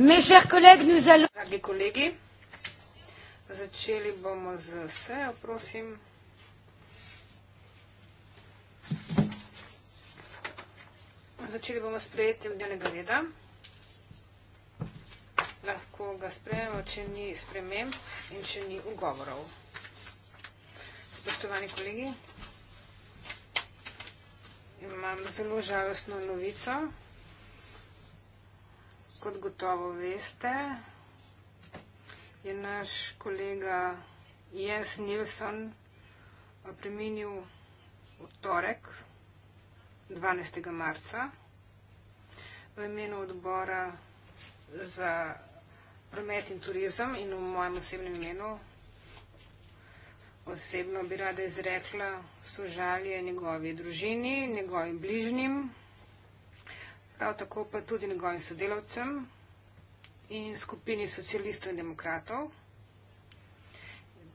Dragi kolegi, začeli bomo z sejo, prosim. Začeli bomo sprejeti vdelnega reda. Lahko ga sprejemo, če ni spremem in če ni ugovorov. Spoštovani kolegi, imam zelo žalostno novico. Kot gotovo veste, je naš kolega Jens Nilsson eh, preminil v torek 12. marca v imenu odbora za promet in turizem in v mojem osebnem imenu. Osebno bi rada izrekla sožalje njegovi družini, njegovim bližnjim prav tako pa tudi njegovim sodelavcem in skupini socialistov in demokratov.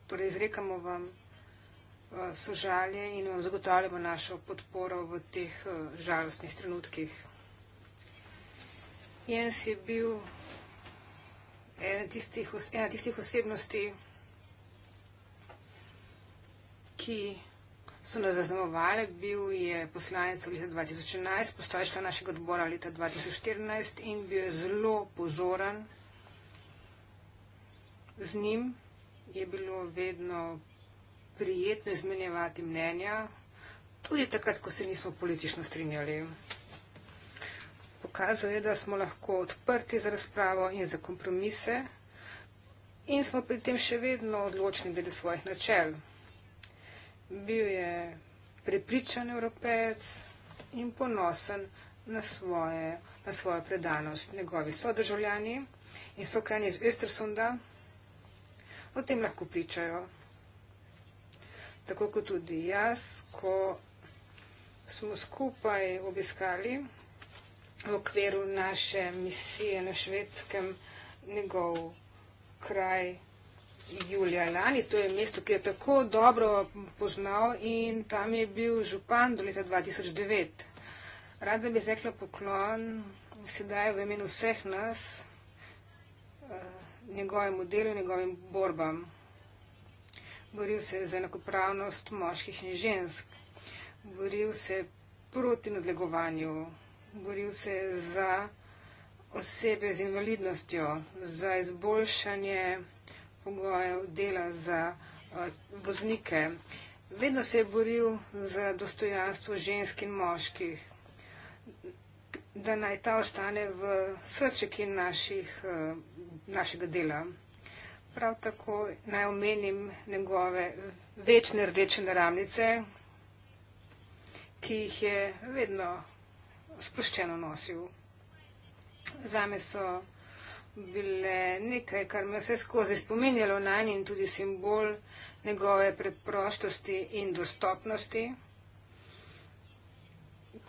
Torej, izrekamo vam eh, sožalje in vam zagotavljamo našo podporo v teh eh, žalostnih trenutkih. Jens je bil ena tistih, ena tistih osebnosti, ki so nas zaznamovale. Bil je poslanec v leta 2011, postal je član našega odbora leta 2014 in bil je zelo pozoren. Z njim je bilo vedno prijetno izmenjevati mnenja, tudi takrat, ko se nismo politično strinjali. Pokazal je, da smo lahko odprti za razpravo in za kompromise in smo pri tem še vedno odločni glede svojih načel. Bil je prepričan evropec in ponosen na, svoje, na svojo predanost. Njegovi sodržavljani in so krajni iz Östersunda o tem lahko pričajo. Tako kot tudi jaz, ko smo skupaj obiskali v okviru naše misije na švedskem njegov kraj julija lani. To je mesto, ki je tako dobro poznal in tam je bil župan do leta 2009. Rada bi zrekla poklon sedaj v imenu vseh nas eh, njegovemu delu, njegovim borbam. Boril se za enakopravnost moških in žensk. Boril se proti nadlegovanju. Boril se za osebe z invalidnostjo, za izboljšanje pogojev dela za uh, voznike. Vedno se je boril za dostojanstvo žensk in moških, da naj ta ostane v srčeki naših, uh, našega dela. Prav tako naj omenim njegove večne rdeče naramnice, ki jih je vedno sproščeno nosil. Zame so bile nekaj, kar me vse skozi spominjalo na njen tudi simbol njegove preprostosti in dostopnosti,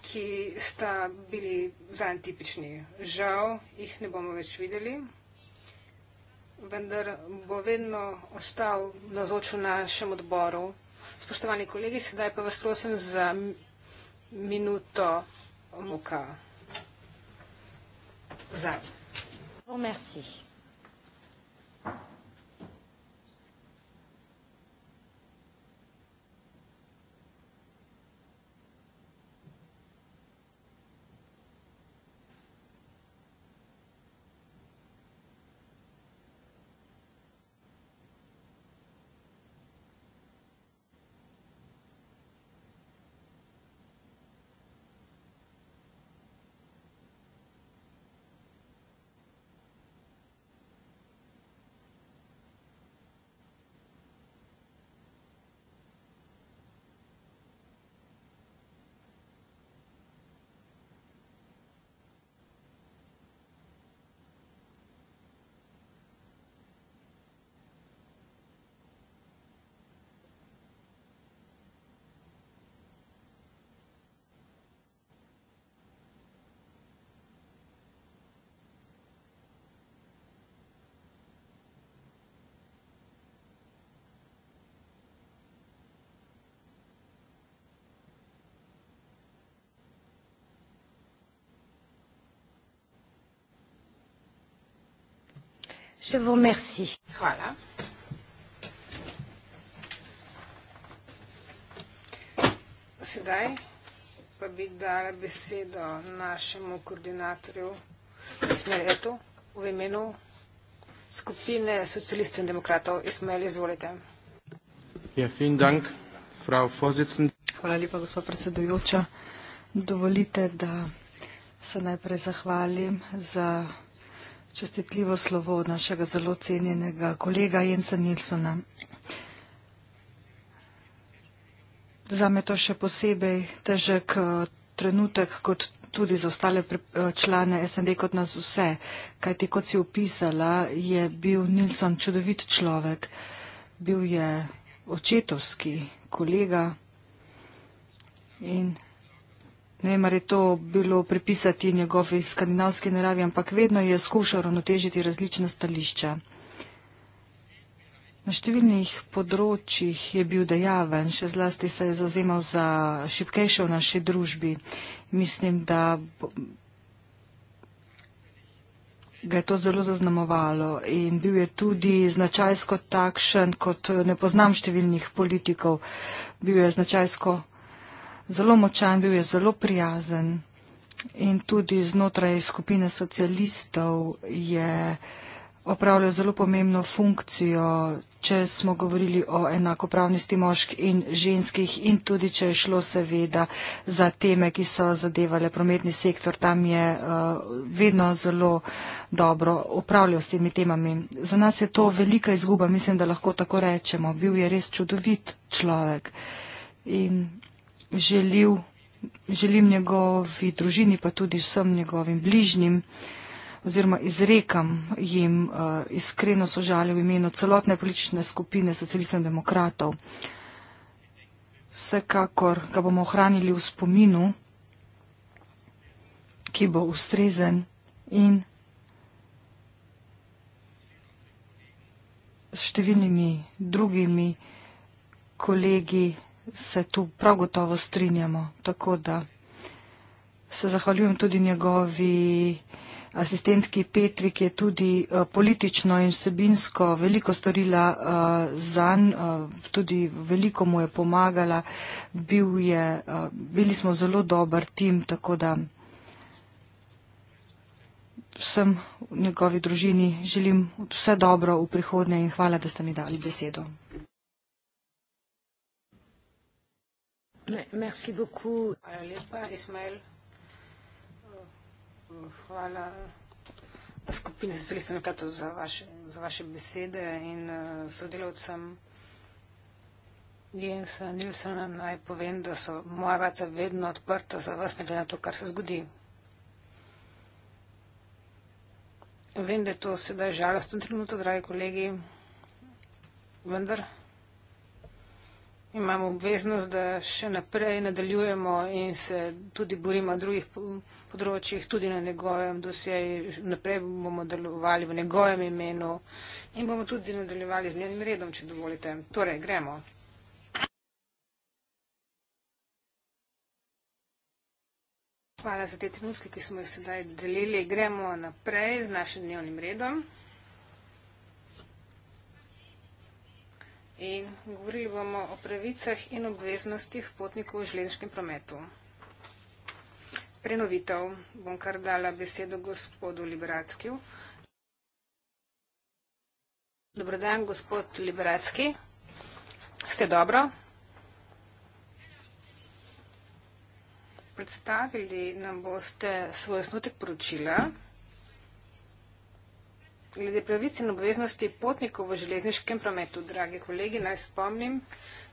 ki sta bili zanj tipični. Žal jih ne bomo več videli, vendar bo vedno ostal na zoču našem odboru. Spoštovani kolegi, sedaj pa vas prosim za minuto muka. Zdaj vous remercie. Je vous remercie. Voilà. Sedaj pa bi dala besedo našemu koordinatorju Smeretu v imenu skupine socialistov in demokratov. Ismail, izvolite. Ja, fin dank, frau Vorsitzen. Hvala lepa, gospod predsedujoča. Dovolite, da se najprej zahvalim za čestitljivo slovo od našega zelo cenjenega kolega Jensa Nilsona. Za me to še posebej težek eh, trenutek, kot tudi za ostale eh, člane SND, kot nas vse. Kajti, kot si opisala, je bil Nilson čudovit človek. Bil je očetovski kolega in Ne vem, ali je to bilo pripisati njegovi skandinavski naravi, ampak vedno je skušal ravnotežiti različna stališča. Na številnih področjih je bil dejaven, še zlasti se je zazemal za šipkejše v naši družbi. Mislim, da ga je to zelo zaznamovalo in bil je tudi značajsko takšen, kot ne poznam številnih politikov, bil je značajsko takšen zelo močan, bil je zelo prijazen in tudi znotraj skupine socialistov je opravljal zelo pomembno funkcijo, če smo govorili o enakopravnosti mošk in ženskih in tudi, če je šlo seveda za teme, ki so zadevale prometni sektor, tam je uh, vedno zelo dobro upravljal s temi temami. Za nas je to velika izguba, mislim, da lahko tako rečemo. Bil je res čudovit človek. In želil, želim njegovi družini, pa tudi vsem njegovim bližnjim, oziroma izrekam jim uh, iskreno sožalje v imenu celotne politične skupine socialistov in demokratov. Vsekakor ga bomo ohranili v spominu, ki bo ustrezen in s številnimi drugimi kolegi se tu prav gotovo strinjamo. Tako da se zahvaljujem tudi njegovi asistentki Petri, ki je tudi eh, politično in vsebinsko veliko storila eh, za njo, eh, tudi veliko mu je pomagala. Bil je, bili smo zelo dober tim, tako da vsem v njegovi družini želim vse dobro v prihodnje in hvala, da ste mi dali besedo. Merci beaucoup. Hvala lepa, Ismail. Hvala skupine socialistov za, za vaše besede in sodelovcem Jensa Nilsona naj povem, da so moja vrata vedno odprta za vas, ne glede na to, kar se zgodi. Vem, da je to sedaj žalostno trenutek, dragi kolegi, vendar imamo obveznost, da še naprej nadaljujemo in se tudi borimo na drugih področjih, tudi na njegovem dosjeju. Naprej bomo delovali v njegovem imenu in bomo tudi nadaljevali z njenim redom, če dovolite. Torej, gremo. Hvala za te trenutke, ki smo jih sedaj delili. Gremo naprej z našim dnevnim redom. in govorili bomo o pravicah in obveznostih potnikov v železniškem prometu. Prenovitev bom kar dala besedo gospodu Liberackiju. Dobrodan, gospod Liberacki. Ste dobro? Predstavili nam boste svoj osnutek poročila. Glede pravice in obveznosti potnikov v železniškem prometu, dragi kolegi, naj spomnim,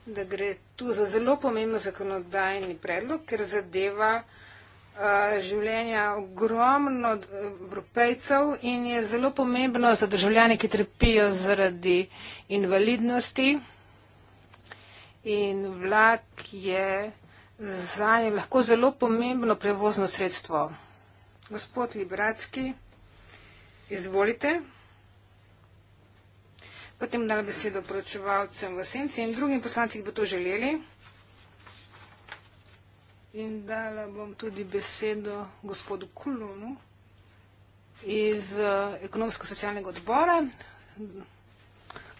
da gre tu za zelo pomembno zakonodajni predlog, ker zadeva eh, življenja ogromno eh, evropejcev in je zelo pomembno za državljane, ki trpijo zaradi invalidnosti. In vlak je za nje lahko zelo pomembno prevozno sredstvo. Gospod Libratski, izvolite potem dala besedo poročevalcem v senci in drugim poslancem, ki bo to želeli. In dala bom tudi besedo gospodu Kulunu iz eh, ekonomsko-socialnega odbora.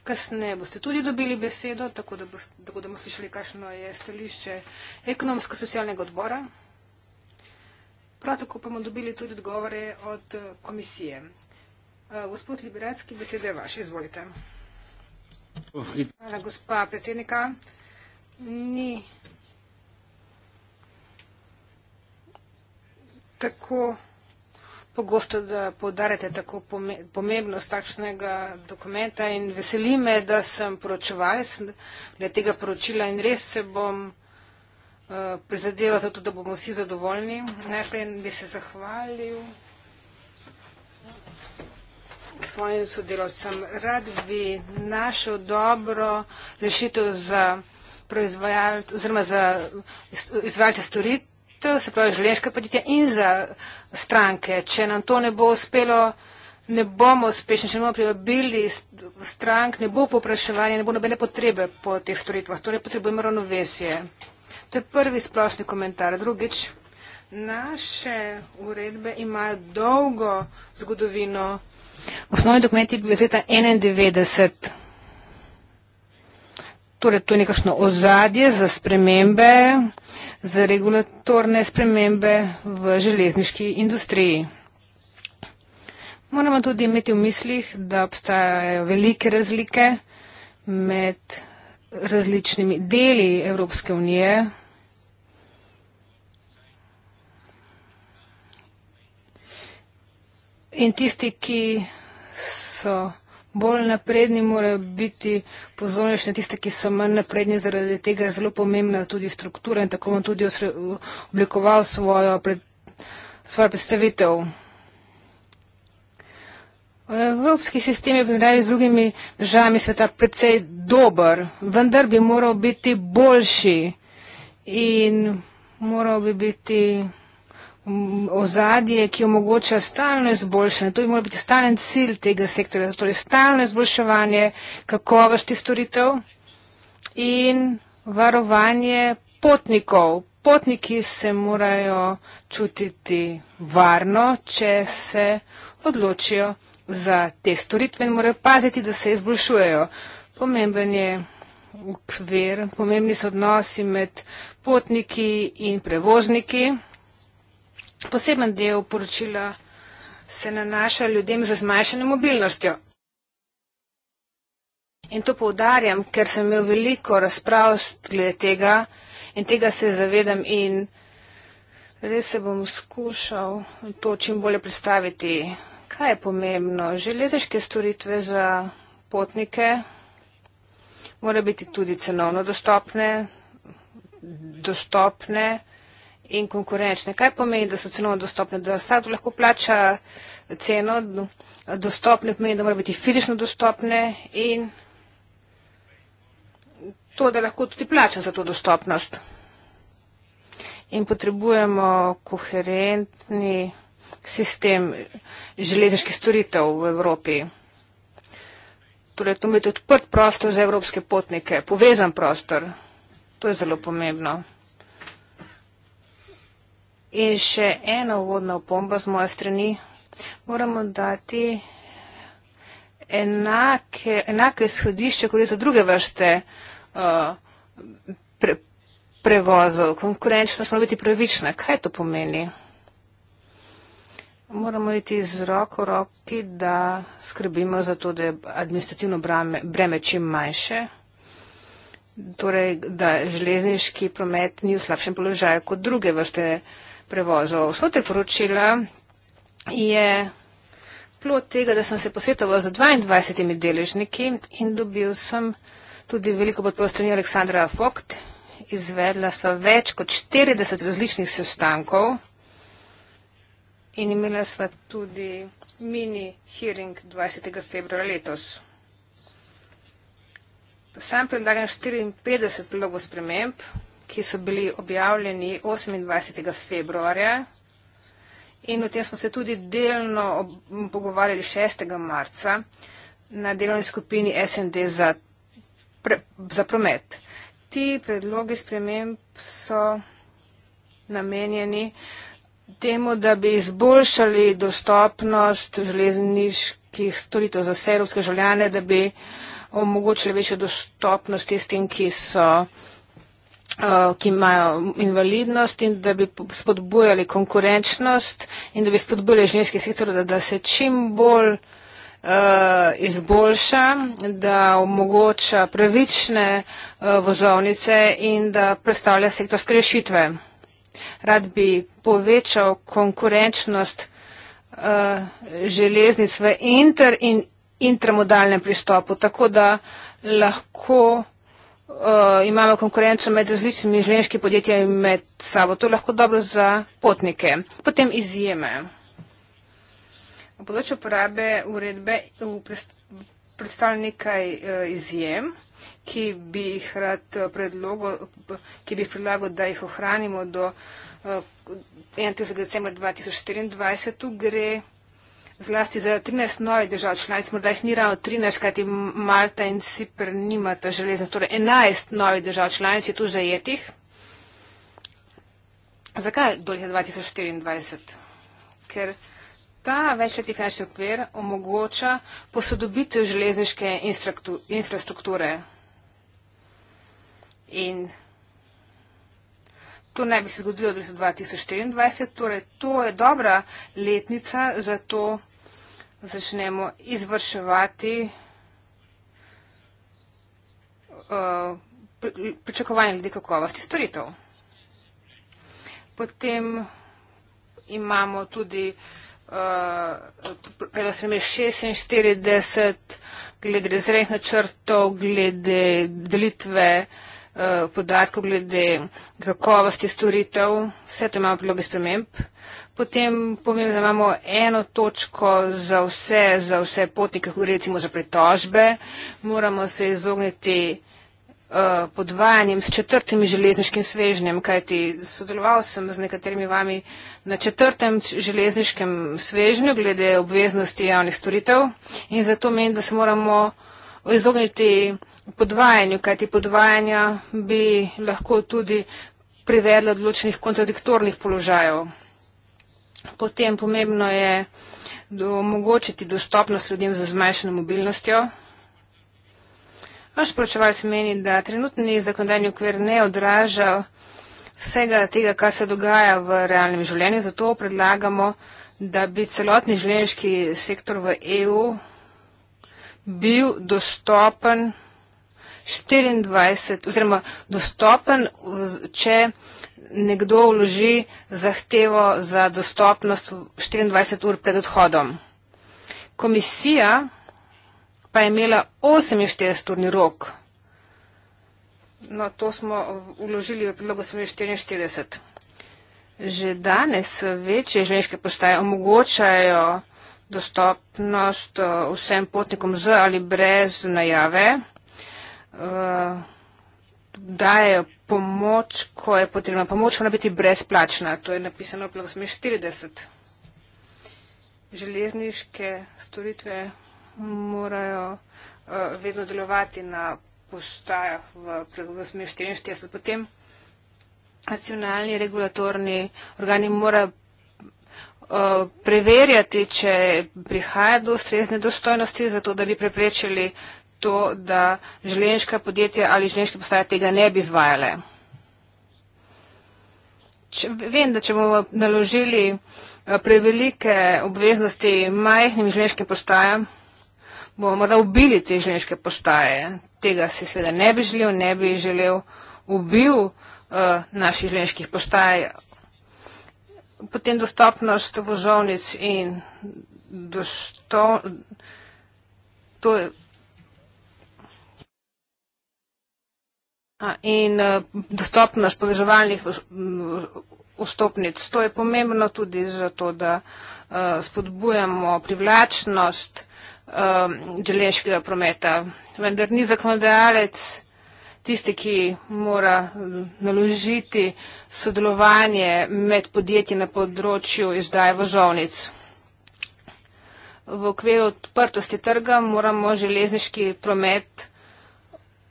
Kasneje boste tudi dobili besedo, tako da, boste, tako da bomo slišali, kakšno je stališče ekonomsko-socialnega odbora. Prav tako pa bomo dobili tudi odgovore od eh, komisije. Eh, gospod Liberacki, beseda je vaša, izvolite. Hvala, gospa predsednika. Ni tako pogosto, da povdarjate tako pomembnost takšnega dokumenta in veseli me, da sem poročevalec glede tega poročila in res se bom eh, prizadeval za to, da bomo vsi zadovoljni. Najprej bi se zahvalil svojim sodelovcem. Rad bi našel dobro rešitev za proizvajalce oziroma za izvajalce storitev, se pravi želežke podjetja in za stranke. Če nam to ne bo uspelo, ne bomo uspešni, če ne bomo privabili strank, ne bo popraševanja, ne bo nobene potrebe po teh storitvah. Torej potrebujemo ravnovesje. To je prvi splošni komentar. Drugič, naše uredbe imajo dolgo zgodovino Osnovni dokument je bil iz leta 1991. Torej, to je nekakšno ozadje za spremembe, za regulatorne spremembe v železniški industriji. Moramo tudi imeti v mislih, da obstajajo velike razlike med različnimi deli Evropske unije, In tisti, ki so bolj napredni, morajo biti pozorni še na tiste, ki so manj napredni. Zaradi tega je zelo pomembna tudi struktura in tako bom tudi oblikoval svojo pred, svoj predstavitev. Evropski sistem je primerjavi z drugimi državami sveta precej dober, vendar bi moral biti boljši in moral bi biti. Mm, ozadje, ki omogoča stalno izboljšanje. To bi moral biti stalen cilj tega sektorja, torej stalno izboljševanje kakovosti storitev in varovanje potnikov. Potniki se morajo čutiti varno, če se odločijo za te storitve in morajo paziti, da se izboljšujejo. Pomemben je ukvir, pomembni so odnosi med potniki in prevozniki. Poseben del poročila se nanaša ljudem z zmanjšanjem mobilnostjo. In to povdarjam, ker sem imel veliko razprav glede tega in tega se zavedam in res se bom skušal to čim bolje predstaviti. Kaj je pomembno? Železniške storitve za potnike morajo biti tudi cenovno dostopne, dostopne in konkurenčne. Kaj pomeni, da so cenovno dostopne? Da vsakdo lahko plača ceno dostopne, pomeni, da mora biti fizično dostopne in to, da lahko tudi plača za to dostopnost. In potrebujemo koherentni sistem železniških storitev v Evropi. Torej, to je odprt prostor za evropske potnike, povezan prostor. To je zelo pomembno. In še ena uvodna opomba z moje strani. Moramo dati enake, enake shodišče, kot je za druge vrste uh, pre, prevozov. Konkurenčnost mora biti pravična. Kaj to pomeni? Moramo iti z roko v roki, da skrbimo za to, da je administrativno breme, breme čim manjše. Torej, da železniški promet ni v slabšem položaju kot druge vrste. Uh, prevozov. Vso te poročila je plot tega, da sem se posvetoval z 22 deležniki in dobil sem tudi veliko podporo strani Aleksandra Vogt. Izvedla so več kot 40 različnih sestankov in imela sva tudi mini hearing 20. februara letos. Sam predlagam 54 blogov sprememb, ki so bili objavljeni 28. februarja in o tem smo se tudi delno pogovarjali 6. marca na delovni skupini SND za, pre, za promet. Ti predlogi sprememb so namenjeni temu, da bi izboljšali dostopnost železniških storitev za serovske žaljane, da bi omogočili večjo dostopnost tistim, ki so uh, Uh, ki imajo invalidnost in da bi spodbujali konkurenčnost in da bi spodbujali ženski sektor, da, da se čim bolj uh, izboljša, da omogoča pravične uh, vozovnice in da predstavlja sektorske rešitve. Rad bi povečal konkurenčnost uh, železnic v inter in intermodalnem pristopu, tako da lahko Eh, imamo konkurenco med različnimi želeniškimi podjetji med sabo. To je lahko dobro za potnike. Potem izjeme. Na področju uporabe uredbe predstavlja nekaj eh, izjem, ki bi jih rad eh, predlogo, ki bi jih predlagal, da jih ohranimo do 31. decembra 2024. Tu gre zlasti za 13 novih držav članic, morda jih ni ravno 13, kajti Malta in Cipr nimata železa, torej 11 novih držav članic je tu zajetih. Zakaj do leta 2024? Ker ta večletni finančni okvir omogoča posodobitev železniške infrastrukture. In To ne bi se zgodilo do 2024, torej to je dobra letnica, zato začnemo izvrševati uh, eh, pričakovanje glede kakovosti storitev. Potem imamo tudi uh, eh, 46 glede rezervnih načrtov, glede delitve. Eh, podatkov glede kakovosti storitev, vse to imamo priloge sprememb. Potem pomembno, da imamo eno točko za vse, za vse potnike, recimo za pritožbe. Moramo se izogniti uh, podvajanjem s četrtim železniškim svežnjem, kajti sodeloval sem z nekaterimi vami na četrtem železniškem svežnju glede obveznosti javnih storitev in zato menim, da se moramo izogniti podvajanju, kajti podvajanja bi lahko tudi privedla odločnih kontradiktornih položajev. Potem pomembno je omogočiti dostopnost ljudem za zmanjšeno mobilnostjo. Naš poročevalc meni, da trenutni zakonodajni okvir ne odraža vsega tega, kar se dogaja v realnem življenju, zato predlagamo, da bi celotni življenjski sektor v EU bil dostopen 24, oziroma dostopen, če nekdo vloži zahtevo za dostopnost 24 ur pred odhodom. Komisija pa je imela 48 urni rok. No, to smo uložili v predlogu 44. Že danes večje ženske postaje omogočajo dostopnost eh, vsem potnikom z ali brez najave uh, dajejo pomoč, ko je potrebna. Pomoč mora biti brezplačna. To je napisano v plasmi 40. Železniške storitve morajo uh, vedno delovati na poštajah v plasmi 44. Potem nacionalni regulatorni organi morajo eh, preverjati, če prihaja do ustrezne dostojnosti, zato da bi preprečili to, da želeniška podjetja ali želeniške postaje tega ne bi izvajale. Če, vem, da če bomo naložili eh, prevelike obveznosti majhnim želeniškim postajam, bomo morda ubili te želeniške postaje. Tega si seveda ne bi želel, ne bi želel ubil uh, naših želeniških postaj. Potem dostopnost vozovnic in dostop. To je In uh, eh, dostopnost povezovalnih vstopnic, to je pomembno tudi zato, da uh, spodbujamo privlačnost uh, eh, deležkega prometa. Vendar ni zakonodajalec tisti, ki mora naložiti sodelovanje med podjetji na področju izdaje vozovnic. V okviru odprtosti trga moramo železniški promet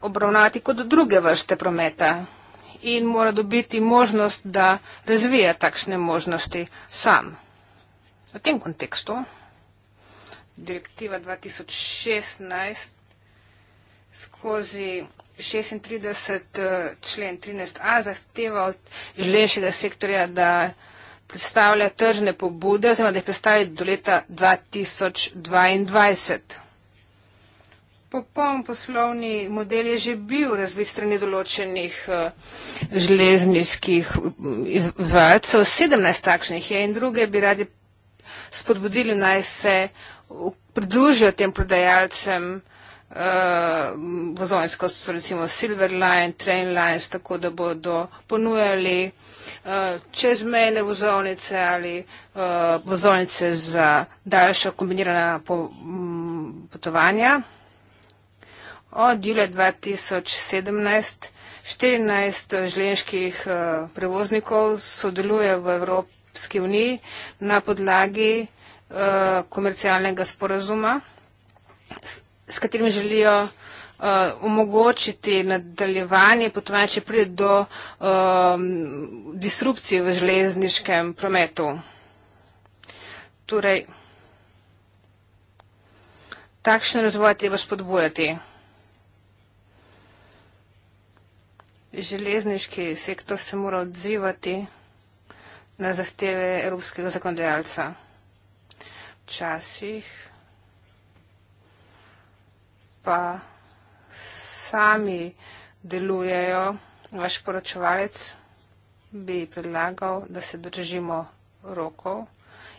obravnati kot druge vrste prometa in mora dobiti možnost, da razvija takšne možnosti sam. V tem kontekstu direktiva 2016 skozi 36 eh, člen 13a zahteva od želenšega sektorja, da predstavlja tržne pobude, oziroma da jih predstavlja do leta 2022 popoln poslovni model je že bil razvit strani določenih eh, železniških mm, izvajalcev. 17 takšnih je in druge bi radi spodbudili naj se pridružijo tem prodajalcem uh, eh, vozovinsko, so recimo Silver Line, Train Lines, tako da bodo ponujali uh, čezmejne vozovnice ali uh, vozovnice za daljša kombinirana po, m, potovanja. Od julija 2017 14 želenskih prevoznikov sodeluje v Evropski uniji na podlagi eh, komercialnega sporazuma, s katerim želijo eh, omogočiti nadaljevanje potovanja, če pride do ehm, disrupcije v železniškem prometu. Torej, takšen razvoj treba spodbujati. železniški sektor se mora odzivati na zahteve evropskega zakonodajalca. Včasih pa sami delujejo, vaš poročevalec bi predlagal, da se držimo rokov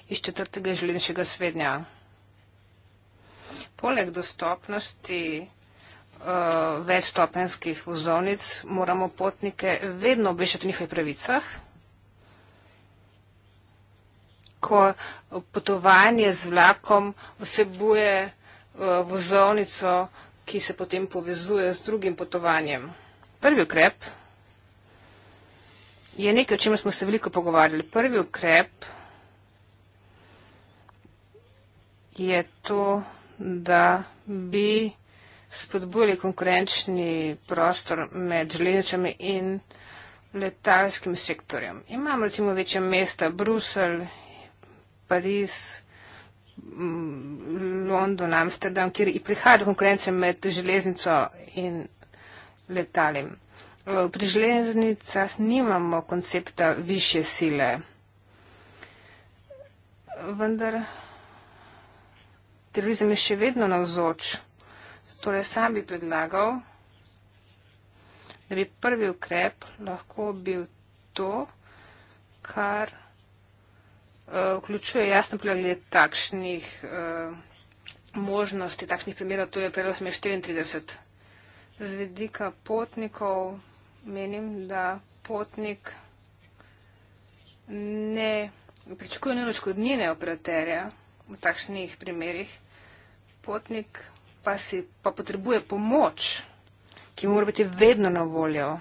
iz četrtega železniškega svednja. Poleg dostopnosti uh, eh, večstopenskih vozovnic, moramo potnike vedno obveščati o njihovih pravicah. Ko potovanje z vlakom vsebuje uh, vozovnico, ki se potem povezuje z drugim potovanjem. Prvi ukrep je nekaj, o čem smo se veliko pogovarjali. Prvi ukrep je to, da bi spodbujali konkurenčni prostor med železničami in letalskim sektorjem. Imam recimo večje mesta Brusel, Pariz, mm, London, Amsterdam, kjer prihaja do konkurence med železnico in letalim. E, pri železnicah nimamo koncepta više sile, vendar terorizem je še vedno navzoč. Tole sam bi predlagal, da bi prvi ukrep lahko bil to, kar uh, vključuje jasno pregled takšnih uh, možnosti, takšnih primerov, to je predlog smer 34. Z vidika potnikov menim, da potnik ne pričakuje nujno škodnine operaterja v takšnih primerih. Potnik pa, si, pa potrebuje pomoč, ki mora biti vedno na voljo.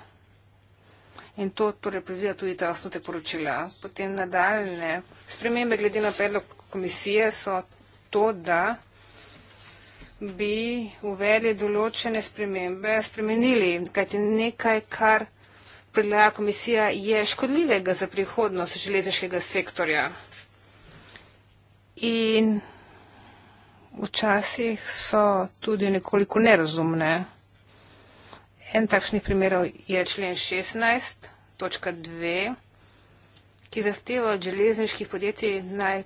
In to torej predvideva tudi ta osnutek poročila. Potem nadaljne spremembe glede na predlog komisije so to, da bi uvedli določene spremembe, spremenili, kajti nekaj, kar predlaga komisija, je škodljivega za prihodnost železniškega sektorja. In včasih so tudi nekoliko nerazumne. En takšnih primerov je člen 16.2, ki zahteva od železniških podjetij naj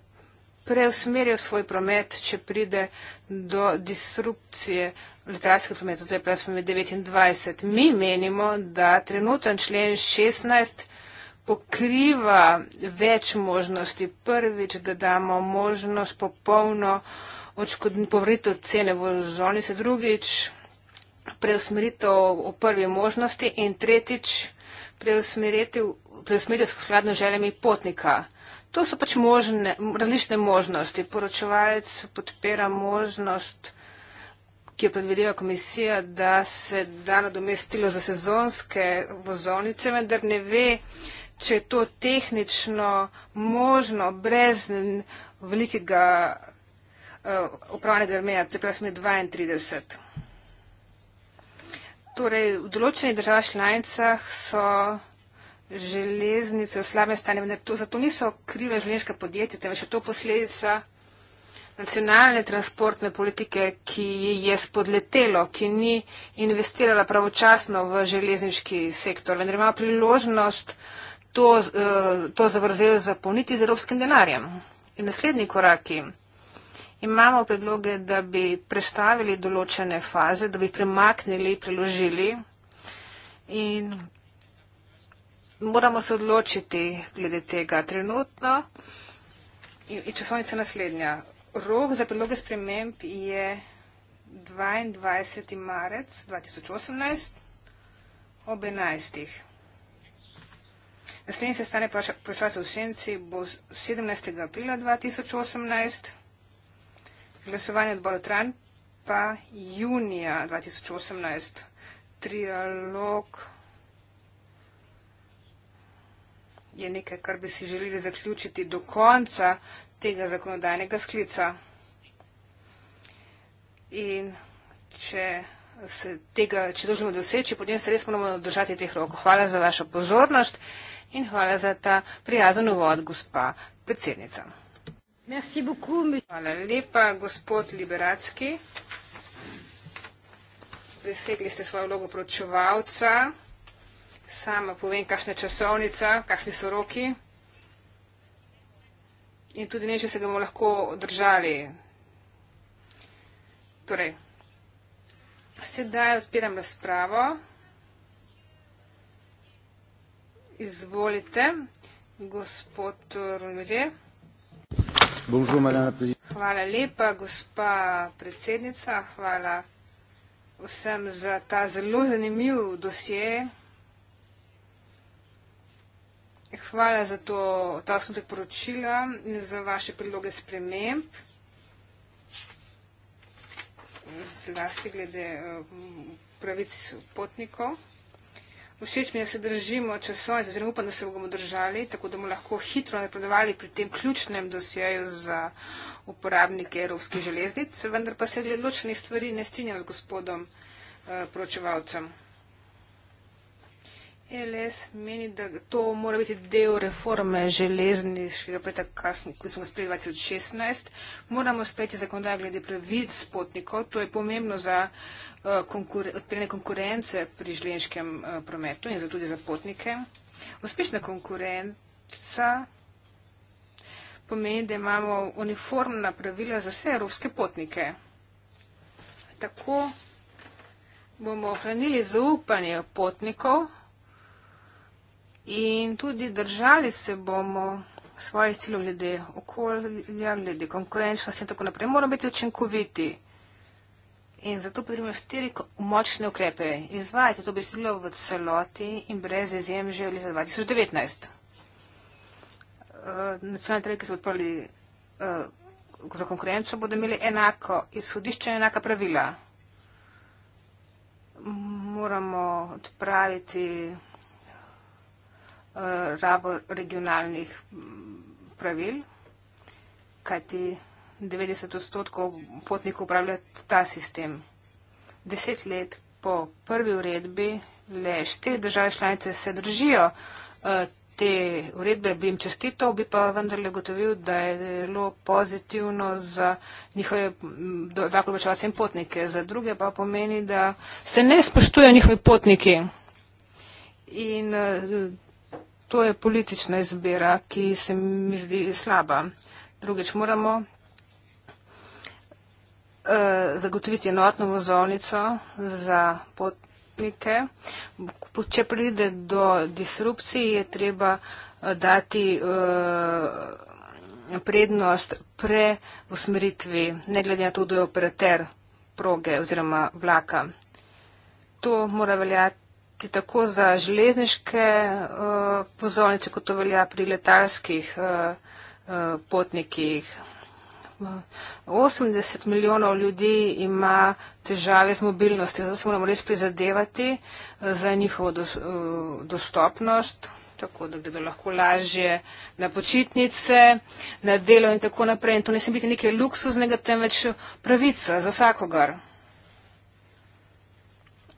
preusmerijo svoj promet, če pride do disrupcije letalskega prometa. To je preusmerjen 29. Mi menimo, da trenutni člen 16 pokriva več možnosti. Prvič, da damo možnost popolno uh, povrnitev cene v zonice drugič, preusmeritev v prvi možnosti in tretjič, preusmeritev skladno željami potnika. To so pač možne, različne možnosti. Poročevalec podpira možnost, ki jo predvideva komisija, da se da nadomestilo za sezonske vozovnice, vendar ne ve, če je to tehnično možno brez velikega Eh, upravnega armeja, čeprav smo 32. Torej, v določenih držav članicah so železnice v slabem stanju, vendar to, zato niso krive železniške podjetja, temveč je to posledica nacionalne transportne politike, ki je spodletelo, ki ni investirala pravočasno v železniški sektor, vendar ima priložnost to, eh, to zavrzel zapolniti z evropskim denarjem. In naslednji koraki. Imamo predloge, da bi prestavili določene faze, da bi premaknili, preložili in moramo se odločiti glede tega trenutno. In časovnica naslednja. Rok za predloge sprememb je 22. marec 2018 ob 11. Naslednji sestanek vprašalcev v Senci bo 17. aprila 2018 glasovanje odboru Tran, pa junija 2018 trialog je nekaj, kar bi si želeli zaključiti do konca tega zakonodajnega sklica. In če se tega, če dožemo doseči, potem se res moramo držati teh rokov. Hvala za vašo pozornost in hvala za ta prijazen uvod, gospa predsednica. Hvala lepa, gospod Liberacki. Presegli ste svojo vlogo pročevalca. Sama povem, kakšna je časovnica, kakšni so roki. In tudi nečem se ga bomo lahko držali. Torej, sedaj odpiram razpravo. Izvolite, gospod Rolvedje. Bonjour, hvala lepa, gospa predsednica. Hvala vsem za ta zelo zanimiv dosje. Hvala za to, ta osnutek poročila in za vaše priloge sprememb. Zlasti glede eh, pravic potnikov. Všeč mi je, da se držimo časovnice, oziroma upam, da se bomo držali, tako da bomo lahko hitro napredovali pri tem ključnem dosjeju za uporabnike evropskih železnic, vendar pa se glede ločenih stvari ne strinjam z gospodom eh, poročevalcem. E LS meni, da to mora biti del reforme železniškega preteka, ki smo ga sprejeli 2016. Moramo sprejeti zakonodaj glede pravic potnikov. To je pomembno za Eh, odprene konkurence pri želenškem eh, prometu in tudi za potnike. Uspešna konkurenca pomeni, da imamo uniformna pravila za vse evropske potnike. Tako bomo ohranili zaupanje potnikov in tudi držali se bomo svojih ciljev glede okolja, glede konkurenčnosti in tako naprej. Moramo biti učinkoviti in zato potrebujemo štiri močne ukrepe. Izvajati to besedilo v celoti in brez izjem že v leta 2019. Uh, eh, nacionalne trge, ki so odprli uh, za konkurenco, bodo imeli enako izhodišče in enaka pravila. Moramo odpraviti uh, rabo regionalnih mm, pravil, kajti. 90 odstotkov potnikov uporablja ta sistem. Deset let po prvi uredbi le štiri države članice se držijo eh, te uredbe, bi jim čestitev, bi pa vendarle gotovil, da je zelo pozitivno za njihove dodatno plačevalce in potnike. Za druge pa pomeni, da se ne spoštujejo njihovi potniki. In eh, to je politična izbira, ki se mi zdi slaba. Drugič, moramo Eh, zagotoviti enotno vozovnico za potnike. Če pride do disrupcije, je treba eh, dati eh, prednost pre usmeritvi, ne glede na to, da je operater proge oziroma vlaka. To mora veljati tako za železniške pozornice, kot to velja pri letalskih potnikih. 80 milijonov ljudi ima težave z mobilnostjo, zato se moramo res prizadevati eh, za njihovo eh, dostopnost, tako da gredo lahko lažje na počitnice, na delo in tako naprej. In to ne sme biti nekaj luksuznega, temveč pravica za vsakogar.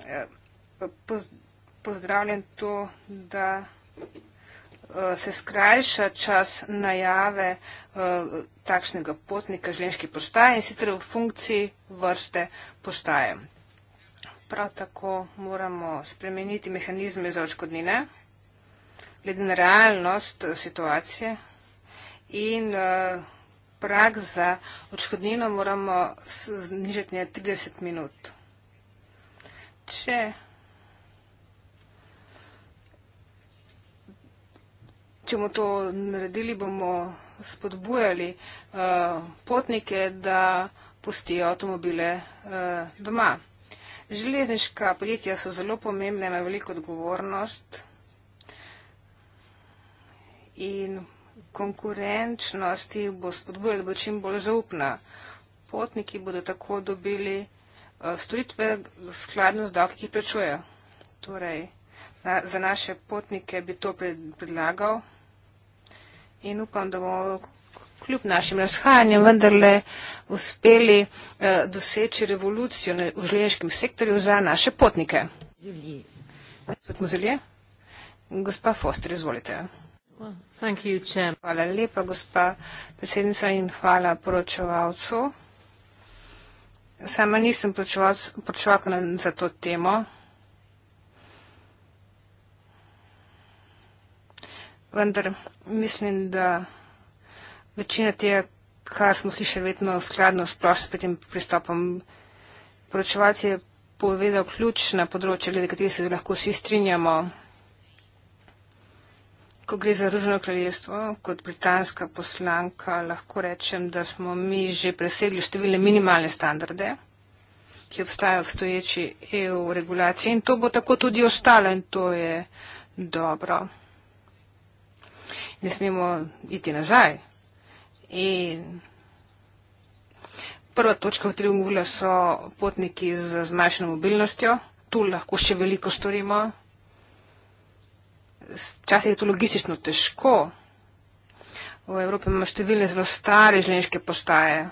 Eh, pozdravljam to, da. Eh, se skrajša čas najave eh, takšnega potnika želenjski postaje in sicer v funkciji vrste postaje. Prav tako moramo spremeniti mehanizme za očkodnine, glede na realnost eh, situacije in prag za očkodnino moramo znižati na 30 minut. Če če bomo to naredili, bomo spodbujali uh, potnike, da pustijo avtomobile uh, doma. Železniška podjetja so zelo pomembna, imajo veliko odgovornost in konkurenčnost jih bo spodbujala, da bo čim bolj zaupna. Potniki bodo tako dobili uh, storitve skladno z davki, ki jih plačujejo. Torej, na, za naše potnike bi to pred, predlagal in upam, da bomo kljub našim razhajanjem vendarle uspeli eh, doseči revolucijo v želeniškem sektorju za naše potnike. Muzelje, gospa Foster, izvolite. Hvala lepa, gospa predsednica in hvala poročevalcu. Sama nisem poročevalka za to temo. vendar mislim, da večina tega, kar smo slišali, vedno skladno splošno s tem pristopom. Poročevalci je povedal ključna področja, glede katerih se lahko vsi strinjamo, ko gre za Združeno kraljestvo, kot britanska poslanka, lahko rečem, da smo mi že presegli številne minimalne standarde ki obstajajo v stoječi EU regulaciji in to bo tako tudi ostalo in to je dobro ne smemo iti nazaj. In prva točka, o kateri bom govorila, so potniki z zmanjšano mobilnostjo. Tu lahko še veliko storimo. Včasih je to logistično težko. V Evropi imamo številne zelo stare želeniške postaje.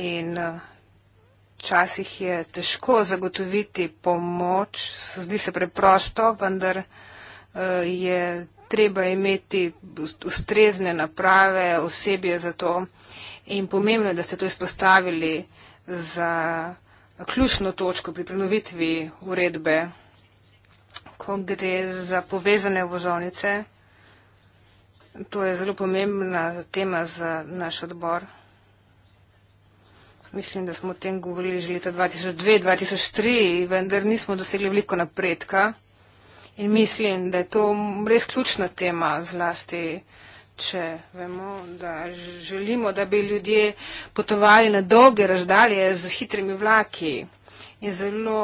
In eh, včasih je težko zagotoviti pomoč, zdi se preprosto, vendar eh, je treba imeti ustrezne naprave, osebje za to in pomembno je, da ste to izpostavili za ključno točko pri prenovitvi uredbe, ko gre za povezane vozovnice. To je zelo pomembna tema za naš odbor. Mislim, da smo o tem govorili že leta 2002-2003, vendar nismo dosegli veliko napredka. In mislim, da je to res ključna tema zlasti, če vemo, da želimo, da bi ljudje potovali na dolge razdalje z hitrimi vlaki. In zelo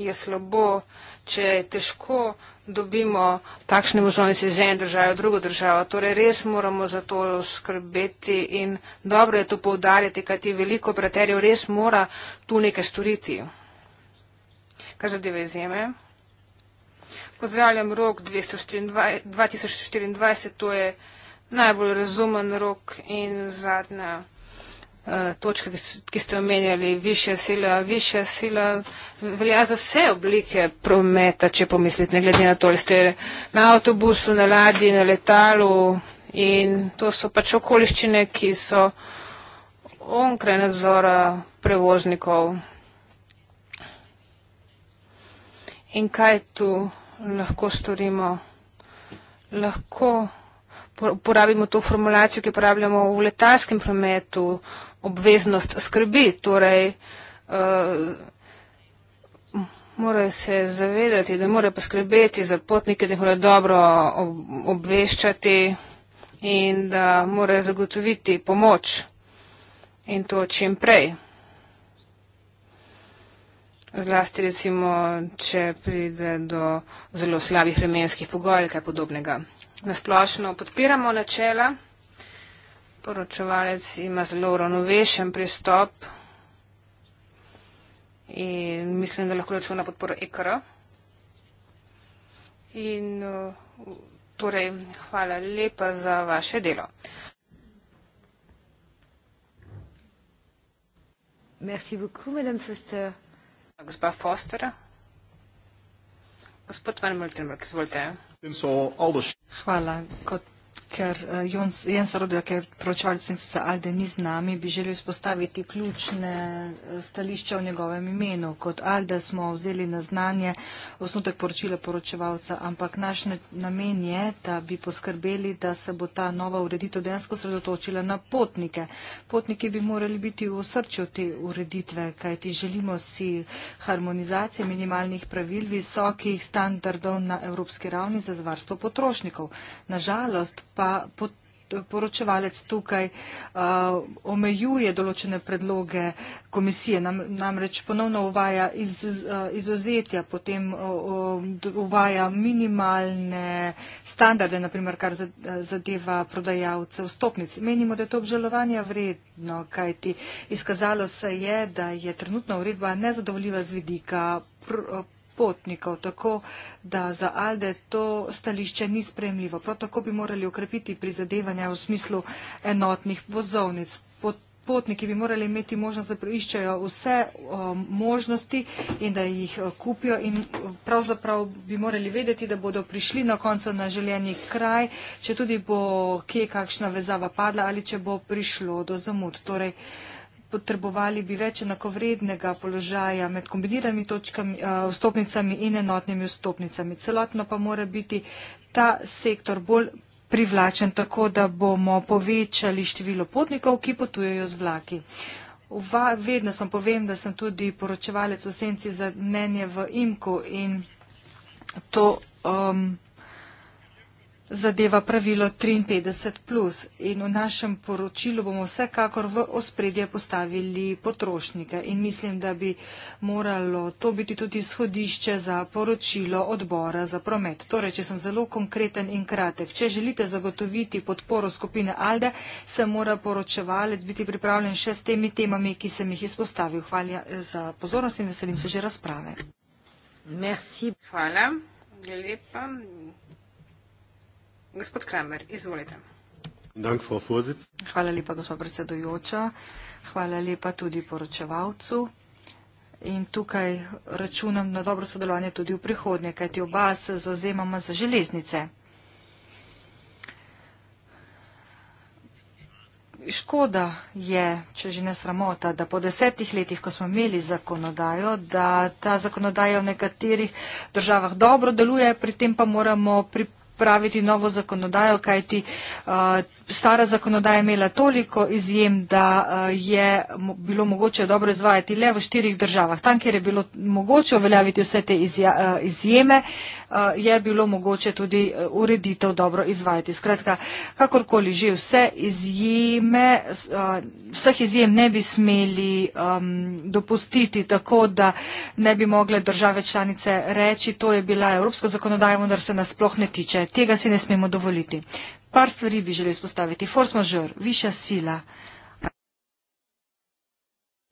je slabo, če je težko dobimo takšne vozovnice iz ene države v drugo državo. Torej res moramo za to skrbeti in dobro je to poudarjati, kaj ti veliko operaterjev res mora tu nekaj storiti. Kar zadeve izjeme pozdravljam rok 2024, to je najbolj razumen rok in zadnja eh, točka, ki ste omenjali, višja sila, višja sila velja za vse oblike prometa, če pomislite, ne glede na to, ali ste na avtobusu, na ladji, na letalu in to so pač okoliščine, ki so onkraj nadzora prevoznikov. In kaj tu lahko storimo? Lahko uporabimo to formulacijo, ki jo uporabljamo v letalskem prometu, obveznost skrbi. Torej, uh, morajo se zavedati, da morajo poskrbeti za potnike, da jih morajo dobro obveščati in da morajo zagotoviti pomoč in to čim prej. Zlasti recimo, če pride do zelo slabih vremenskih pogojev ali kaj podobnega. Nasplošno podpiramo načela. Poročevalec ima zelo uravnovešen pristop in mislim, da lahko računa podporo EKR. In uh, torej, hvala lepa za vaše delo. Merci beaucoup, Madame Foster gospa Foster. Gospod Van Multenberg, izvolite. Hvala. Kot ker eh, Jens Rodo, ker pročevalj Svensica Alde ni z nami, bi želel spostaviti ključne eh, stališče v njegovem imenu. Kot Alde smo vzeli na znanje osnutek poročila poročevalca, ampak naš namen je, da bi poskrbeli, da se bo ta nova ureditev dejansko sredotočila na potnike. Potniki bi morali biti v srču te ureditve, kajti želimo si harmonizacije minimalnih pravil visokih standardov na evropski ravni za zvarstvo potrošnikov. Nažalost, pa pa potrebno. Poročevalec tukaj uh, omejuje določene predloge komisije, nam, namreč ponovno uvaja iz, iz, uh, izuzetja, potem uh, uh, uvaja minimalne standarde, naprimer, kar zadeva prodajalce vstopnic. Menimo, da je to obžalovanje vredno, kajti izkazalo se je, da je trenutna uredba nezadovoljiva z vidika. Pr, uh, potnikov, tako da za Alde to stališče ni spremljivo. Prav tako bi morali ukrepiti prizadevanja v smislu enotnih vozovnic. Pot Potniki bi morali imeti možnost, da iščejo vse o, možnosti in da jih o, kupijo in pravzaprav bi morali vedeti, da bodo prišli na koncu na željeni kraj, če tudi bo kje kakšna vezava padla ali če bo prišlo do zamud. Torej, o, potrebovali bi več enakovrednega položaja med kombiniranimi točkami, eh, vstopnicami in enotnimi vstopnicami. Celotno pa mora biti ta sektor bolj privlačen, tako da bomo povečali število potnikov, ki potujejo z vlaki. Va, vedno sem povem, da sem tudi poročevalec v senci za mnenje v IMKU in to um, zadeva pravilo 53. In v našem poročilu bomo vsekakor v ospredje postavili potrošnike. In mislim, da bi moralo to biti tudi izhodišče za poročilo odbora za promet. Torej, če sem zelo konkreten in kratek, če želite zagotoviti podporo skupine Alde, se mora poročevalec biti pripravljen še s temi temami, ki sem jih izpostavil. Hvala eh, za pozornost in veselim se že razprave. Merci. Hvala. Lepa. Gospod Kramer, izvolite. Hvala lepa, gospod predsedujoča. Hvala lepa tudi poročevalcu. In tukaj računam na dobro sodelovanje tudi v prihodnje, kajti oba se zazemamo za železnice. Škoda je, če že ne sramota, da po desetih letih, ko smo imeli zakonodajo, da ta zakonodaja v nekaterih državah dobro deluje, pri tem pa moramo pripraviti pripraviti novo zakonodajo, kajti uh, stara zakonodaja imela toliko izjem, da eh, je bilo mogoče dobro izvajati le v štirih državah. Tam, kjer je bilo mogoče uveljaviti vse te eh, izjeme, eh, je bilo mogoče tudi ureditev dobro izvajati. Skratka, kakorkoli že vse izjeme, vseh izjem ne bi smeli dopustiti tako, da ne bi mogle države članice reči, to je bila evropska zakonodaja, vendar se nas sploh ne tiče. Tega si ne smemo dovoliti. Par stvari bi želel izpostaviti. Force majeure, višja sila.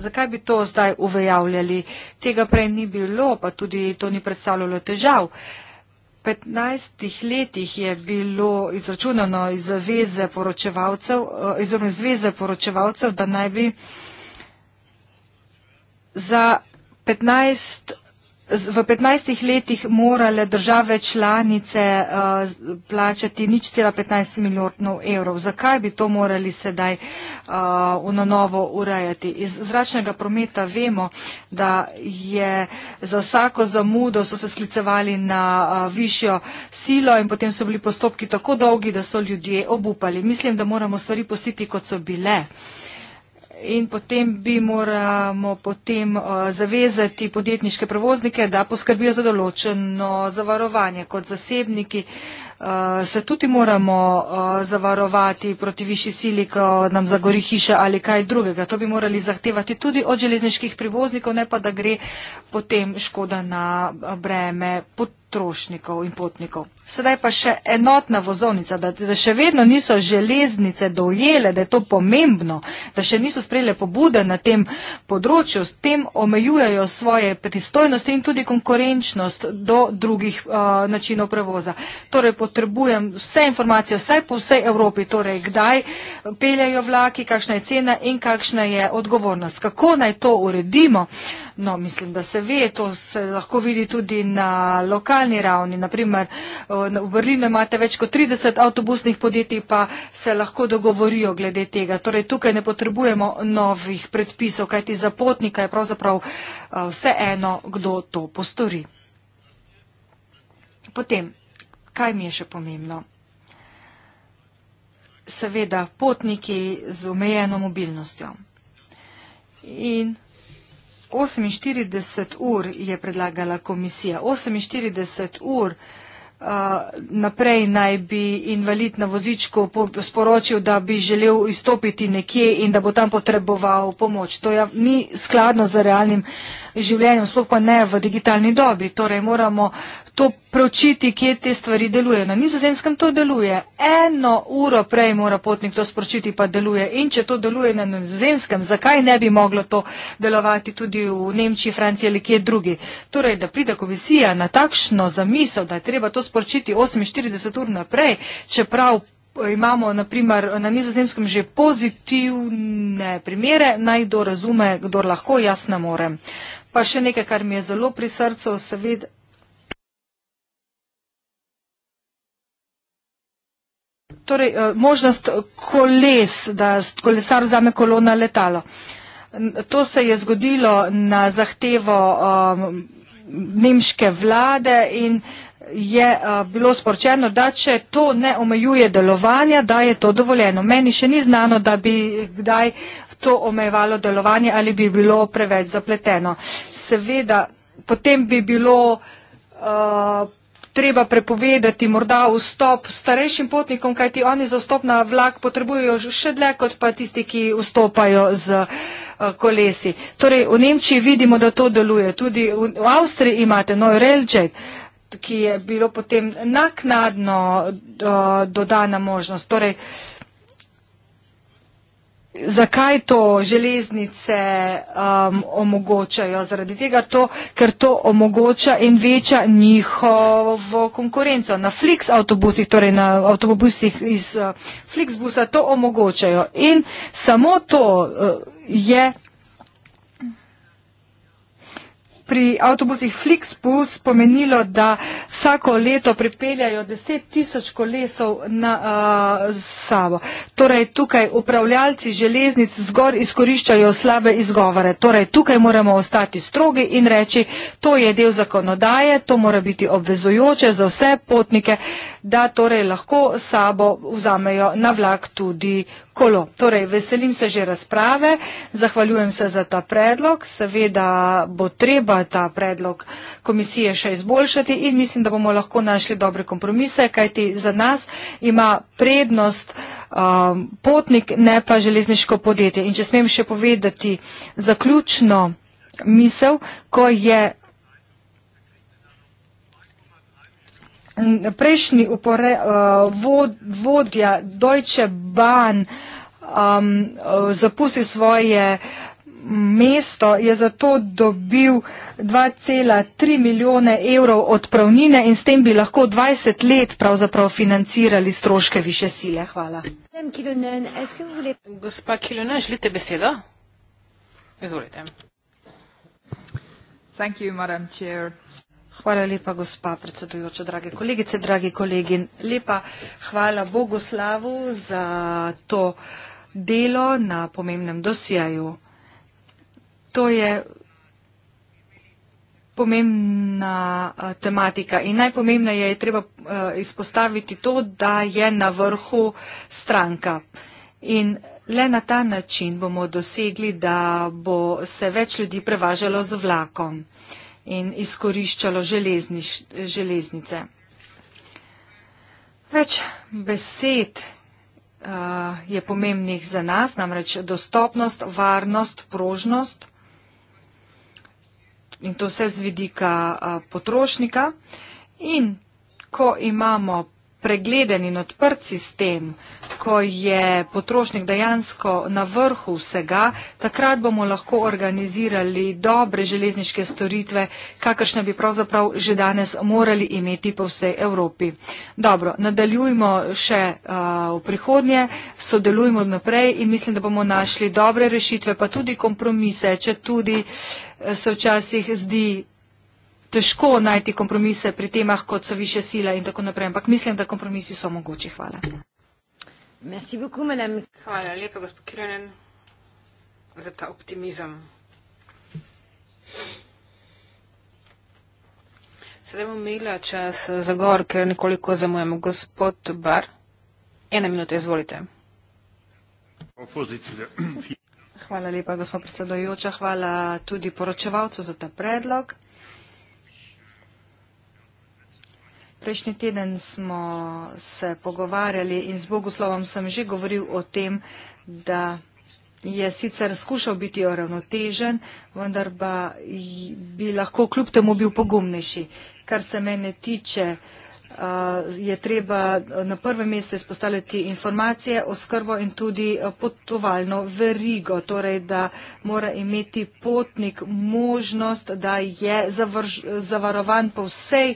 Zakaj bi to zdaj uvejavljali? Tega prej ni bilo, pa tudi to ni predstavljalo težav. V 15 letih je bilo izračunano iz zveze poročevalcev, eh, oziroma iz zveze poročevalcev, da naj bi za 15 v 15 letih morale države članice uh, plačati nič cela 15 milijonov evrov. Zakaj bi to morali sedaj uh, na novo urejati? Iz zračnega prometa vemo, da je za vsako zamudo so se sklicevali na uh, višjo silo in potem so bili postopki tako dolgi, da so ljudje obupali. Mislim, da moramo stvari postiti, kot so bile. Uh, in potem bi moramo potem eh, zavezati podjetniške prevoznike, da poskrbijo za določeno zavarovanje kot zasebniki. Uh, se tudi moramo uh, zavarovati proti višji sili, ko nam zagori hiša ali kaj drugega. To bi morali zahtevati tudi od železniških privoznikov, ne pa da gre potem škoda na breme potrošnikov in potnikov sedaj pa še enotna vozovnica, da, da še vedno niso železnice dojele, da je to pomembno, da še niso sprejele pobude na tem področju, s tem omejujajo svoje pristojnosti in tudi konkurenčnost do drugih uh, načinov prevoza. Torej potrebujem vse informacije, vsaj po vsej Evropi, torej kdaj peljajo vlaki, kakšna je cena in kakšna je odgovornost. Kako naj to uredimo? No, mislim, da se ve, to se lahko vidi tudi na lokalni ravni, naprimer v Berlinu imate več kot 30 avtobusnih podjetij, pa se lahko dogovorijo glede tega. Torej, tukaj ne potrebujemo novih predpisov, kajti za potnika je pravzaprav eh, vse eno, kdo to postori. Potem, kaj mi je še pomembno? Seveda, potniki z omejeno mobilnostjo. In 48 ur je predlagala komisija. 48 ur naprej naj bi invalid na vozičku sporočil, da bi želel izstopiti nekje in da bo tam potreboval pomoč. To ja, ni skladno z realnim uh, življenjem, sploh pa ne v digitalni dobi. Torej moramo to pročiti, kje te stvari delujejo. Na nizozemskem to deluje. Eno uro prej mora potnik to sporočiti, pa deluje. In če to deluje na nizozemskem, zakaj ne bi moglo to delovati tudi v Nemčiji, Franciji ali kje drugi? Torej, da pride komisija na takšno zamisel, da je treba to sporočiti 48 ur naprej, čeprav eh, imamo naprimer na nizozemskem že pozitivne primere, naj do razume, kdo lahko, jaz ne morem. Pa še nekaj, kar mi je zelo pri srcu, seveda. Torej, eh, možnost koles, da kolesar vzame kolo na letalo. To se je zgodilo na zahtevo um, nemške vlade in je uh, bilo sporočeno, da če to ne omejuje delovanja, da je to dovoljeno. Meni še ni znano, da bi kdaj uh, to omejevalo delovanje ali bi bilo preveč zapleteno. Seveda, potem bi bilo uh, treba prepovedati morda vstop starejšim potnikom, kajti oni za vstop na vlak potrebujejo še dlje kot pa tisti, ki vstopajo z uh, kolesi. Torej, v Nemčiji vidimo, da to deluje. Tudi v, v Avstriji imate noj Railjet, ki je bilo potem naknadno uh, dodana možnost. Torej, uh, Zakaj to železnice um, omogočajo? Zaradi tega, to, ker to omogoča in veča njihovo konkurenco. Na Flix avtobusih, torej na avtobusih iz uh, Flixbusa to omogočajo. In samo to uh, je pri avtobusih Flixbus pomenilo, da vsako leto pripeljajo 10 tisoč kolesov na uh, Savo. Torej tukaj upravljalci železnic zgor izkoriščajo slabe izgovore. Torej tukaj moramo ostati strogi in reči, to je del zakonodaje, to mora biti obvezujoče za vse potnike, da torej lahko sabo vzamejo na vlak tudi kolo. Torej, veselim se že razprave, zahvaljujem se za ta predlog, seveda bo treba ta predlog komisije še izboljšati in mislim, da bomo lahko našli dobre kompromise, kajti za nas ima prednost um, potnik, ne pa železniško podjetje. In če smem še povedati zaključno misel, ko je prejšnji upore, uh, vod, vodja Deutsche Bahn um, uh, zapustil svoje uh, mesto je zato dobil 2,3 milijone evrov odpravnine in s tem bi lahko 20 let pravzaprav financirali stroške više sile. Hvala. Gospa Kilonen, želite besedo? Izvolite. Thank you, madam chair. Hvala lepa, gospa predsedujoča, drage kolegice, dragi kolegi. Lepa hvala Bogoslavu za to delo na pomembnem dosijaju. To je pomembna uh, tematika in najpomembneje je treba uh, izpostaviti to, da je na vrhu stranka. In le na ta način bomo dosegli, da bo se več ljudi prevažalo z vlakom in izkoriščalo železniš, železnice. Več besed uh, je pomembnih za nas, namreč dostopnost, varnost, prožnost, in to vse z vidika potrošnika. In ko imamo pregleden in odprt sistem, ko je potrošnik dejansko na vrhu vsega, takrat bomo lahko organizirali dobre železniške storitve, kakršne bi pravzaprav že danes morali imeti po vsej Evropi. Dobro, nadaljujmo še uh, v prihodnje, sodelujmo naprej in mislim, da bomo našli dobre rešitve, pa tudi kompromise, če tudi se včasih zdi težko najti kompromise pri temah, kot so više sile in tako naprej, ampak mislim, da kompromisi so mogoči. Hvala. Merci beaucoup, madame. Hvala lepa, gospod Kirjanen, za ta optimizem. Sedaj bom imela čas za govor, ker nekoliko zamujem. Gospod Bar, ena minuta, izvolite. Hvala lepa, gospod predsedojoča. Hvala tudi poročevalcu za ta predlog. Prejšnji teden smo se pogovarjali in z Bogoslovom sem že govoril o tem, da je sicer skušal biti uravnotežen, vendar pa bi lahko kljub temu bil pogumnejši. Kar se mene tiče, je treba na prvem mestu izpostavljati informacije o skrbo in tudi potovalno verigo, torej da mora imeti potnik možnost, da je zavarovan po vsej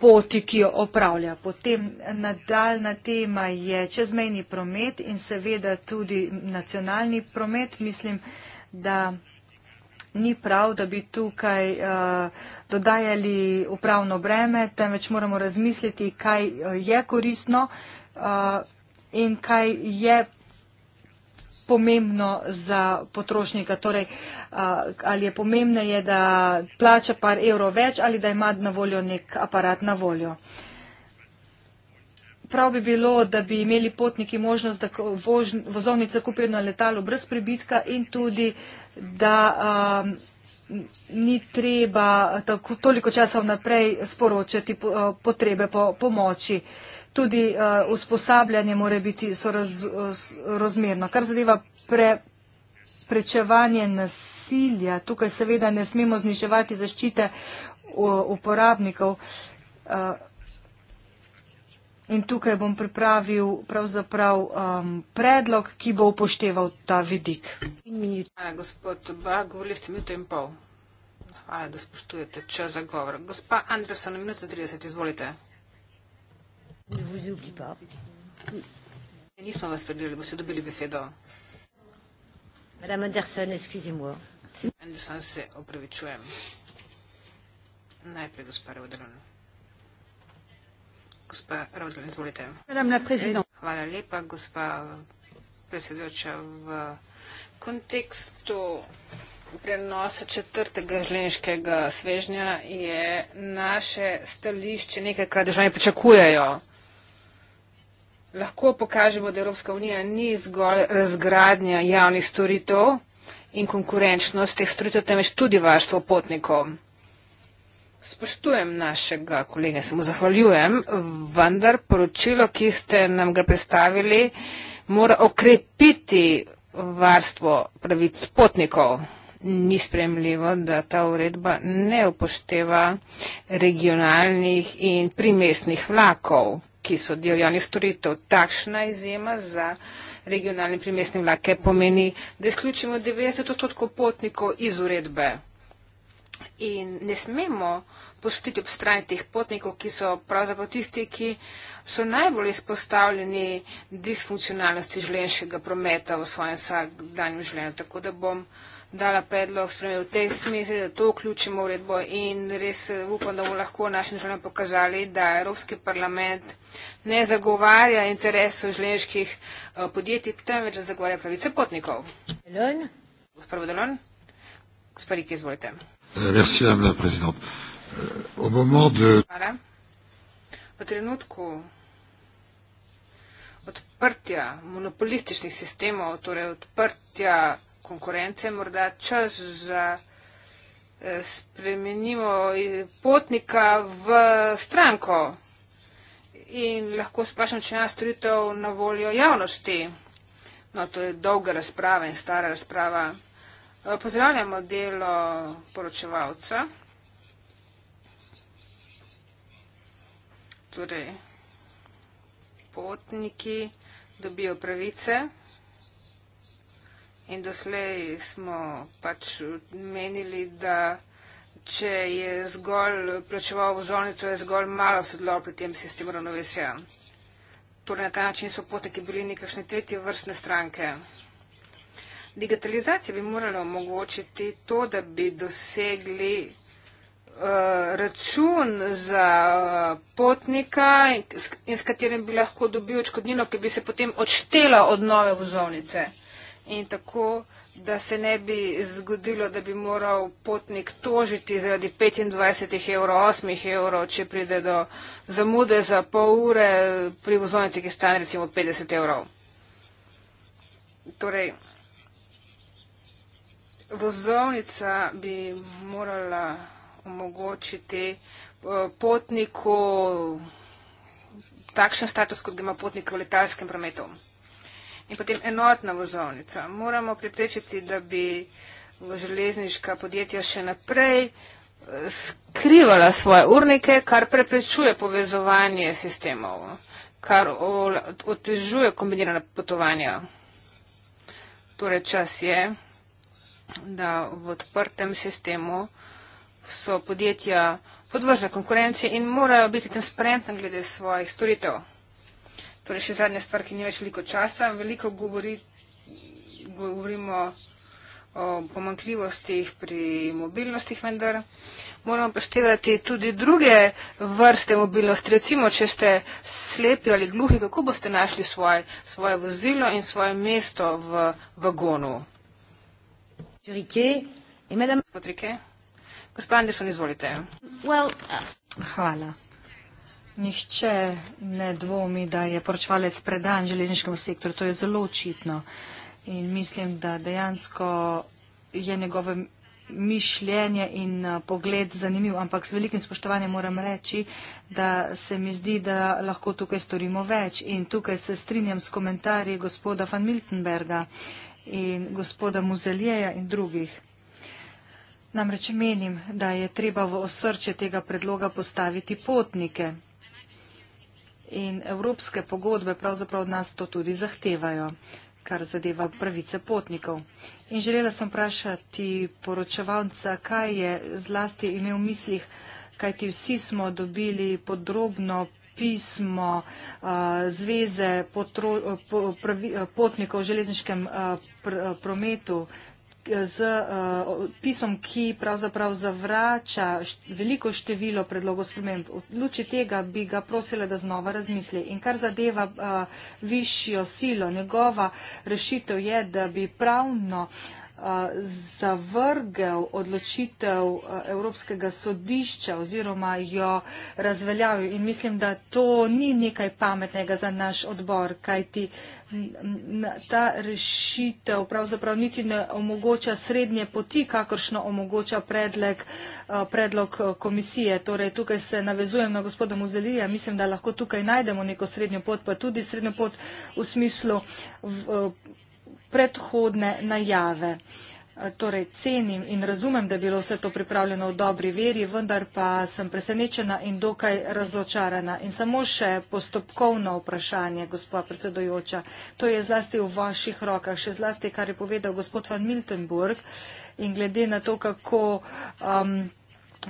poti, ki jo opravlja. Potem nadaljna tema je čezmejni promet in seveda tudi nacionalni promet. Mislim, da ni prav, da bi tukaj uh, dodajali upravno breme, temveč moramo razmisliti, kaj eh, je koristno uh, in kaj je pomembno za potrošnika. Torej, ali je pomembneje, da plača par evrov več ali da ima na voljo nek aparat na voljo. Prav bi bilo, da bi imeli potniki možnost, da vozovnica kupijo na letalu brez pribitka in tudi, da um, ni treba tako, toliko časa vnaprej sporočati potrebe po pomoči. Po tudi uh, usposabljanje more biti sorazmerno. Kar zadeva pre, prečevanje nasilja, tukaj seveda ne smemo zniževati zaščite uporabnikov. Uh, in tukaj bom pripravil pravzaprav um, predlog, ki bo upošteval ta vidik. Gospod Ba, govorili ste minuto in pol. Hvala, da spoštujete čas za govor. Gospa Andresa, na minuto 30, izvolite. Ne vous y oublie pas. Nismo vas prebili, boste dobili besedo. Madame Anderson, excusez-moi. Anderson se opravičujem. Najprej gospa Rodron. Gospa Rodron, izvolite. Madame la Presidente. Hvala lepa, gospa predsedujoča v kontekstu prenosa četrtega želeniškega svežnja je naše stališče nekaj, kaj državni pričakujejo lahko pokažemo, da Evropska unija ni zgolj razgradnja javnih storitev in konkurenčnost teh storitev, temveč tudi varstvo potnikov. Spoštujem našega kolega, se mu zahvaljujem, vendar poročilo, ki ste nam ga predstavili, mora okrepiti varstvo pravic potnikov. Ni spremljivo, da ta uredba ne upošteva regionalnih in primestnih vlakov ki so del javnih storitev. Takšna izjema za regionalne primestne vlake pomeni, da izključimo 90 odstotkov potnikov iz uredbe. In ne smemo postiti ob strani teh potnikov, ki so pravzaprav tisti, ki so najbolj izpostavljeni disfunkcionalnosti želenskega prometa v svojem vsakdanjem življenju. Tako da bom uh, dala predlog spremljajo v tej smeri, da to vključimo uredbo in res eh, upam, da bomo lahko našim državljanom pokazali, da Evropski parlament ne zagovarja interesov želeniških eh, podjetij, temveč da zagovarja pravice potnikov. Delon. Gospod Vodolon, gospod Rik, izvolite. Eh, merci, vam, predsednik. Au moment de... Hvala. V trenutku odprtja monopolističnih sistemov, torej odprtja konkurence, morda čas za eh, spremenimo eh, potnika v stranko in lahko sprašam, če ima storitev na voljo javnosti. No, to je dolga razprava in stara razprava. Eh, pozdravljamo delo poročevalca. Torej, potniki dobijo pravice. In doslej smo pač menili, da če je zgolj plačeval vozovnico, je zgolj malo sodeloval pri tem sistemu ravnovesja. Torej na ta način so poteki bili nekakšne tretje vrstne stranke. Digitalizacija bi morala omogočiti to, da bi dosegli uh, račun za uh, potnika in s, in s katerim bi lahko dobil očkodnino, ki bi se potem odštela od nove vozovnice in tako, da se ne bi zgodilo, da bi moral potnik tožiti zaradi 25 evrov, 8 evrov, če pride do zamude za pol ure pri vozovnici, ki stane recimo 50 evrov. Torej, vozovnica bi morala omogočiti eh, potniku takšen status, kot ga ima potnik v letalskem prometu in potem enotna vozovnica. Moramo preprečiti, da bi železniška podjetja še naprej eh, skrivala svoje urnike, kar preprečuje povezovanje sistemov, kar otežuje kombinirana potovanja. Torej čas je, da v odprtem sistemu so podjetja podvržena konkurenci in morajo biti transparentni glede svojih storitev. Torej, še zadnja stvar, ki ni več veliko časa. Veliko govori, govorimo o pomankljivostih pri mobilnostih, vendar moramo poštevati tudi druge vrste mobilnosti. Recimo, če ste slepi ali gluhi, kako boste našli svoje, svoje vozilo in svoje mesto v vagonu? Gospod Rike, gospod Anderson, izvolite. Well, uh... Hvala. Nihče ne dvomi, da je poročevalec predan železniškemu sektorju. To je zelo očitno. In mislim, da dejansko je njegove mišljenje in pogled zanimiv, ampak s velikim spoštovanjem moram reči, da se mi zdi, da lahko tukaj storimo več. In tukaj se strinjam s komentarji gospoda van Miltenberga in gospoda Muzelijeja in drugih. Namreč menim, da je treba v osrče tega predloga postaviti potnike. In evropske pogodbe pravzaprav od nas to tudi zahtevajo, kar zadeva pravice potnikov. In želela sem vprašati poročevalca, kaj je zlasti imel v mislih, kaj ti vsi smo dobili podrobno pismo uh, Zveze potro, po, pravi, potnikov v železniškem uh, pr, prometu, z eh, pisom, ki pravzaprav zavrača veliko število predlogov sprememb. V luči tega bi ga prosila, da znova razmisli. In kar zadeva eh, višjo silo, njegova rešitev je, da bi pravno zavrgel odločitev Evropskega sodišča oziroma jo razveljavil. In mislim, da to ni nekaj pametnega za naš odbor, kajti ta rešitev pravzaprav niti ne omogoča srednje poti, kakršno omogoča predlog, predlog komisije. Torej, tukaj se navezujem na gospoda Muzelija. Mislim, da lahko tukaj najdemo neko srednjo pot, pa tudi srednjo pot v smislu. V, predhodne najave. Torej, cenim in razumem, da je bilo vse to pripravljeno v dobri veri, vendar pa sem presenečena in dokaj razočarana. In samo še postopkovno vprašanje, gospod predsedojoča, to je zlasti v vaših rokah, še zlasti, kar je povedal gospod van Miltenburg in glede na to, kako. Um,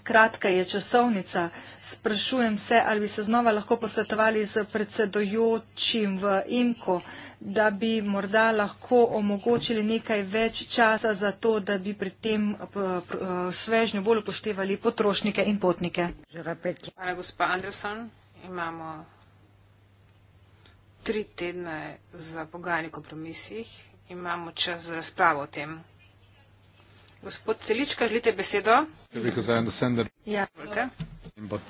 Kratka je časovnica. Sprašujem se, ali bi se znova lahko posvetovali z predsedojočim v IMKO. Uh, da bi morda lahko omogočili nekaj več časa za to, da bi pri tem eh, eh, svežnju bolj upoštevali potrošnike in potnike. Hvala, gospa Anderson. Imamo tri tedne za pogajanje kompromisih. Imamo čas za razpravo o tem. Gospod Celička, želite besedo? Ja, hvala. Uh,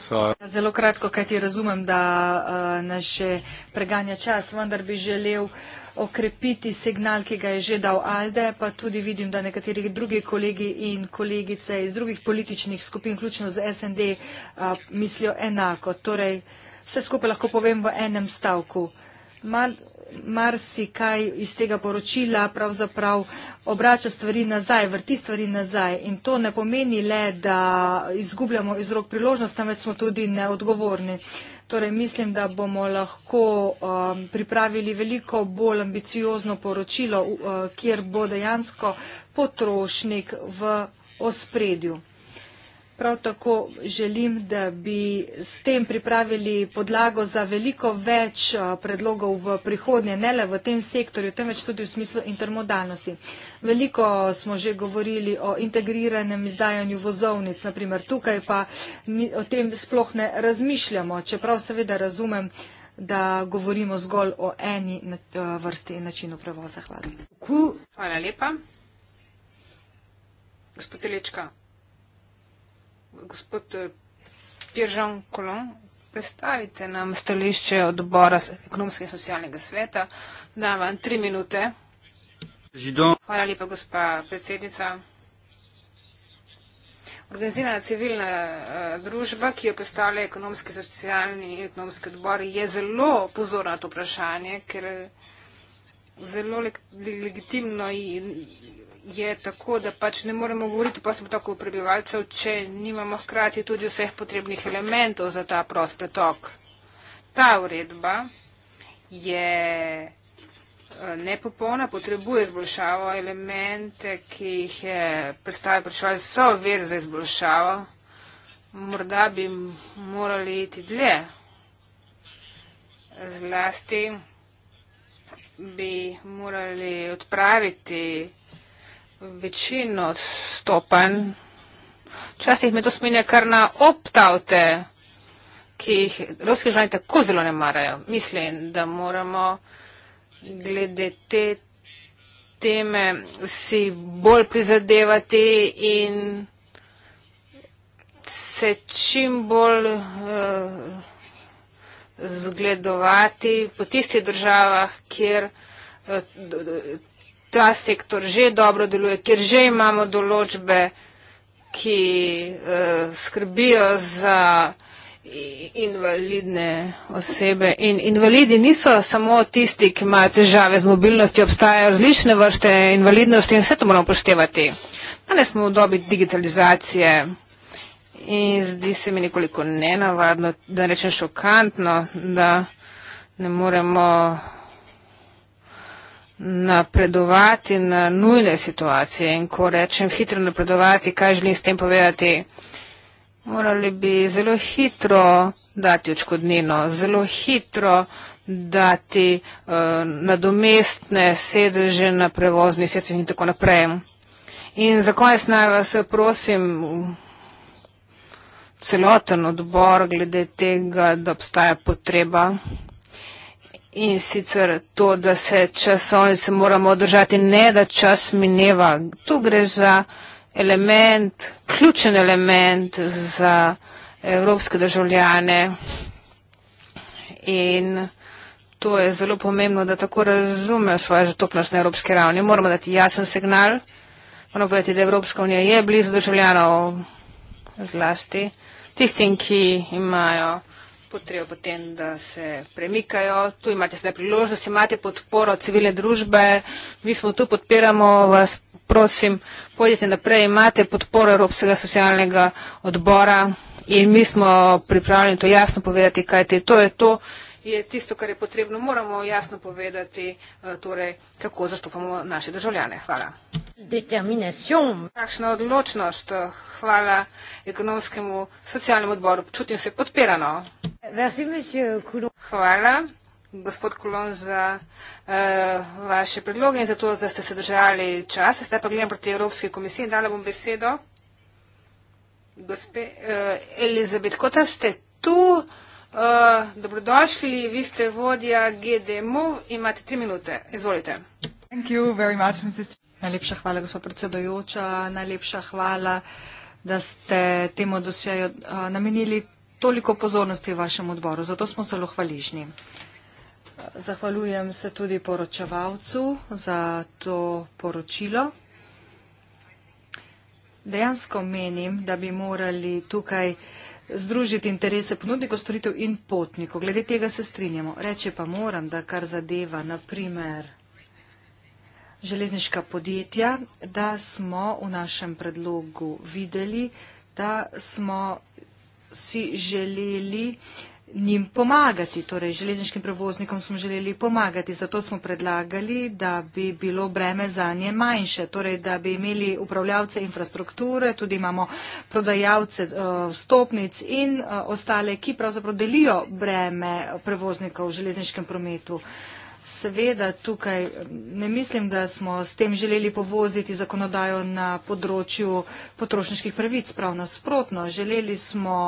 ja, zelo kratko, kajti razumem, da uh, nas še preganja čas, vendar bi želel okrepiti signal, ki ga je že dal Alde, pa tudi vidim, da nekateri drugi kolegi in kolegice iz drugih političnih skupin, vključno z SND, uh, mislijo enako. Torej, vse skupaj lahko povem v enem stavku. Mal, marsikaj iz tega poročila pravzaprav obrača stvari nazaj, vrti stvari nazaj. In to ne pomeni le, da izgubljamo iz rok priložnost, temveč smo tudi neodgovorni. Torej, mislim, da bomo lahko um, pripravili veliko bolj ambiciozno poročilo, uh, kjer bo dejansko potrošnik v ospredju. Prav tako želim, da bi s tem pripravili podlago za veliko več predlogov v prihodnje, ne le v tem sektorju, temveč tudi v smislu intermodalnosti. Veliko smo že govorili o integriranem izdajanju vozovnic, naprimer tukaj pa o tem sploh ne razmišljamo, čeprav seveda razumem, da govorimo zgolj o eni vrsti in načinu prevoza. Hvala. Hvala lepa. Gospod Telečka. Gospod eh, Piržan Kolon, predstavite nam stališče odbora ekonomskega in socialnega sveta. Da vam tri minute. Hvala lepa, gospa predsednica. Organizirana civilna uh, družba, ki jo predstavlja ekonomski, socialni in ekonomski odbor, je zelo pozorna na to vprašanje, ker eh, zelo le legitimno in je tako, da pač ne moremo govoriti pa smo tako prebivalcev, če nimamo hkrati tudi vseh potrebnih elementov za ta prost pretok. Ta uredba je eh, nepopolna, potrebuje izboljšavo, elemente, ki jih je predstavljal prečevalec, so ver za izboljšavo, morda bi morali iti dlje. Zlasti bi morali odpraviti vsega, večino stopanj. Včasih me to spominja kar na optaute, ki jih ruski žani tako zelo ne marajo. Mislim, da moramo glede te teme si bolj prizadevati in se čim bolj uh, zgledovati po tistih državah, kjer eh, ta sektor že dobro deluje, kjer že imamo določbe, ki uh, skrbijo za invalidne osebe. In invalidi niso samo tisti, ki imajo težave z mobilnosti, obstajajo različne vrste invalidnosti in vse to moramo poštevati. Danes smo v dobi digitalizacije in zdi se mi nekoliko nenavadno, da rečem šokantno, da ne moremo napredovati na nujne situacije in ko rečem hitro napredovati, kaj želim s tem povedati, morali bi zelo hitro dati očkodnino, zelo hitro dati uh, nadomestne sedeže na prevozni sredstvi in tako naprej. In za konec naj vas prosim celoten odbor glede tega, da obstaja potreba in sicer to, da se časovnice moramo držati, ne da čas mineva. Tu gre za element, ključen element za evropske državljane in to je zelo pomembno, da tako razumejo svojo zatopnost na evropski ravni. Moramo dati jasen signal, moramo povedati, da Evropska unija je blizu državljanov zlasti, tistim, ki imajo potrebo potem, da se premikajo. Tu imate sedaj priložnost, imate podporo civilne družbe, mi smo tu, podpiramo vas, prosim, pojdite naprej, imate podporo Evropskega socialnega odbora in mi smo pripravljeni to jasno povedati, kaj te to je to. Je tisto, kar je potrebno, moramo jasno povedati, eh, torej, kako zastopamo naše državljane. Hvala. Takšna odločnost. Hvala ekonomskemu socialnemu odboru. Čutim se podpirano. Hvala, gospod Kulon, za uh, vaše predloge in za to, da ste se držali časa. Zdaj pa gledam proti Evropski komisiji in dala bom besedo. Gospe uh, eh, Elizabet, kot ste tu, uh, dobrodošli, vi ste vodja GDMO, imate tri minute. Izvolite. Much, najlepša hvala, gospod predsedojoča, najlepša hvala, da ste temu dosjeju uh, namenili toliko pozornosti v vašem odboru, zato smo zelo hvaližni. Zahvaljujem se tudi poročevalcu za to poročilo. Dejansko menim, da bi morali tukaj združiti interese ponudnikov storitev in potnikov. Glede tega se strinjamo. Reče pa moram, da kar zadeva naprimer železniška podjetja, da smo v našem predlogu videli, da smo si želeli njim pomagati, torej železniškim prevoznikom smo želeli pomagati, zato smo predlagali, da bi bilo breme za nje manjše, torej da bi imeli upravljavce infrastrukture, tudi imamo prodajalce eh, stopnic in eh, ostale, ki pravzaprav delijo breme prevoznikov v železniškem prometu. Seveda tukaj ne mislim, da smo s tem želeli povoziti zakonodajo na področju potrošniških pravic, prav nasprotno. Želeli smo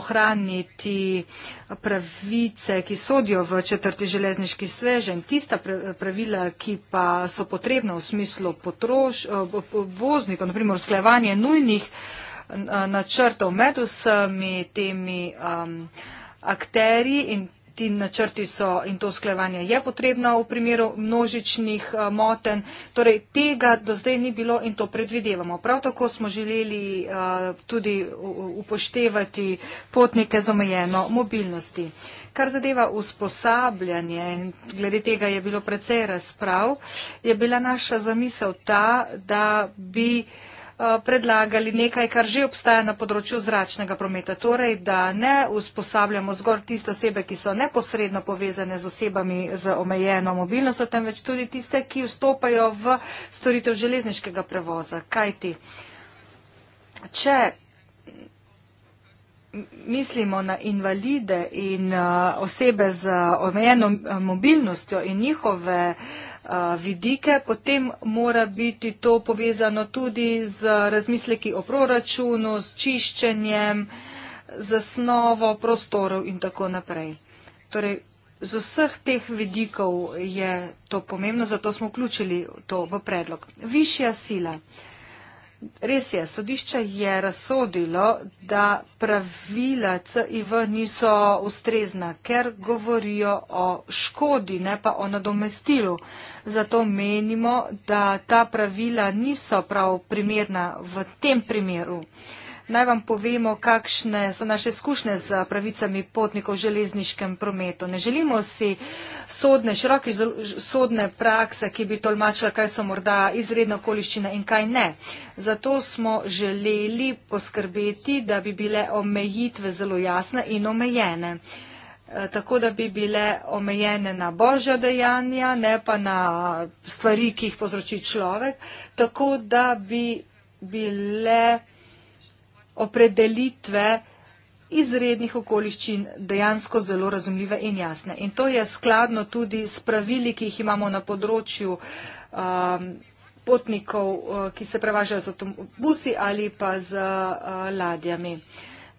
ohraniti pravice, ki sodijo v četrti železniški svežen, tista pravila, ki pa so potrebna v smislu voznikov, naprimer sklevanje nujnih načrtov med vsemi temi um, akteri in ti načrti so in to sklevanje je potrebno v primeru množičnih eh, moten. Torej, tega do zdaj ni bilo in to predvidevamo. Prav tako smo želeli eh, tudi upoštevati potnike z omejeno mobilnosti. Kar zadeva usposabljanje, glede tega je bilo precej razprav, je bila naša zamisel ta, da bi Eh, predlagali nekaj, kar že obstaja na področju zračnega prometa. Torej, da ne usposabljamo zgor tiste osebe, ki so neposredno povezane z osebami z omejeno mobilnostjo, temveč tudi tiste, ki vstopajo v storitev železniškega prevoza. Kajti, če mislimo na invalide in uh, osebe z uh, omejeno mobilnostjo in njihove uh, vidike, potem mora biti to povezano tudi z razmisleki o proračunu, s čiščenjem, z osnovo prostorov in tako naprej. Torej, z vseh teh vidikov je to pomembno, zato smo vključili to v predlog. Višja sila. Uh, Res je, sodišče je razsodilo, da pravila CIV niso ustrezna, ker govorijo o škodi, ne pa o nadomestilu. Zato menimo, da ta pravila niso prav primerna v tem primeru. Uh, Naj vam povemo, kakšne so naše izkušnje z pravicami potnikov v železniškem prometu. Ne želimo si sodne, široke sodne prakse, ki bi tolmačila, kaj so morda izredne okoliščine in kaj ne. Zato smo želeli poskrbeti, da bi bile omejitve zelo jasne in omejene. Eh, tako da bi bile omejene na božja dejanja, ne pa na stvari, ki jih povzroči človek. Tako da bi bile opredelitve izrednih okoliščin dejansko zelo razumljive in jasne. In to je skladno tudi s pravili, ki jih imamo na področju um, potnikov, uh, ki se prevažajo z avtobusi ali pa z uh, ladjami.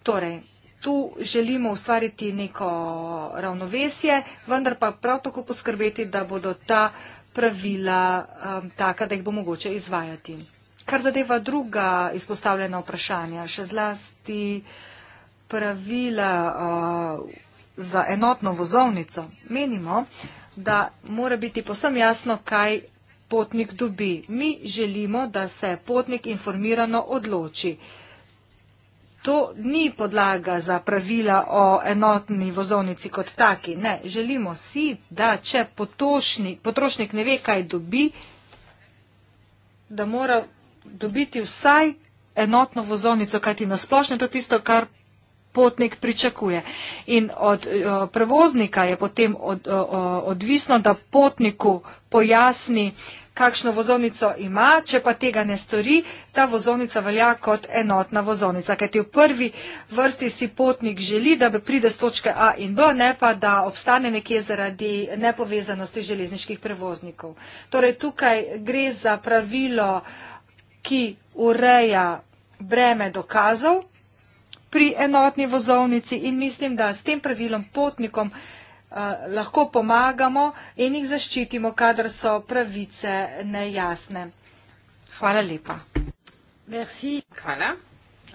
Torej, tu želimo ustvariti neko ravnovesje, vendar pa prav tako poskrbeti, da bodo ta pravila um, taka, da jih bo mogoče izvajati. Kar zadeva druga izpostavljena vprašanja, še zlasti pravila uh, za enotno vozovnico, menimo, da mora biti posem jasno, kaj potnik dobi. Mi želimo, da se potnik informirano odloči. To ni podlaga za pravila o enotni vozovnici kot taki. Ne, želimo si, da če potrošnik ne ve, kaj dobi, da mora dobiti vsaj enotno vozovnico, kajti nasplošno je to tisto, kar potnik pričakuje. In od o, eh, prevoznika je potem od, o, eh, eh, odvisno, da potniku pojasni, kakšno vozovnico ima, če pa tega ne stori, ta vozovnica velja kot enotna vozovnica. Kajti v prvi vrsti si potnik želi, da bi pride z točke A in B, ne pa da obstane nekje zaradi nepovezanosti železniških prevoznikov. Torej tukaj gre za pravilo uh, ki ureja breme dokazov pri enotni vozovnici in mislim, da s tem pravilom potnikom eh, lahko pomagamo in jih zaščitimo, kadar so pravice nejasne. Hvala lepa. Merci. Hvala.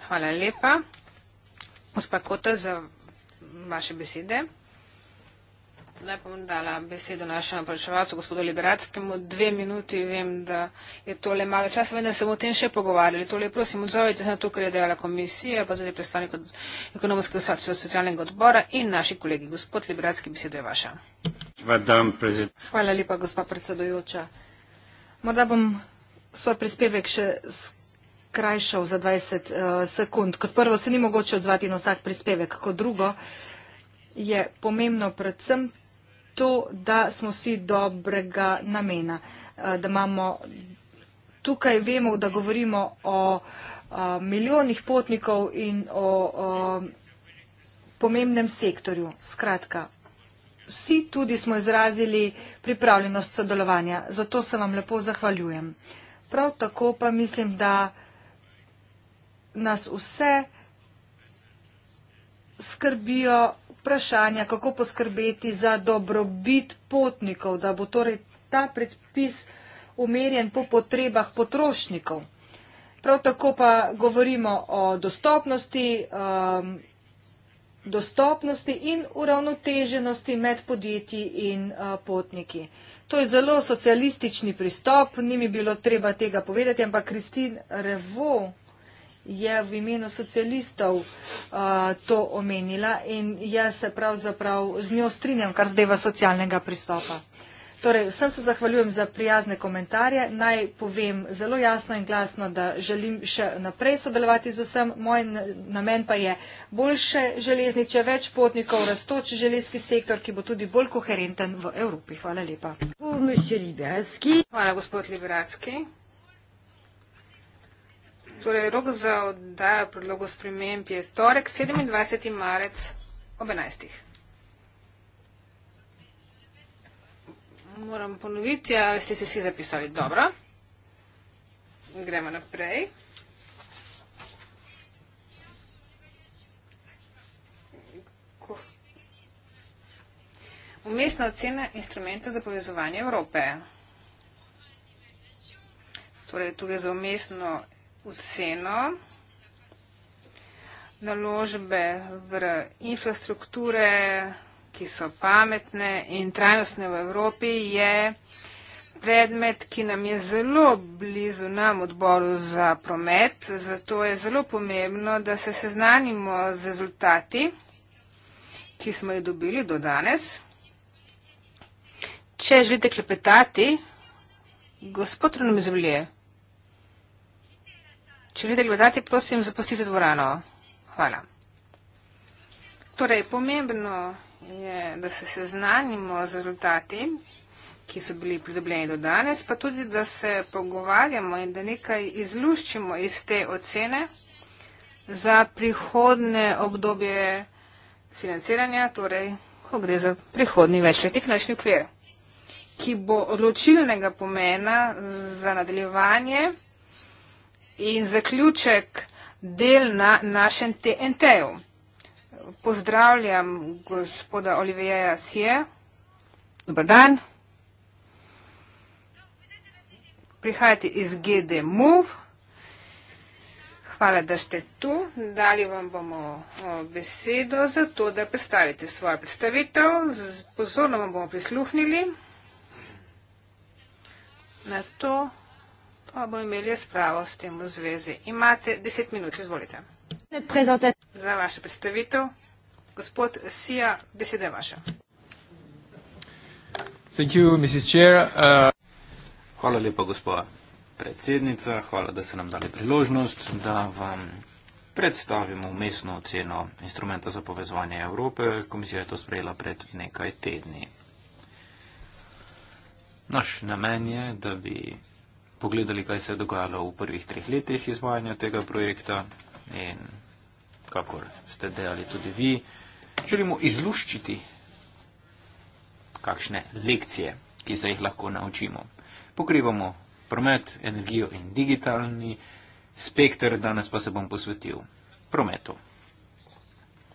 Hvala lepa. Gospa Kota za vaše besede. Zdaj bom dala besedo našemu vprašalcu, gospodu Liberatskemu. Dve minuti, vem, da je tole malo časa, vendar se bomo o tem še pogovarjali. Tole, prosim, odzovite se na to, kar je dejala komisija, pa tudi predstavnik ekonomskega sadstva socialnega odbora in naši kolegi. Gospod Liberatski, beseda je vaša. Hvala lepa, gospa predsedujoča. Morda bom svoj prispevek še skrajšal za 20 uh, eh, sekund. Kot prvo se ni mogoče odzvati na vsak prispevek, kot drugo je pomembno predvsem to, da smo vsi dobrega namena, eh, da imamo tukaj vemo, da govorimo o eh, milijonih potnikov in o pomembnem sektorju. Skratka, vsi tudi smo izrazili pripravljenost sodelovanja, zato se vam lepo zahvaljujem. Prav tako pa mislim, da nas vse skrbijo vprašanja, kako poskrbeti za dobrobit potnikov, da bo torej ta predpis umerjen po potrebah potrošnikov. Prav tako pa govorimo o dostopnosti, um, dostopnosti in uravnoteženosti med podjetji in uh, potniki. To je zelo socialistični pristop, ni mi bilo treba tega povedati, ampak Kristin Revo je v imenu socialistov uh, to omenila in jaz se pravzaprav z njo strinjam, kar zdaj v socialnega pristopa. Torej, vsem se zahvaljujem za prijazne komentarje. Naj povem zelo jasno in glasno, da želim še naprej sodelovati z vsem. Moj namen pa je boljše železniče, več potnikov, rastoč železki sektor, ki bo tudi bolj koherenten v Evropi. Hvala lepa. Hvala, gospod Liberacki. Torej, rok za oddajo predlogo sprememb je torek 27. marec ob 11. Moram ponoviti, ali ste se vsi zapisali dobro. Gremo naprej. Umestna ocena instrumenta za povezovanje Evrope. Torej, tukaj za umestno oceno naložbe v infrastrukture, ki so pametne in trajnostne v Evropi, je predmet, ki nam je zelo blizu nam odboru za promet, zato je zelo pomembno, da se seznanimo z rezultati, ki smo jih dobili do danes. Če želite klepetati, gospod Ronomizvlje, Če želite gledati, prosim, zapustite dvorano. Hvala. Torej, pomembno je, da se seznanimo z rezultati, ki so bili pridobljeni do danes, pa tudi, da se pogovarjamo in da nekaj izluščimo iz te ocene za prihodne obdobje financiranja, torej, ko gre za prihodni večletni finančni ukvir, ki bo odločilnega pomena za nadaljevanje in zaključek del na našem TNT-u. Pozdravljam gospoda Olivija Sije. Dobar dan. Prihajate iz GD Move. Hvala, da ste tu. Dali vam bomo besedo za to, da predstavite svojo predstavitev. Pozorno vam bomo prisluhnili. Na to pa bo imeli spravo s tem v zvezi. Imate deset minut, izvolite. Za vašo predstavitev, gospod Sija, beseda je vaša. You, Chair, uh... Hvala lepa, gospod predsednica. Hvala, da ste nam dali priložnost, da vam predstavimo umestno oceno instrumenta za povezovanje Evrope. Komisija je to sprejela pred nekaj tedni. Naš namen je, da bi pogledali, kaj se je dogajalo v prvih treh letih izvajanja tega projekta in kakor ste dejali tudi vi. Želimo izluščiti kakšne lekcije, ki se jih lahko naučimo. Pokrivamo promet, energijo in digitalni spektr, danes pa se bom posvetil prometu.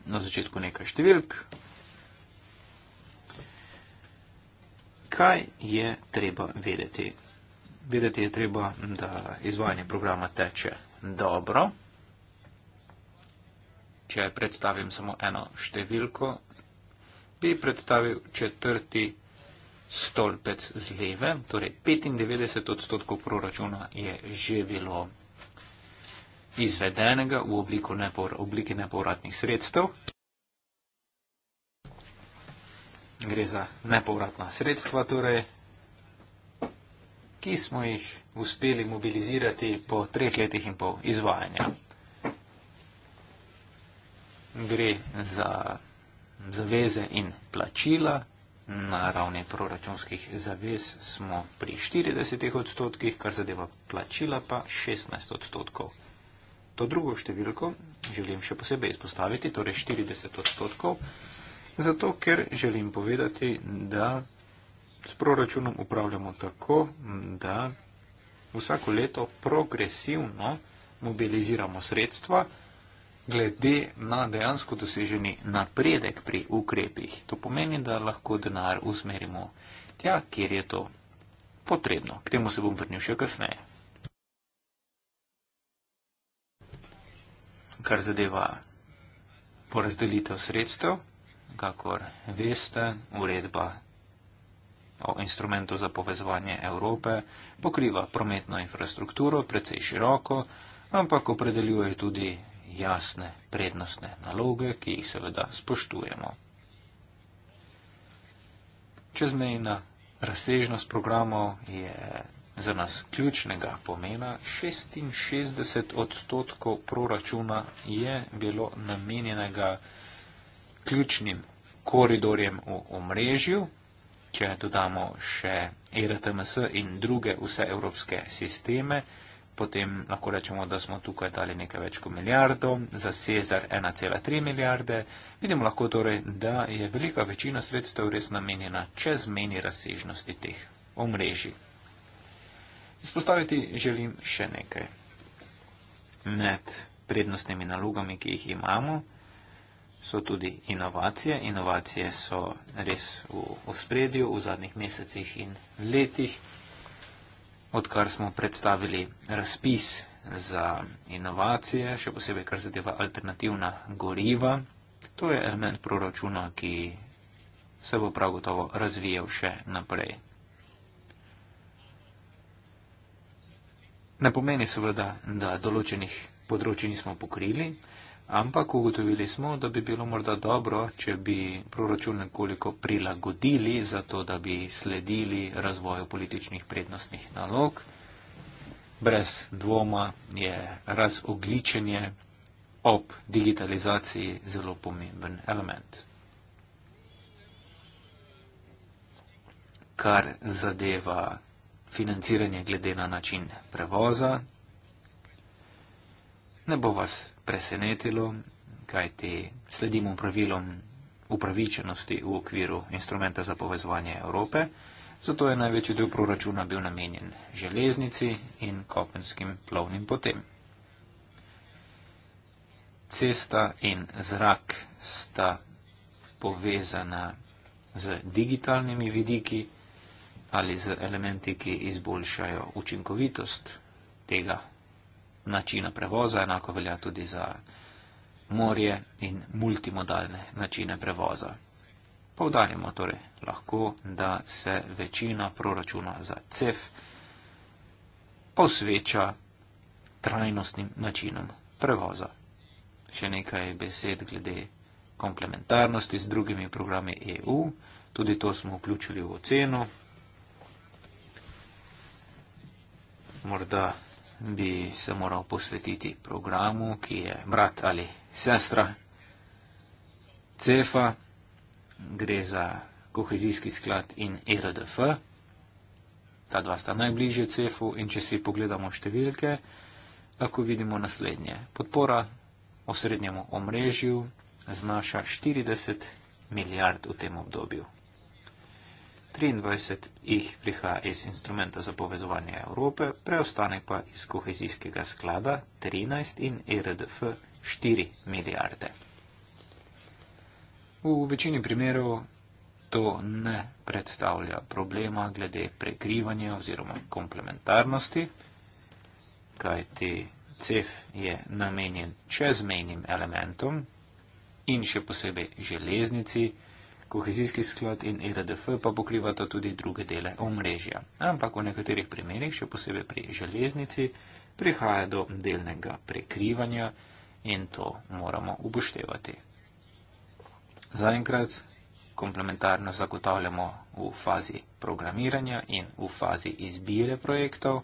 Na začetku nekaj številk. Kaj je treba vedeti vedeti je treba, da izvajanje programa teče dobro. Če predstavim samo eno številko, bi predstavil četrti stolpec z leve, torej 95 odstotkov proračuna je že bilo izvedenega v nepor, obliki nepovratnih sredstev. Gre za nepovratna sredstva, torej ki smo jih uspeli mobilizirati po treh letih in pol izvajanja. Gre za zaveze in plačila. Na ravni proračunskih zavez smo pri 40 odstotkih, kar zadeva plačila pa 16 odstotkov. To drugo številko želim še posebej izpostaviti, torej 40 odstotkov, zato ker želim povedati, da s proračunom upravljamo tako, da vsako leto progresivno mobiliziramo sredstva glede na dejansko doseženi napredek pri ukrepih. To pomeni, da lahko denar usmerimo tja, kjer je to potrebno. K temu se bom vrnil še kasneje. Kar zadeva porazdelitev sredstev, kakor veste, uredba o instrumentu za povezovanje Evrope, pokriva prometno infrastrukturo precej široko, ampak opredeljuje tudi jasne prednostne naloge, ki jih seveda spoštujemo. Čezmejna razsežnost programov je za nas ključnega pomena. 66 odstotkov proračuna je bilo namenjenega ključnim koridorjem v omrežju, če dodamo še ERTMS in druge vse evropske sisteme, potem lahko rečemo, da smo tukaj dali nekaj več kot milijardo, za Cezar 1,3 milijarde. Vidimo lahko torej, da je velika večina sredstev res namenjena čezmeni razsežnosti teh omrežij. Izpostaviti želim še nekaj. Med prednostnimi nalogami, ki jih imamo, so tudi inovacije. Inovacije so res v, v spredju v zadnjih mesecih in letih, odkar smo predstavili razpis za inovacije, še posebej kar zadeva alternativna goriva. To je element proračuna, ki se bo prav gotovo razvijal še naprej. Ne pomeni seveda, da določenih področji nismo pokrili ampak ugotovili smo, da bi bilo morda dobro, če bi proračun nekoliko prilagodili za to, da bi sledili razvoju političnih prednostnih nalog. Brez dvoma je razogličenje ob digitalizaciji zelo pomemben element. Kar zadeva financiranje glede na način prevoza, ne bo vas presenetilo, kajti sledimo pravilom upravičenosti v okviru instrumenta za povezovanje Evrope, zato je največji del proračuna bil namenjen železnici in kopenskim plovnim potem. Cesta in zrak sta povezana z digitalnimi vidiki ali z elementi, ki izboljšajo učinkovitost tega načina prevoza, enako velja tudi za morje in multimodalne načine prevoza. Povdarjamo torej lahko, da se večina proračuna za CEF posveča trajnostnim načinom prevoza. Še nekaj besed glede komplementarnosti z drugimi programi EU, tudi to smo vključili v oceno. Morda bi se moral posvetiti programu, ki je brat ali sestra CEFA, gre za kohezijski sklad in ERDF. Ta dva sta najbližje CEFU in če si pogledamo številke, lahko vidimo naslednje. Podpora osrednjemu omrežju znaša 40 milijard v tem obdobju. 23 jih prihaja iz instrumenta za povezovanje Evrope, preostanek pa iz kohezijskega sklada 13 in e RDF 4 milijarde. V večini primerov to ne predstavlja problema glede prekrivanja oziroma komplementarnosti, kajti CEF je namenjen čezmejnim elementom in še posebej železnici, Kohezijski sklad in e RDF pa pokrivata tudi druge dele omrežja. Ampak v nekaterih primerjih, še posebej pri železnici, prihaja do delnega prekrivanja in to moramo upoštevati. Zaenkrat komplementarno zagotavljamo v fazi programiranja in v fazi izbire projektov.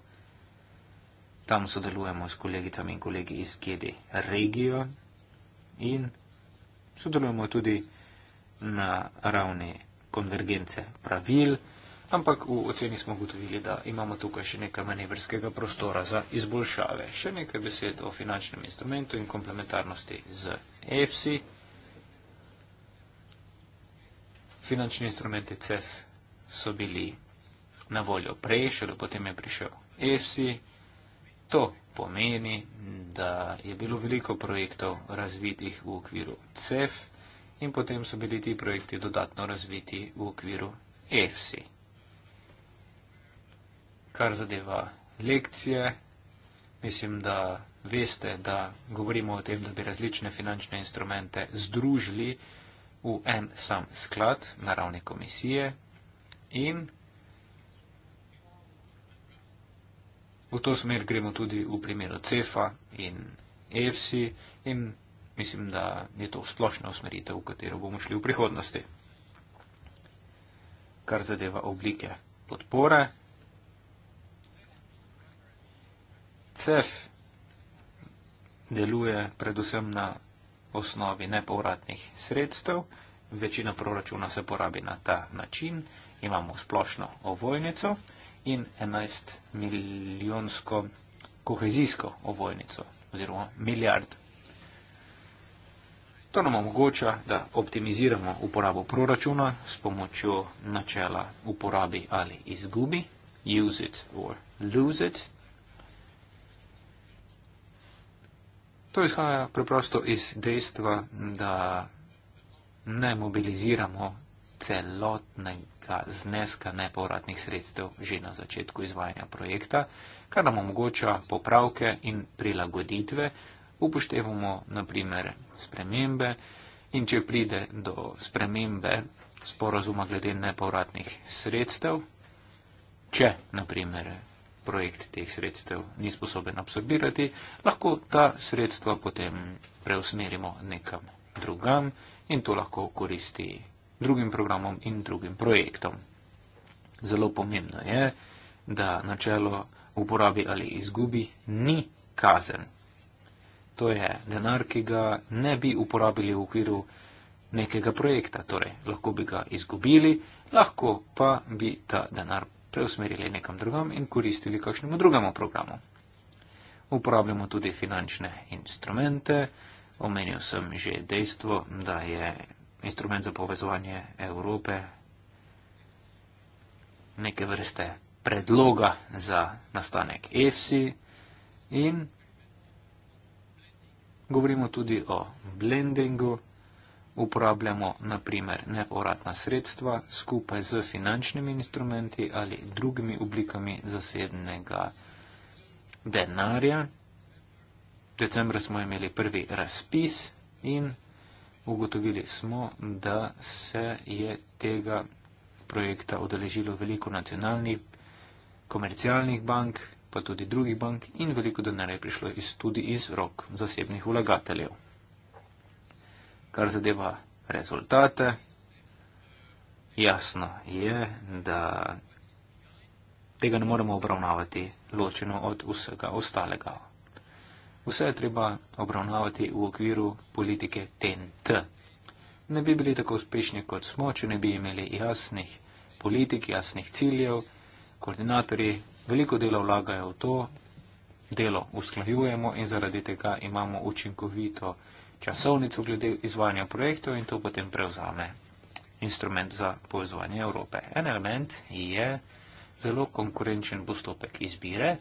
Tam sodelujemo s kolegicami in kolegi iz GD Regijo in sodelujemo tudi s na ravni konvergence pravil, ampak v oceni smo gotovili, da imamo tukaj še nekaj manevrskega prostora za izboljšave. Še nekaj besed o finančnem instrumentu in komplementarnosti z EFSI. Finančni instrumenti CEF so bili na voljo prej, šele potem je prišel EFSI. To pomeni, da je bilo veliko projektov razvitih v okviru CEF in potem so bili ti projekti dodatno razviti v okviru EFSI. Kar zadeva lekcije, mislim, da veste, da govorimo o tem, da bi različne finančne instrumente združili v en sam sklad na ravni komisije in v to smer gremo tudi v primeru CEFA in EFSI in mislim, da je to splošna usmeritev, v katero bomo šli v prihodnosti. Kar zadeva oblike podpore, CEF deluje predvsem na osnovi nepovratnih sredstev, večina proračuna se porabi na ta način, imamo splošno ovojnico in 11 milijonsko kohezijsko ovojnico oziroma milijard To nam omogoča, da optimiziramo uporabo proračuna s pomočjo načela uporabi ali izgubi, use it or lose it. To izhaja preprosto iz dejstva, da ne mobiliziramo celotnega zneska nepovratnih sredstev že na začetku izvajanja projekta, kar nam omogoča popravke in prilagoditve upoštevamo naprimer spremembe in če pride do spremembe sporazuma glede nepovratnih sredstev, če naprimer projekt teh sredstev ni sposoben absorbirati, lahko ta sredstva potem preusmerimo nekam drugam in to lahko koristi drugim programom in drugim projektom. Zelo pomembno je, da načelo uporabi ali izgubi ni kazen to je denar, ki ga ne bi uporabili v okviru nekega projekta, torej lahko bi ga izgubili, lahko pa bi ta denar preusmerili nekam drugam in koristili kakšnemu drugemu programu. Uporabljamo tudi finančne instrumente, omenil sem že dejstvo, da je instrument za povezovanje Evrope neke vrste predloga za nastanek EFSI in Govorimo tudi o blendingu. Uporabljamo naprimer neuratna sredstva skupaj z finančnimi instrumenti ali drugimi oblikami zasebnega denarja. Decembra smo imeli prvi razpis in ugotovili smo, da se je tega projekta odeležilo veliko nacionalnih komercialnih bank, pa tudi drugih bank in veliko denarja je prišlo iz, tudi iz rok zasebnih vlagateljev. Kar zadeva rezultate, jasno je, da tega ne moremo obravnavati ločeno od vsega ostalega. Vse je treba obravnavati v okviru politike TNT. Ne bi bili tako uspešni, kot smo, če ne bi imeli jasnih politik, jasnih ciljev, koordinatorji Veliko dela vlagajo v to, delo usklajujemo in zaradi tega imamo učinkovito časovnico glede izvajanja projektov in to potem prevzame instrument za povezovanje Evrope. En element je zelo konkurenčen postopek izbire.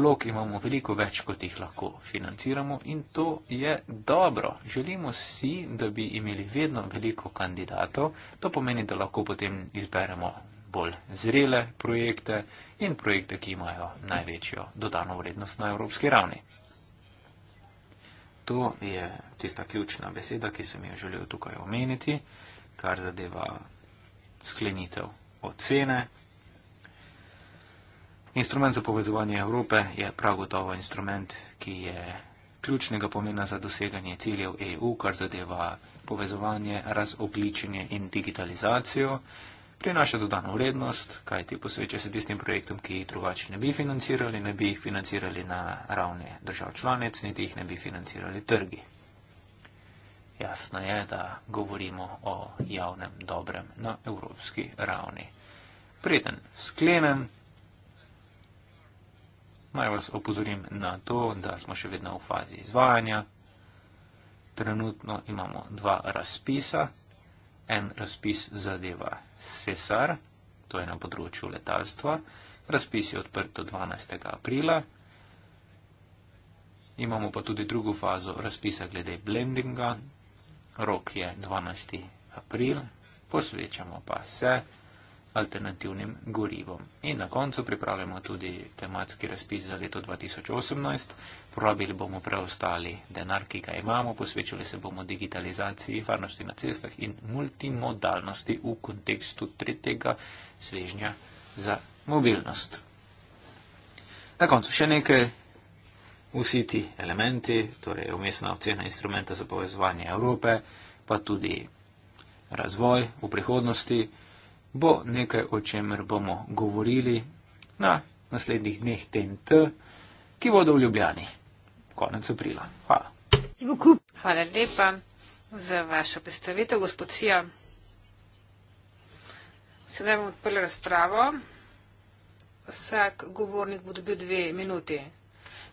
Ulog imamo veliko več, kot jih lahko financiramo in to je dobro. Želimo si, da bi imeli vedno veliko kandidatov. To pomeni, da lahko potem izberemo bolj zrele projekte in projekte, ki imajo največjo dodano vrednost na evropski ravni. To je tista ključna beseda, ki sem jo želel tukaj omeniti, kar zadeva sklenitev ocene. Instrument za povezovanje Evrope je prav gotovo instrument, ki je ključnega pomena za doseganje ciljev EU, kar zadeva povezovanje, razogličenje in digitalizacijo prinaša dodano vrednost, kaj ti posveča se tistim projektom, ki jih drugače ne bi financirali, ne bi jih financirali na ravni držav članic, niti jih ne bi financirali trgi. Jasno je, da govorimo o javnem dobrem na evropski ravni. Preden sklenem, naj vas opozorim na to, da smo še vedno v fazi izvajanja. Trenutno imamo dva razpisa en razpis zadeva Cesar, to je na področju letalstva. Razpis je odprt do 12. aprila. Imamo pa tudi drugo fazo razpisa glede blendinga. Rok je 12. april. Posvečamo pa se alternativnim gorivom. In na koncu pripravljamo tudi tematski razpis za leto 2018. Porabili bomo preostali denar, ki ga imamo, posvečali se bomo digitalizaciji, varnosti na cestah in multimodalnosti v kontekstu tretjega svežnja za mobilnost. Na koncu še nekaj. Vsi ti elementi, torej umestna ocena instrumenta za povezovanje Evrope, pa tudi razvoj v prihodnosti, bo nekaj, o čemer bomo govorili na naslednjih dneh TNT, ki bodo v Ljubljani. Konec aprila. Hvala. Hvala lepa za vašo predstavitev, gospod Sija. Sedaj bomo odprli razpravo. Vsak govornik bo dobil dve minuti.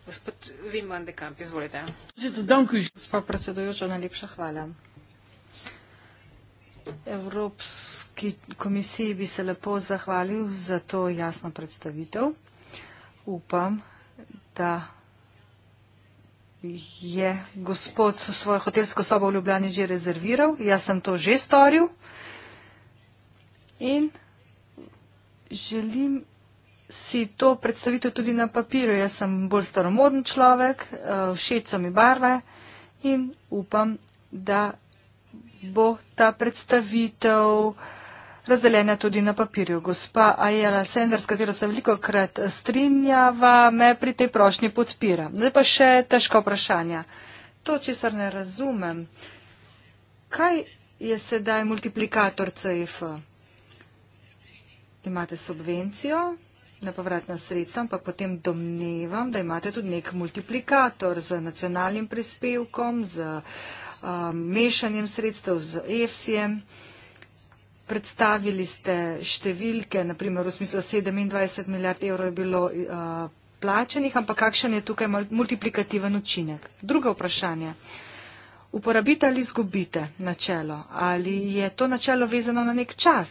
Gospod Vim van de Kamp, izvolite. Gospod predsedujoča, najlepša hvala. Evropski komisiji bi se lepo zahvalil za to jasno predstavitev. Upam, da je gospod svojo hotelsko sobo v Ljubljani že rezerviral. Jaz sem to že storil in želim si to predstavitev tudi na papiru. Jaz sem bolj staromoden človek, eh, všeč so mi barve in upam, da bo ta predstavitev razdeljena tudi na papirju. Gospa Ajela Sender, s katero se veliko krat strinjava, me pri tej prošnji podpira. Zdaj pa še težko vprašanje. To, če se ne razumem, kaj je sedaj multiplikator CF? Imate subvencijo, nepovratna sredstva, ampak potem domnevam, da imate tudi nek multiplikator z nacionalnim prispevkom, z uh, Um, mešanjem sredstev z EFSI-jem. Predstavili ste številke, naprimer v smislu 27 milijard evrov je bilo uh, plačenih, ampak kakšen je tukaj multiplikativen učinek? Druga vprašanje. Uporabite ali izgubite načelo? Ali je to načelo vezano na nek čas?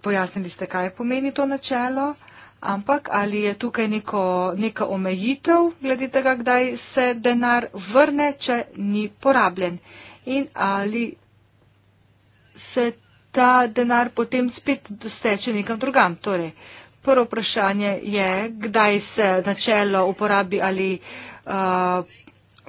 Pojasnili ste, kaj pomeni to načelo. Ampak ali je tukaj neko, neka omejitev glede tega, kdaj se denar vrne, če ni porabljen? In ali se ta denar potem spet steče nekam drugam? Torej, prvo vprašanje je, kdaj se načelo uporabi ali uh,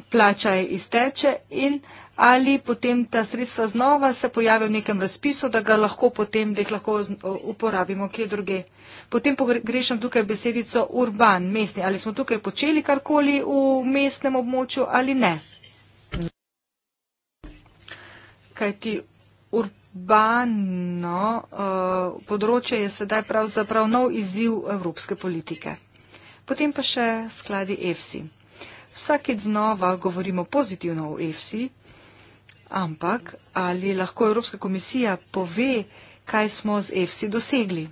plačaj izteče in uh, ali potem ta sredstva znova se pojavijo v nekem razpisu, da, ga lahko potem, da jih lahko uporabimo kje druge. Potem pogrešam tukaj besedico urban, mestni. Ali smo tukaj počeli karkoli v mestnem območju ali ne? Kajti urbano uh, področje je sedaj pravzaprav nov izziv evropske politike. Potem pa še skladi EFSI. Vsakeč znova govorimo pozitivno o EFSI, Ampak ali lahko Evropska komisija pove, kaj smo z EFSI dosegli?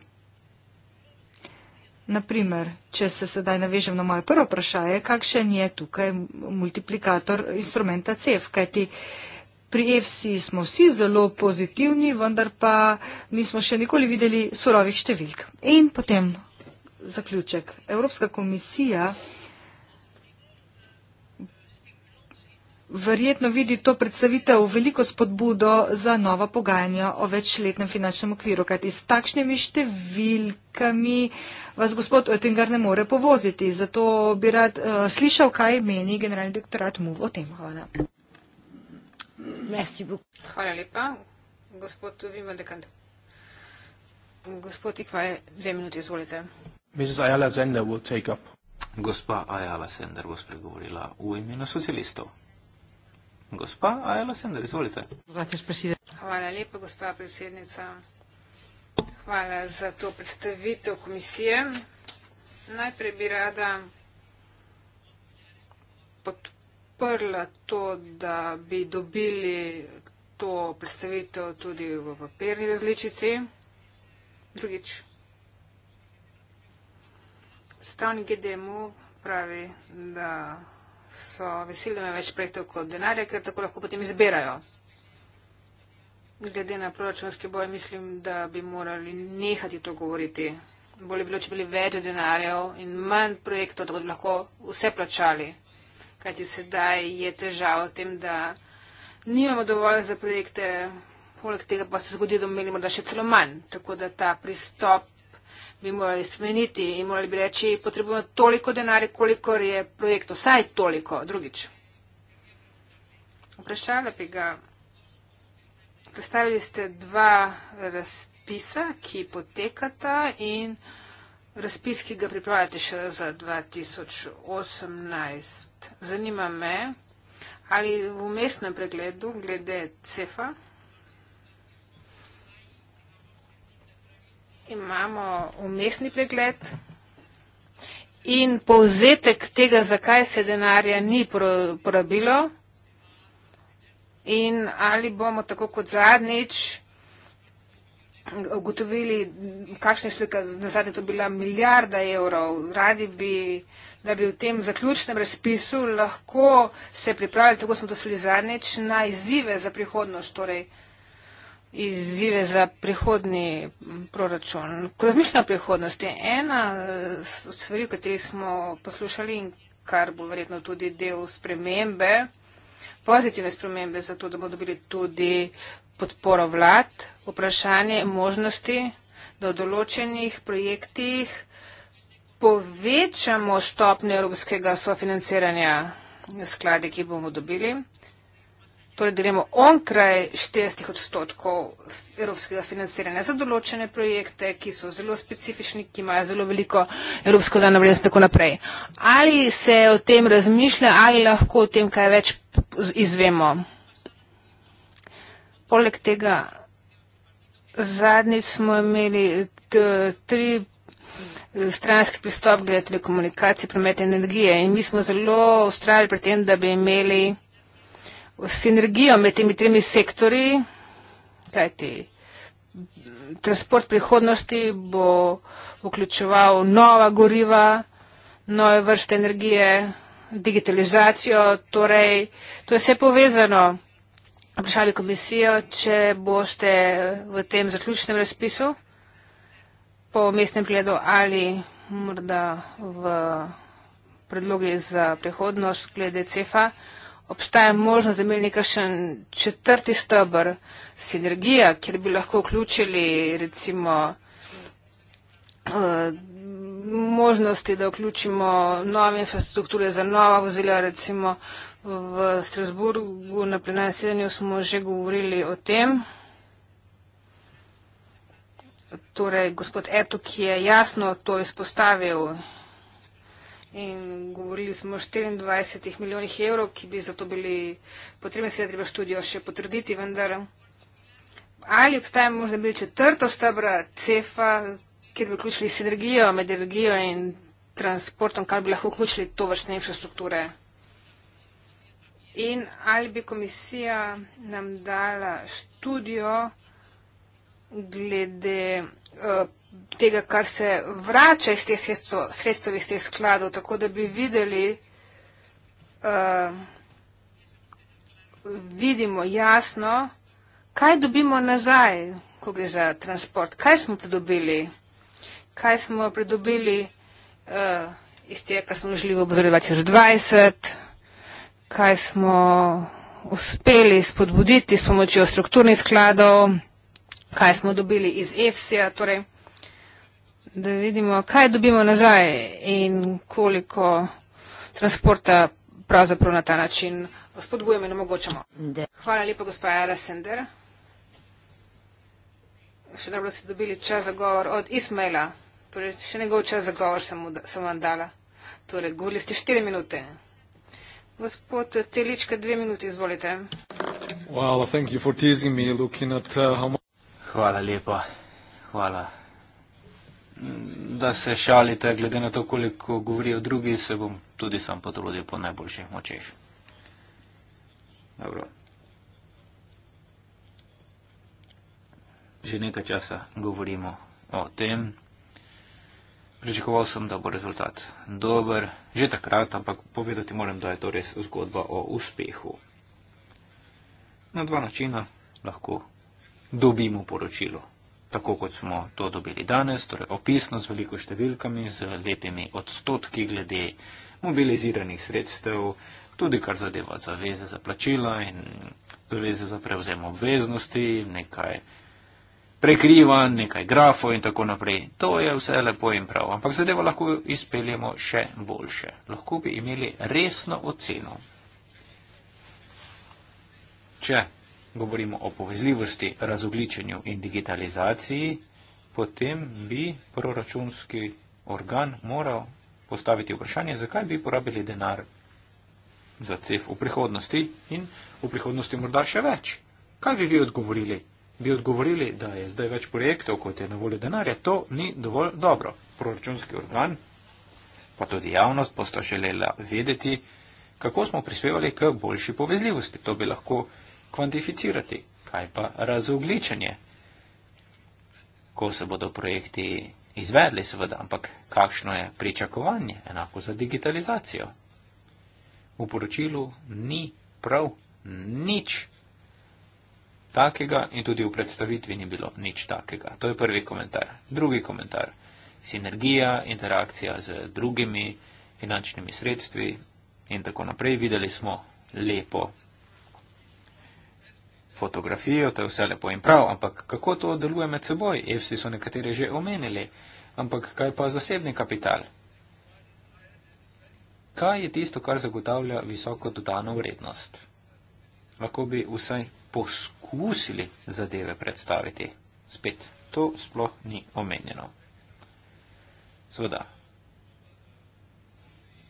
Naprimer, če se sedaj navežem na moje prvo vprašanje, kakšen je tukaj multiplikator instrumenta CEF? Kajti pri EFSI smo vsi zelo pozitivni, vendar pa nismo še nikoli videli surovih številk. In potem zaključek. Evropska komisija verjetno vidi to predstavitev veliko spodbudo za nova pogajanja o večletnem finančnem okviru, kajti s takšnimi številkami vas gospod Oettinger ne more povoziti. Zato bi rad uh, slišal, kaj meni generalni doktorat MUV o tem. Hvala. Hvala lepa, gospod Vima Dekant. Gospod Ikva, dve minuti, izvolite. Mrs. Ayala Zender will take up. Gospa Ayala Zender bo spregovorila v imenu socialistov. Gospa Ajla Sender, izvolite. Hvala lepa, gospa predsednica. Hvala za to predstavitev komisije. Najprej bi rada podprla to, da bi dobili to predstavitev tudi v papirni različici. Drugič, predstavnik GDMU pravi, da so veseli, da imajo več pretokov denarja, ker tako lahko potem izbirajo. Glede na proračunski boj, mislim, da bi morali nehati to govoriti. Bolje bi bilo, če bi bili več denarjev in manj projektov, da bi lahko vse plačali. Kajti sedaj je težava v tem, da nimamo dovolj za projekte, poleg tega pa se zgodi, da bomo imeli morda še celo manj. Tako da ta pristop bi morali spremeniti in morali bi reči, potrebujemo toliko denarja, kolikor je projekt, vsaj toliko. Drugič, vprašala bi ga, predstavili ste dva razpisa, ki potekata in razpis, ki ga pripravljate še za 2018. Zanima me, ali v umestnem pregledu glede CEFA. imamo umestni pregled in povzetek tega, zakaj se denarja ni porabilo in ali bomo tako kot zadnjič ugotovili, kakšna je slika, na zadnje to bila milijarda evrov. Radi bi, da bi v tem zaključnem razpisu lahko se pripravili, tako smo to sli zadnjič, na izzive za prihodnost. Torej, izzive za prihodni proračun. Ko razmišljamo o prihodnosti, ena od stvari, o kateri smo poslušali in kar bo verjetno tudi del spremembe, pozitivne spremembe, zato da bodo dobili tudi podporo vlad, vprašanje možnosti, da v določenih projektih povečamo stopnje evropskega sofinanciranja skladi, ki bomo dobili torej delimo onkraj 40 odstotkov evropskega financiranja za določene projekte, ki so zelo specifični, ki imajo zelo veliko evropsko dano vrednost in tako naprej. Ali se o tem razmišlja, ali lahko o tem kaj več izvemo? Poleg tega, zadnjič smo imeli tri eh, stranski pristop glede telekomunikacije, prometa in energije in mi smo zelo ustrajali pri tem, da bi imeli sinergijo med temi tremi sektori, kajti transport prihodnosti bo vključeval nova goriva, nove vrste energije, digitalizacijo, torej to je vse povezano. Vprašali komisijo, če boste v tem zaključnem razpisu po mestnem pregledu ali morda v predlogi za prihodnost glede CEFA obstaja možnost, da bi imeli nekakšen četrti stebr, sinergija, kjer bi lahko vključili recimo eh, možnosti, da vključimo nove infrastrukture za nova vozila, recimo v Strasburgu na plenarnem sedenju smo že govorili o tem. Torej, gospod Etuk je jasno to izpostavil in govorili smo o 24 milijonih evrov, ki bi za to bili potrebni, seveda treba študijo še potrditi, vendar ali obstaja možda bi bil četrto stebra CEFA, kjer bi vključili sinergijo med energijo in transportom, kar bi lahko vključili to vrstne infrastrukture. In ali bi komisija nam dala študijo glede uh, tega, kar se vrača iz teh sredstv, sredstv iz teh skladov, tako da bi videli, uh, vidimo jasno, kaj dobimo nazaj, ko gre za transport, kaj smo pridobili, kaj smo pridobili uh, iz tega, kar smo žili v obzorju 2020, kaj smo uspeli spodbuditi s pomočjo strukturnih skladov, kaj smo dobili iz EFSI-a, torej da vidimo, kaj dobimo nazaj in koliko transporta pravzaprav na ta način spodbujamo in omogočamo. Hvala lepa, gospa Jara Sender. Še dobro ste dobili čas za govor od Ismaila. Torej, še njegov čas za govor sem, sem vam dala. Torej, govorili ste štiri minute. Gospod Telička, dve minuti, izvolite. Well, thank you for teasing me, looking at uh, how much... Hvala lepa. Hvala da se šalite, glede na to, koliko govorijo drugi, se bom tudi sam potrudil po najboljših močeh. Dobro. Že nekaj časa govorimo o tem. Pričakoval sem, da bo rezultat dober, že takrat, ampak povedati moram, da je to res zgodba o uspehu. Na dva načina lahko dobimo poročilo tako kot smo to dobili danes, torej opisno z veliko številkami, z lepimi odstotki glede mobiliziranih sredstev, tudi kar zadeva zaveze za plačila in zaveze za prevzem obveznosti, nekaj prekriva, nekaj grafo in tako naprej. To je vse lepo in prav, ampak zadevo lahko izpeljemo še boljše. Lahko bi imeli resno oceno. Če govorimo o povezljivosti, razogličenju in digitalizaciji, potem bi proračunski organ moral postaviti vprašanje, zakaj bi porabili denar za CEF v prihodnosti in v prihodnosti morda še več. Kaj bi vi odgovorili? Bi odgovorili, da je zdaj več projektov, kot je na voljo denarja, to ni dovolj dobro. Proračunski organ, pa tudi javnost, posta želela vedeti, kako smo prispevali k boljši povezljivosti. To bi lahko kvantificirati. Kaj pa razogličenje? Ko se bodo projekti izvedli, seveda, ampak kakšno je pričakovanje, enako za digitalizacijo. V poročilu ni prav nič takega in tudi v predstavitvi ni bilo nič takega. To je prvi komentar. Drugi komentar. Sinergija, interakcija z drugimi finančnimi sredstvi in tako naprej. Videli smo lepo fotografijo, to je vse lepo in prav, ampak kako to deluje med seboj? Evsi so nekateri že omenili, ampak kaj pa zasebni kapital? Kaj je tisto, kar zagotavlja visoko dodano vrednost? Lahko bi vsaj poskusili zadeve predstaviti. Spet, to sploh ni omenjeno. Sveda,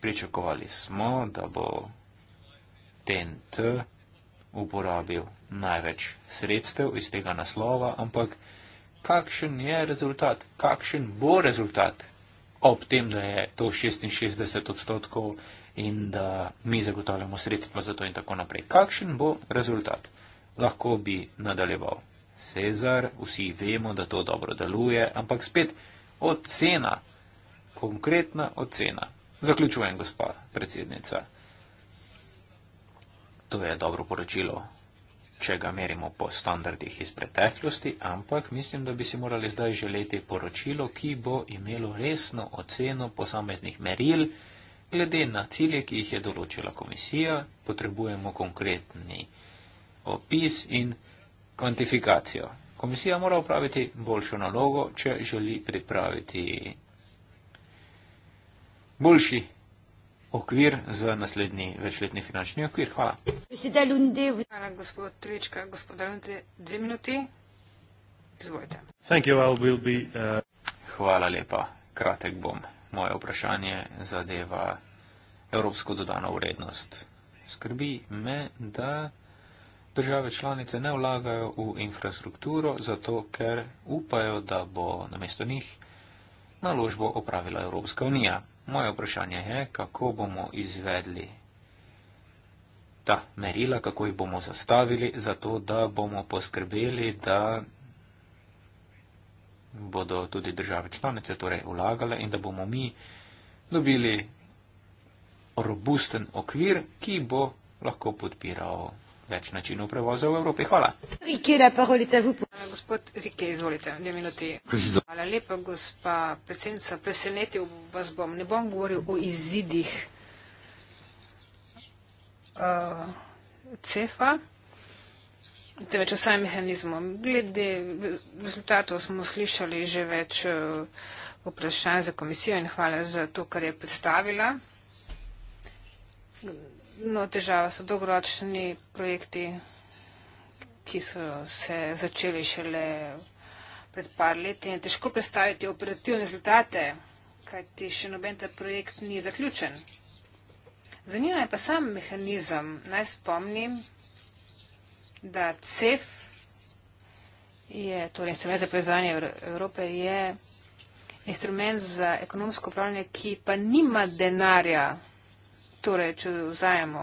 pričakovali smo, da bo TNT uporabil največ sredstev iz tega naslova, ampak kakšen je rezultat, kakšen bo rezultat ob tem, da je to 66 odstotkov in da mi zagotavljamo sredstva za to in tako naprej. Kakšen bo rezultat? Lahko bi nadaljeval Cezar, vsi vemo, da to dobro deluje, ampak spet ocena, konkretna ocena. Zaključujem, gospa predsednica. To je dobro poročilo, če ga merimo po standardih iz preteklosti, ampak mislim, da bi si morali zdaj želeti poročilo, ki bo imelo resno oceno posameznih meril. Glede na cilje, ki jih je določila komisija, potrebujemo konkretni opis in kvantifikacijo. Komisija mora upraviti boljšo nalogo, če želi pripraviti boljši okvir za naslednji večletni finančni okvir. Hvala. Hvala, gospod Trička. Gospod Lunde, dve minuti. Izvolite. Uh, Hvala lepa. Kratek bom. Moje vprašanje zadeva evropsko dodano vrednost. Skrbi me, da države članice ne vlagajo v infrastrukturo, zato ker upajo, da bo namesto njih naložbo opravila Evropska unija. Moje vprašanje je, kako bomo izvedli ta merila, kako jih bomo zastavili, zato da bomo poskrbeli, da bodo tudi države članice torej vlagale in da bomo mi dobili robusten okvir, ki bo lahko podpiral več načinov prevoza v Evropi. Hvala. Rikele, parolite, eh, gospod Rike, izvolite, dve minuti. Hvala lepa, gospa predsednica. Presenetil vas bom. Ne bom govoril o izidih uh, CEFA, temveč o samem mehanizmu. Glede rezultatov smo slišali že več uh, vprašanj za komisijo in hvala za to, kar je predstavila no, težava so dolgoročni projekti, ki so se začeli šele pred par leti in težko predstaviti operativne rezultate, kajti še noben ta projekt ni zaključen. Zanima je pa sam mehanizem. Naj spomnim, da CEF, je, torej instrument za povezovanje Evrope, je instrument za ekonomsko upravljanje, ki pa nima denarja torej, če vzajemo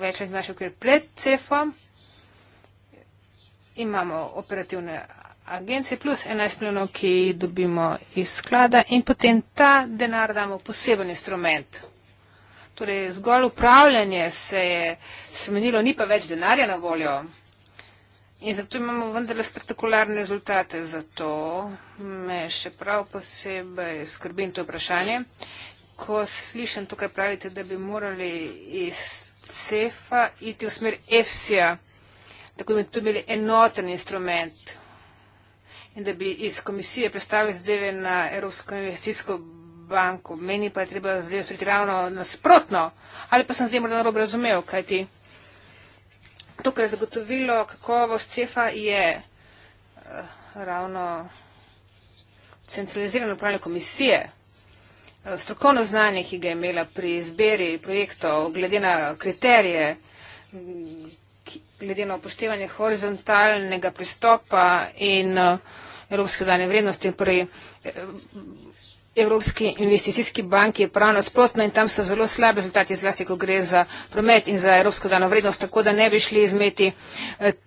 večkrat naše okvir pred CEF-om, imamo operativne agencije plus 11 milijonov, ki jih dobimo iz sklada in potem ta denar damo poseben instrument. Torej, zgolj upravljanje se je spremenilo, ni pa več denarja na voljo. In zato imamo vendarle spektakularne rezultate. Zato me še prav posebej skrbi to vprašanje ko slišim tukaj pravite, da bi morali iz CEF-a iti v smer EFSI-a, tako da bi tu imeli enoten instrument in da bi iz komisije predstavili zadeve na Evropsko investicijsko banko. Meni pa je treba zdaj ustvariti ravno nasprotno, ali pa sem zdaj morda narobe razumev, kaj ti. To, kar je zagotovilo kakovost CEF-a, je eh, ravno centralizirano upravljanje komisije. Eh, strokovno znanje, ki ga je imela pri izbiri projektov, glede na kriterije, glede na upoštevanje horizontalnega pristopa in eh, evropske dane vrednosti pri torej, eh, Evropski investicijski banki je prav nasprotno in tam so zelo slabi rezultati, zlasti ko gre za promet in za evropsko dano vrednost, tako da ne bi šli izmeti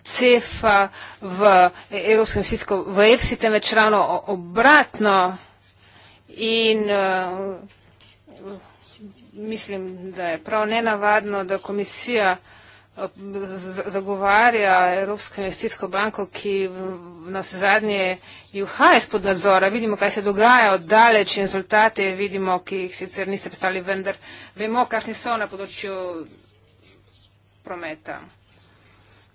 CEF-a v Evropsko investicijsko v EFSI, temveč ravno obratno In uh, mislim, da je prav nenavadno, da komisija uh, zagovarja Evropsko investicijsko banko, ki nas zadnje juha izpod nadzora. Vidimo, kaj se dogaja od daleč in rezultate vidimo, ki jih sicer niste predstavili, vendar vemo, kar ni so na področju prometa.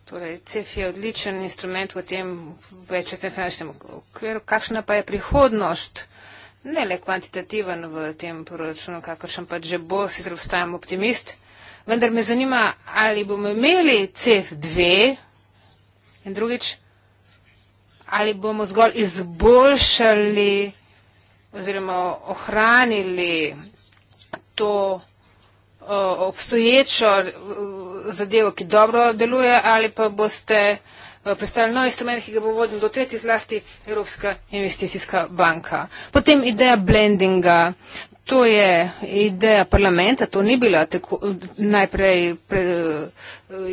Torej, CEF je odličen instrument v tem večetnem finančnem okviru. Kakšna pa je prihodnost? ne le kvantitativen v tem proračunu, kakršen pa že bo, sicer obstajam optimist, vendar me zanima, ali bomo imeli CF2 in drugič, ali bomo zgolj izboljšali oziroma ohranili to obstoječo zadevo, ki dobro deluje, ali pa boste uh, Eh, predstavljali nov instrument, ki ga bo vodil do tretji zlasti Evropska investicijska banka. Potem ideja blendinga. To je ideja parlamenta, to ni bila tako, najprej pre, eh,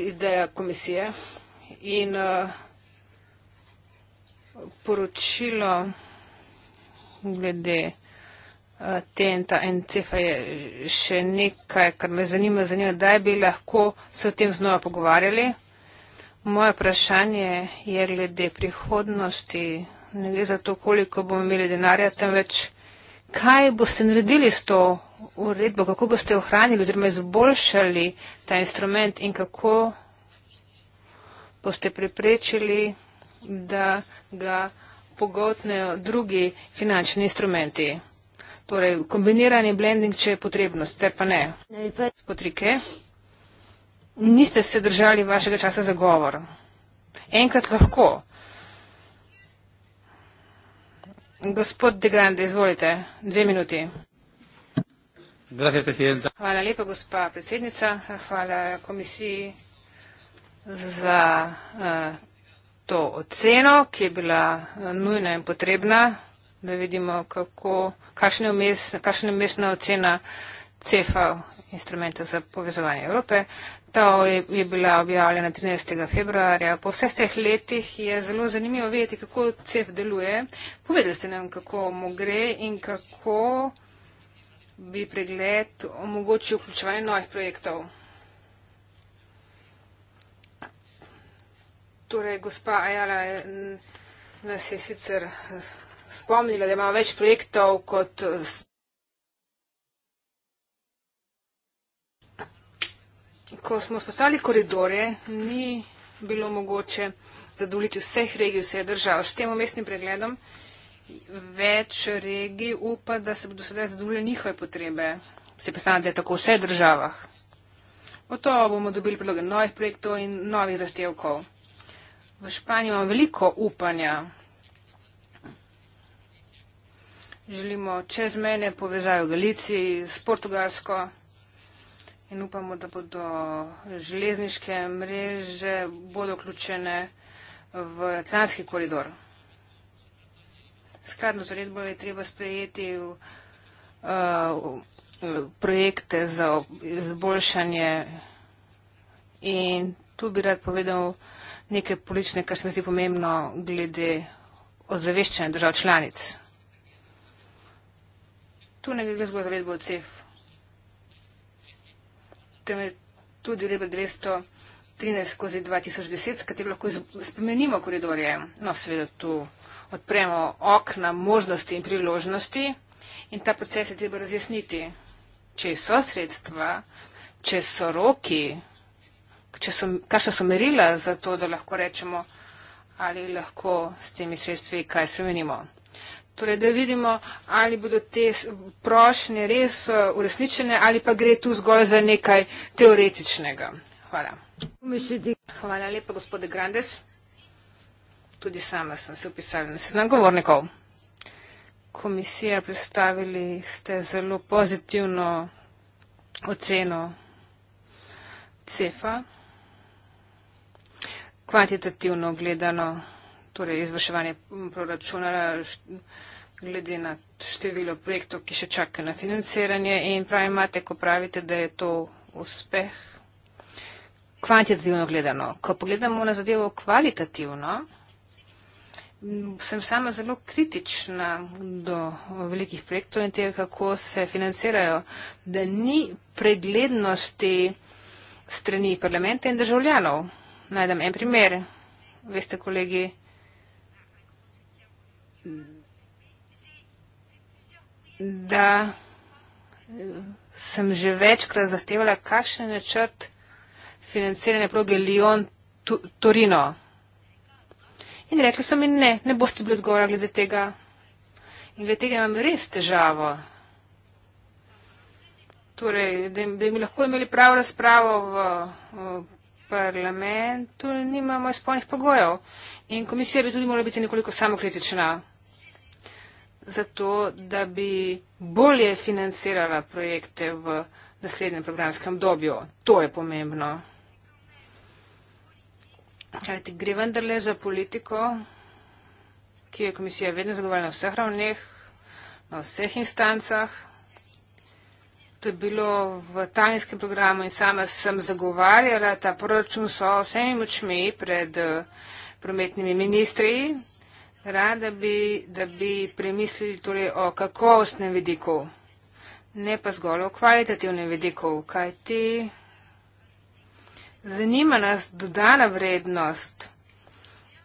ideja komisije in uh, poročilo glede uh, TNT-a in CEFA je še nekaj, kar me zanima, zanima, da bi lahko se o tem znova pogovarjali. Moje vprašanje je glede prihodnosti. Ne gre za to, koliko bomo imeli denarja, temveč kaj boste naredili s to uredbo, kako boste ohranili oziroma izboljšali ta instrument in kako boste preprečili, da ga pogotnejo drugi finančni instrumenti. Torej, kombinirani blending, če je potrebno, ste pa ne. Spotrike niste se držali vašega časa za govor. Enkrat lahko. Gospod De Grande, izvolite, dve minuti. Gracias, hvala lepa, gospa predsednica. Hvala komisiji za uh, to oceno, ki je bila eh, nujna in potrebna, da vidimo, kako, kakšna, je umes, kakšna je umestna ocena CEFA, instrumenta za povezovanje Evrope. Ta je bila objavljena 13. februarja. Po vseh teh letih je zelo zanimivo vedeti, kako CEF deluje. Povedali ste nam, kako mu gre in kako bi pregled omogočil vključevanje novih projektov. Torej, gospa Ajala eh, nas je sicer eh, spomnila, da imamo več projektov kot. ko smo spostavili koridore, ni bilo mogoče zadovoljiti vseh regij, vseh držav. S tem umestnim pregledom več regij upa, da se bodo sedaj zadovoljili njihove potrebe. Se pa stane, da je tako v vseh državah. Gotovo bomo dobili predloge novih projektov in novih zahtevkov. V Španiji imamo veliko upanja. Želimo čezmene povezave v Galiciji s Portugalsko in upamo, da bodo železniške mreže bodo vključene v Atlantski koridor. Skladno z uredbo je treba sprejeti v, uh, v projekte za izboljšanje in tu bi rad povedal nekaj politične, kar se mi zdi pomembno glede ozaveščanja držav članic. Tu ne gre zgolj za uredbo CEF temelj tudi uredba 213 skozi 2010, s katero lahko spremenimo koridorje. No, seveda tu odpremo okna možnosti in priložnosti in ta proces je treba razjasniti. Če so sredstva, če so roki, so, kakšna so merila za to, da lahko rečemo, ali lahko s temi sredstvi kaj spremenimo. Torej, da vidimo, ali bodo te prošnje res eh, uresničene ali pa gre tu zgolj za nekaj teoretičnega. Hvala. Hvala lepa, gospode Grandes. Tudi sama sem se upisala na seznam govornikov. Komisija predstavili ste zelo pozitivno oceno CEFA, kvantitativno gledano torej izvrševanje proračuna glede na število projektov, ki še čaka na financiranje in pravi imate, ko pravite, da je to uspeh. Kvantitativno gledano. Ko pogledamo na zadevo kvalitativno, sem sama zelo kritična do velikih projektov in tega, kako se financirajo, da ni preglednosti strani parlamenta in državljanov. Najdem en primer. Veste, kolegi, da sem že večkrat zahtevala, kakšen je črt financiranja proge Lyon-Torino. In rekli so mi, ne, ne boste bili odgovora glede tega. In glede tega imam res težavo. Torej, da bi lahko imeli pravo razpravo v, v parlamentu, nimamo izpolnih pogojev. In komisija bi tudi morala biti nekoliko samokritična za to, da bi bolje financirala projekte v naslednjem programskem dobju. To je pomembno. Kajti gre vendarle za politiko, ki je komisija vedno zagovarjala na vseh ravneh, na vseh instancah. To je bilo v talinskem programu in sama sem zagovarjala ta proračun so vsemi močmi pred eh, prometnimi ministriji. Rada bi, da bi premislili torej o kakovostnem vidiku, ne pa zgolj o kvalitativnem vidiku, kajti zanima nas dodana vrednost.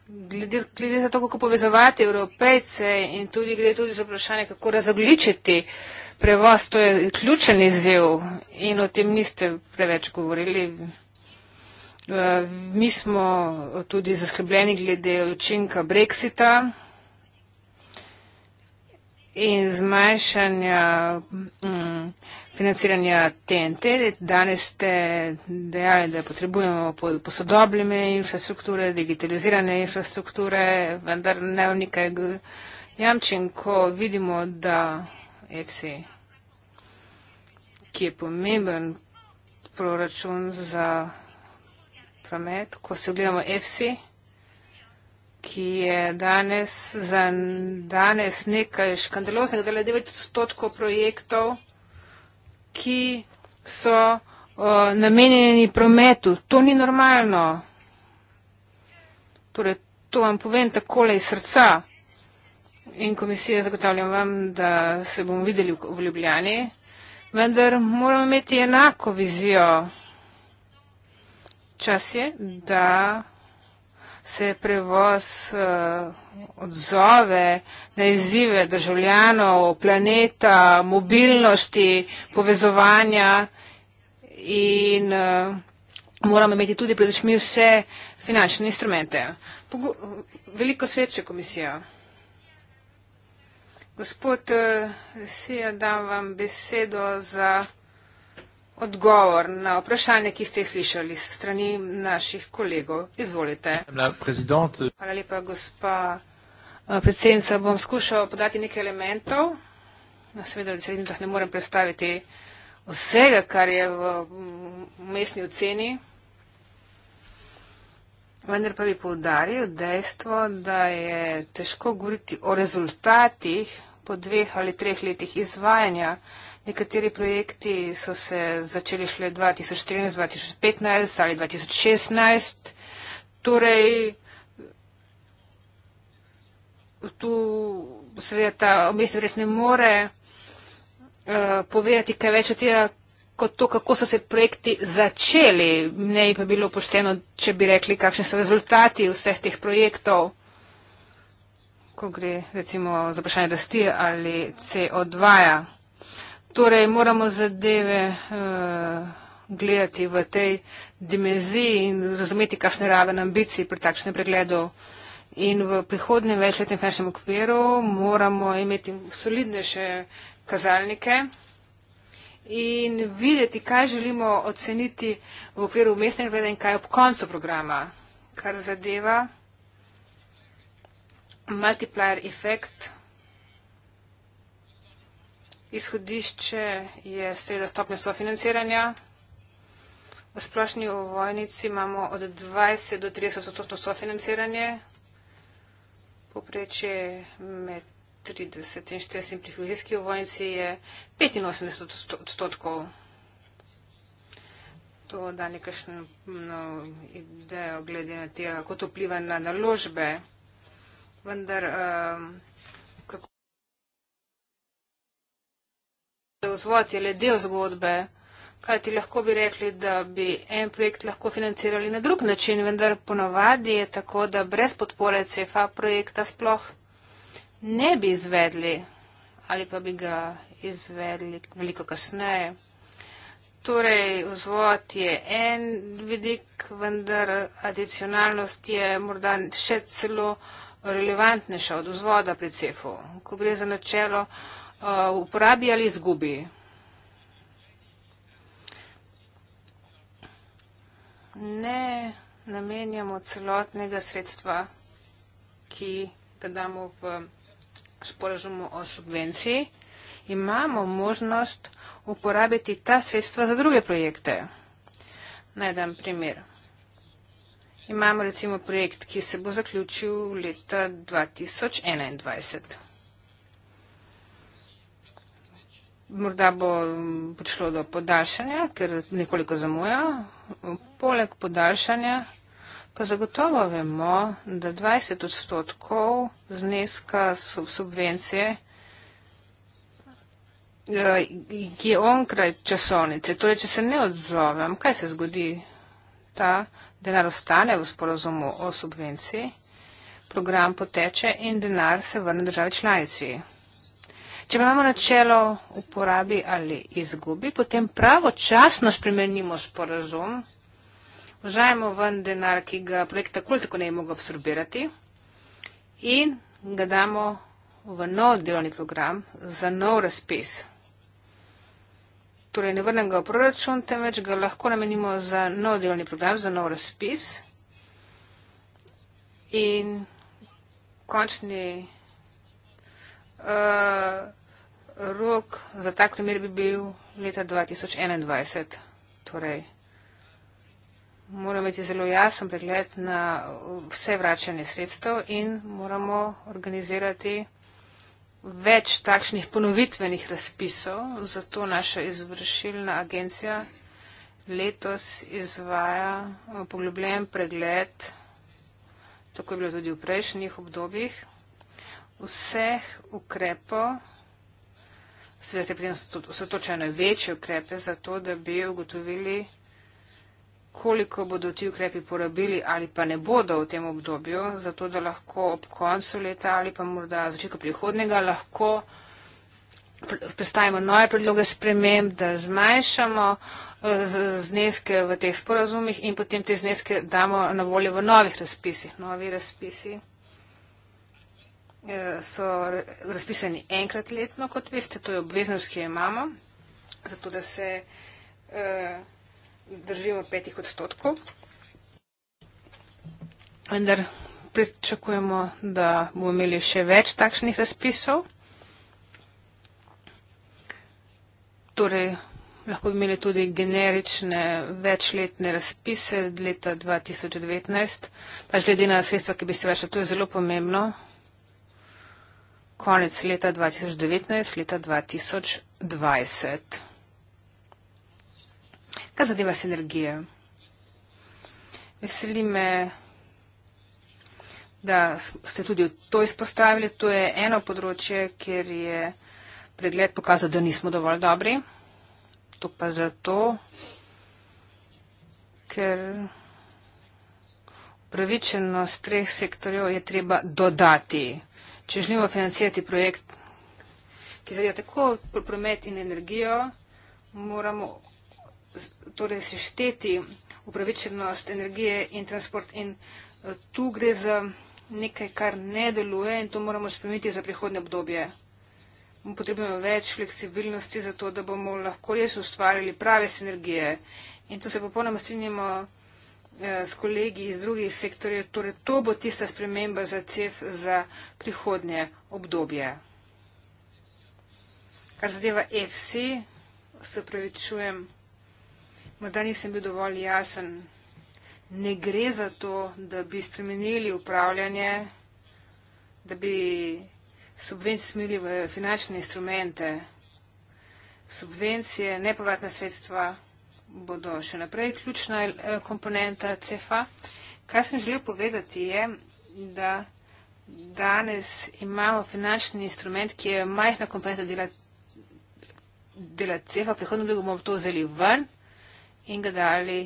Glede za to, kako povezovati evropejce in tudi glede tudi za vprašanje, kako razogličiti prevoz, to je ključen izjev in o tem niste preveč govorili. Mi smo tudi zaskrbljeni glede učinka Brexita in zmanjšanja mm, financiranja TNT. Danes ste dejali, da potrebujemo posodobljene infrastrukture, digitalizirane infrastrukture, vendar ne v nekaj jamčen, ko vidimo, da EFC, ki je pomemben proračun za promet, ko se ogledamo EFSI, ki je danes, za danes nekaj škandaloznega, da je 9% projektov, ki so uh, namenjeni prometu. To ni normalno. Torej, to vam povem takole iz srca. In komisija zagotavljam vam, da se bomo videli v Ljubljani. Vendar moramo imeti enako vizijo. Čas je, da se prevoz uh, odzove na izzive državljanov, planeta, mobilnosti, povezovanja in uh, moramo imeti tudi pred očmi vse finančne instrumente. Pogu veliko sreče, komisija. Gospod uh, Sija, dam vam besedo za odgovor na vprašanje, ki ste jih slišali strani naših kolegov. Izvolite. Hvala lepa, gospa eh, predsednica. Bom skušal podati nekaj elementov. Na seveda, da ne morem predstaviti vsega, kar je v mm, mestni oceni. Vendar pa bi poudaril dejstvo, da je težko govoriti o rezultatih po dveh ali treh letih izvajanja Nekateri projekti so se začeli šele 2013, 2015 ali 2016. Torej, tu sveta omest vred ne more uh, povedati kaj več o tega, kot to, kako so se projekti začeli. Ne bi pa bilo pošteno, če bi rekli, kakšni so rezultati vseh teh projektov, ko gre recimo za vprašanje rasti ali CO2. -ja. Torej, moramo zadeve uh, gledati v tej dimenziji in razumeti, kakšne raven ambicij pri takšnem pregledu. In v prihodnem večletnem finančnem okviru moramo imeti solidnejše kazalnike in videti, kaj želimo oceniti v okviru mestnega pregleda in kaj ob koncu programa, kar zadeva multiplier efekt. Izhodišče je seveda stopnja sofinanciranja. V splošni ovojnici imamo od 20 do 30 odstotno sofinanciranje. Poprečje med 30 in 40 in prihodijski ovojnici je 85 odstotkov. To da nekakšno idejo glede na tega, kako to vpliva na naložbe. Vendar um, vzvod je le del zgodbe, kaj ti lahko bi rekli, da bi en projekt lahko financirali na drug način, vendar ponavadi je tako, da brez podpore CFA projekta sploh ne bi izvedli ali pa bi ga izvedli veliko kasneje. Torej, vzvod je en vidik, vendar adicionalnost je morda še celo relevantnejša od vzvoda pri CEF-u. Ko gre za načelo Uh, uporabi ali izgubi. Ne namenjamo celotnega sredstva, ki ga damo v sporazumu o subvenciji. Imamo možnost uporabiti ta sredstva za druge projekte. Naj dam primer. Imamo recimo projekt, ki se bo zaključil leta 2021. Morda bo mm, prišlo do podaljšanja, ker nekoliko zamuja. Poleg podaljšanja pa zagotovo vemo, da 20 odstotkov zneska subvencije eh, je onkraj časovnice. Torej, če se ne odzovem, kaj se zgodi? Ta denar ostane v sporozumu o subvenciji, program poteče in denar se vrne državi članici. Če imamo načelo uporabi ali izgubi, potem pravočasno spremenimo sporazum, vzajemo ven denar, ki ga projekt tako ali tako ne je mogel absorbirati in ga damo v nov delovni program za nov razpis. Torej ne vrnem ga v proračun, temveč ga lahko namenimo za nov delovni program, za nov razpis in končni uh, rok za tak primer bi bil leta 2021. Torej, moramo imeti zelo jasen pregled na vse vračanje sredstev in moramo organizirati več takšnih ponovitvenih razpisov. Zato naša izvršilna agencija letos izvaja eh, poglobljen pregled, tako je bilo tudi v prejšnjih obdobjih, vseh ukrepov, seveda se pri nas osotočajo na večje ukrepe za to, da bi ugotovili, koliko bodo ti ukrepi porabili ali pa ne bodo v tem obdobju, zato da lahko ob koncu leta ali pa morda začetku prihodnega lahko predstavimo nove predloge sprememb, da zmanjšamo eh, zneske v teh sporazumih in potem te zneske damo na voljo v novih razpisih. Novi razpisi. Eh, so razpisani enkrat letno, kot veste, to je obveznost, ki jo imamo, zato da se eh, držimo petih odstotkov. Vendar pričakujemo, da bomo imeli še več takšnih razpisov. Torej, lahko bi imeli tudi generične večletne razpise leta 2019, pač glede na sredstva, ki bi se vračali, to je zelo pomembno, konec leta 2019, leta 2020. Kaj zadeva sinergije? Veseli me, da ste tudi to izpostavili. To je eno področje, kjer je pregled pokazal, da nismo dovolj dobri. To pa zato, ker upravičenost treh sektorjev je treba dodati če želimo financirati projekt, ki zadeva tako promet in energijo, moramo torej sešteti upravičenost energije in transport. In eh, tu gre za nekaj, kar ne deluje in to moramo spremeniti za prihodne obdobje. Potrebujemo več fleksibilnosti za to, da bomo lahko res ustvarjali prave sinergije. In tu se popolnoma strinjamo. Eh, s kolegi iz drugih sektorjev. Torej, to bo tista sprememba za CEF za prihodnje obdobje. Kar zadeva FC, se pravičujem, morda nisem bil dovolj jasen. Ne gre za to, da bi spremenili upravljanje, da bi subvencije smeli v finančne instrumente. Subvencije, nepovratna sredstva bodo še naprej ključna eh, komponenta CFA. Kaj sem želel povedati je, da danes imamo finančni instrument, ki je majhna komponenta dela, dela CFA, prihodno bi bomo to vzeli ven in ga dali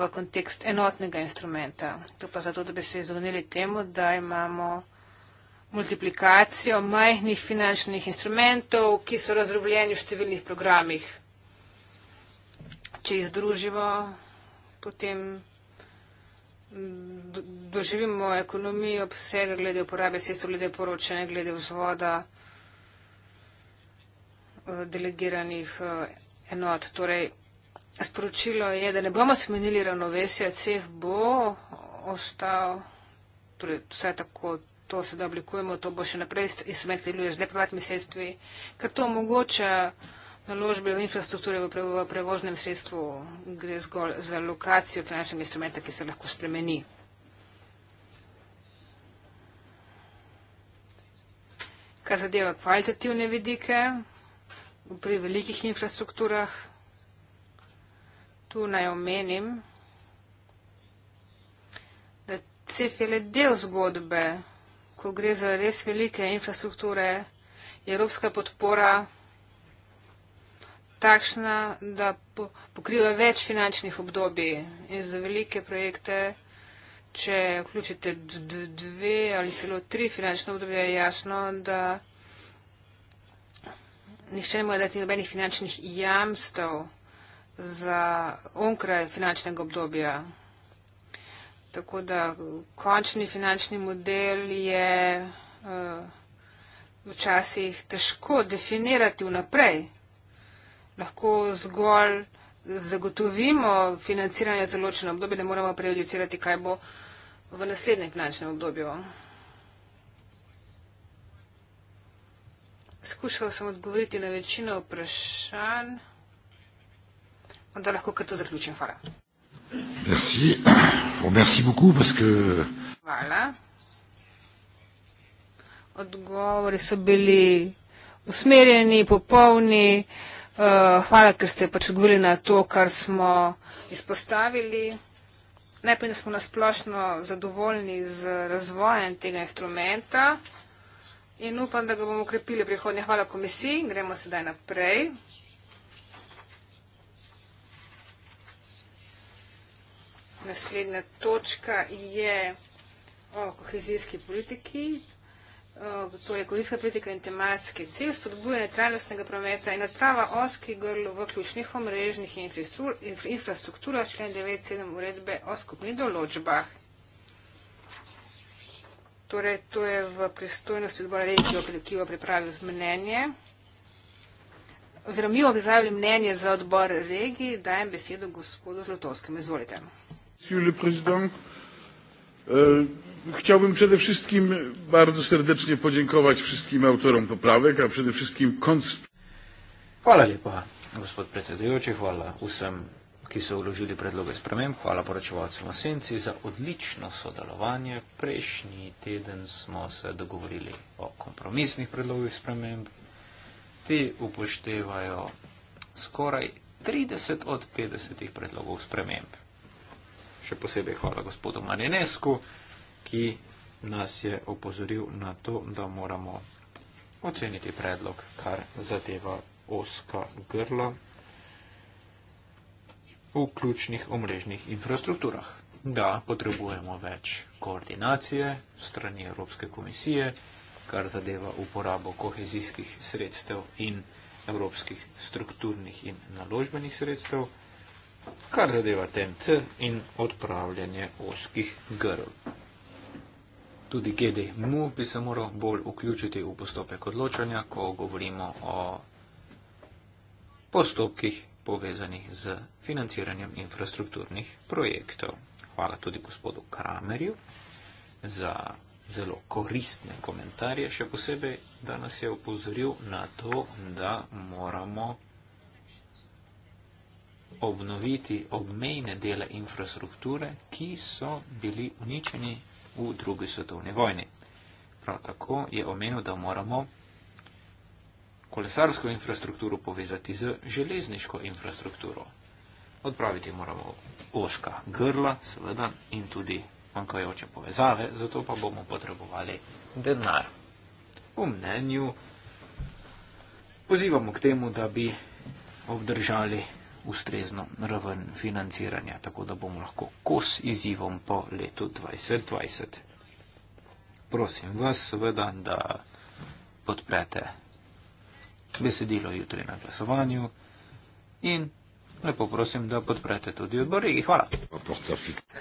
v kontekst enotnega instrumenta. To pa zato, da bi se izognili temu, da imamo multiplikacijo majhnih finančnih instrumentov, ki so razrobljeni v številnih programih če jih združimo, potem do, mm, doživimo ekonomijo vsega, glede uporabe sredstev, glede poročanja, glede vzvoda eh, delegiranih eh, enot. Torej, sporočilo je, da ne bomo spremenili ravnovesja, CEF bo ostal, torej vse tako, to se da oblikujemo, to bo še naprej instrument deluje z neprivatnimi sredstvi, ker to omogoča naložbe v infrastrukture v prevožnem sredstvu gre zgolj za lokacijo finančnega instrumenta, ki se lahko spremeni. Kar zadeva kvalitativne vidike pri velikih infrastrukturah, tu naj omenim, da CEF je le del zgodbe, ko gre za res velike infrastrukture, je evropska podpora, takšna, da po, pokriva več finančnih obdobij in za velike projekte, če vključite dve ali celo tri finančne obdobje, je jasno, da nihče ne more dati nobenih finančnih jamstev za onkraj finančnega obdobja. Tako da končni finančni model je uh, včasih težko definirati vnaprej lahko zgolj zagotovimo financiranje za ločeno obdobje, ne moremo prejudicirati, kaj bo v naslednjem finančnem obdobju. Skušal sem odgovoriti na večino vprašanj, da lahko kar to zaključim. Hvala. Merci. Merci beaucoup, parce que... Hvala. Odgovori so bili usmerjeni, popolni. Eh, hvala, ker ste pač odgovorili na to, kar smo izpostavili. Najprej, da smo nasplošno zadovoljni z razvojem tega instrumenta in upam, da ga bomo ukrepili prihodnje. Hvala komisiji in gremo sedaj naprej. Naslednja točka je o kohezijski politiki Eh, to je ekonomska politika in tematski cilj spodbujanje trajnostnega prometa in odprava oskih grl v ključnih omrežnih infrastrukturah, člen 9.7 uredbe o skupni določbah. Torej, to je v pristojnosti odbora regijo, ki jo pripravi mnenje. Oziroma, mi jo pripravili mnenje za odbor regij, dajem besedo gospodu Zlotovskemu. Izvolite. Monsieur le président, euh, Chciałbym przede wszystkim bardzo serdecznie podziękować wszystkim autorom poprawek, a przede wszystkim konst... Hvala lepa, gospod predsedujoči, hvala vsem, ki so uložili predloge sprememb, hvala poročevalcem v senci za odlično sodelovanje. Prejšnji teden smo se dogovorili o kompromisnih predlogih sprememb. Ti upoštevajo skoraj 30 od 50 predlogov sprememb. Še posebej hvala gospodu Marinesku ki nas je opozoril na to, da moramo oceniti predlog, kar zadeva oska grlo v ključnih omrežnih infrastrukturah. Da, potrebujemo več koordinacije strani Evropske komisije, kar zadeva uporabo kohezijskih sredstev in evropskih strukturnih in naložbenih sredstev, kar zadeva TNT in odpravljanje oskih grl. Tudi GD MUV bi se moral bolj vključiti v postopek odločanja, ko govorimo o postopkih povezanih z financiranjem infrastrukturnih projektov. Hvala tudi gospodu Kramerju za zelo koristne komentarje. Še posebej danes je opozoril na to, da moramo obnoviti obmejne dele infrastrukture, ki so bili uničeni v drugi svetovni vojni. Prav tako je omenil, da moramo kolesarsko infrastrukturo povezati z železniško infrastrukturo. Odpraviti moramo oska grla, seveda, in tudi manjkajoče povezave, zato pa bomo potrebovali denar. V mnenju pozivamo k temu, da bi obdržali ustrezno raven financiranja, tako da bomo lahko kos izzivom po letu 2020. Prosim vas, seveda, da podprete besedilo jutri na glasovanju in lepo prosim, da podprete tudi odbor Rigi. Hvala.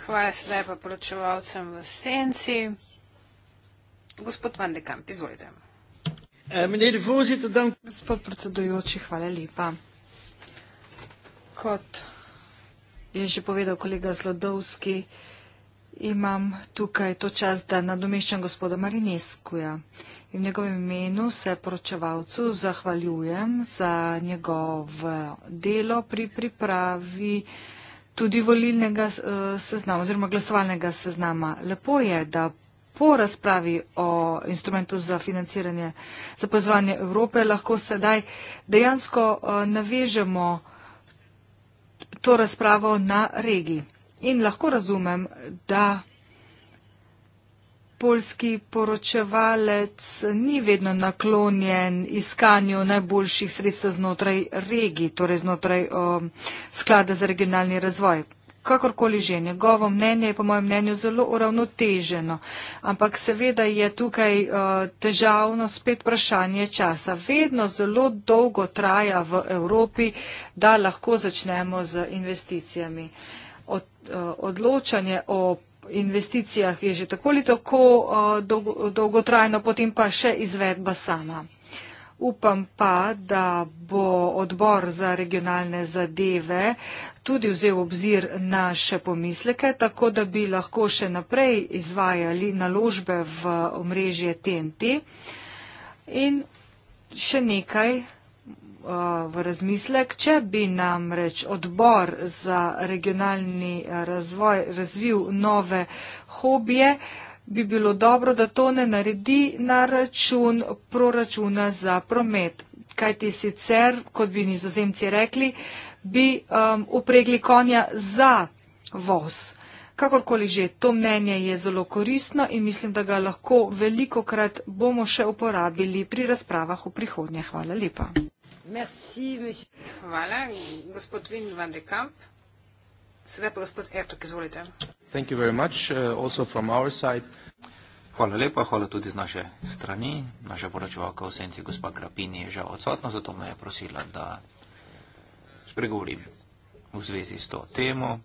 Hvala sedaj pa poročevalcem v senci. Gospod Van de Kamp, izvolite. Eh, Gospod predsedujoči, hvala lepa kot je že povedal kolega Zlodovski, imam tukaj to čas, da nadomeščam gospoda Marineskuja. In v njegovem imenu se poročevalcu zahvaljujem za njegov delo pri pripravi tudi volilnega eh, seznama oziroma glasovalnega seznama. Lepo je, da po razpravi o instrumentu za financiranje za pozvanje Evrope lahko sedaj dejansko eh, navežemo to razpravo na regiji. In lahko razumem, da polski poročevalec ni vedno naklonjen iskanju najboljših sredstev znotraj regiji, torej znotraj o, sklada za regionalni razvoj kakorkoli že, njegovo mnenje je po mojem mnenju zelo uravnoteženo. Ampak seveda je tukaj uh, težavno spet vprašanje časa. Vedno zelo dolgo traja v Evropi, da lahko začnemo z investicijami. Od, uh, odločanje o investicijah je že tako ali tako uh, dolgotrajno, potem pa še izvedba sama. Upam pa, da bo odbor za regionalne zadeve tudi vzel obzir naše pomisleke, tako da bi lahko še naprej izvajali naložbe v omrežje TNT. In še nekaj uh, v razmislek, če bi namreč odbor za regionalni razvoj razvil nove hobije, bi bilo dobro, da to ne naredi na račun proračuna za promet. Kaj ti sicer, kot bi nizozemci rekli, bi um, upregli konja za voz. Kakorkoli že, to mnenje je zelo koristno in mislim, da ga lahko veliko krat bomo še uporabili pri razpravah v prihodnje. Hvala lepa. Merci, Hvala, gospod Vin van de Kamp. Sedaj pa gospod Ertok, izvolite. Uh, hvala lepa, hvala tudi z naše strani. Naša poročevalka v senci, gospa Krapini, je žal odsotna, zato me je prosila, da spregovorim v zvezi s to temo.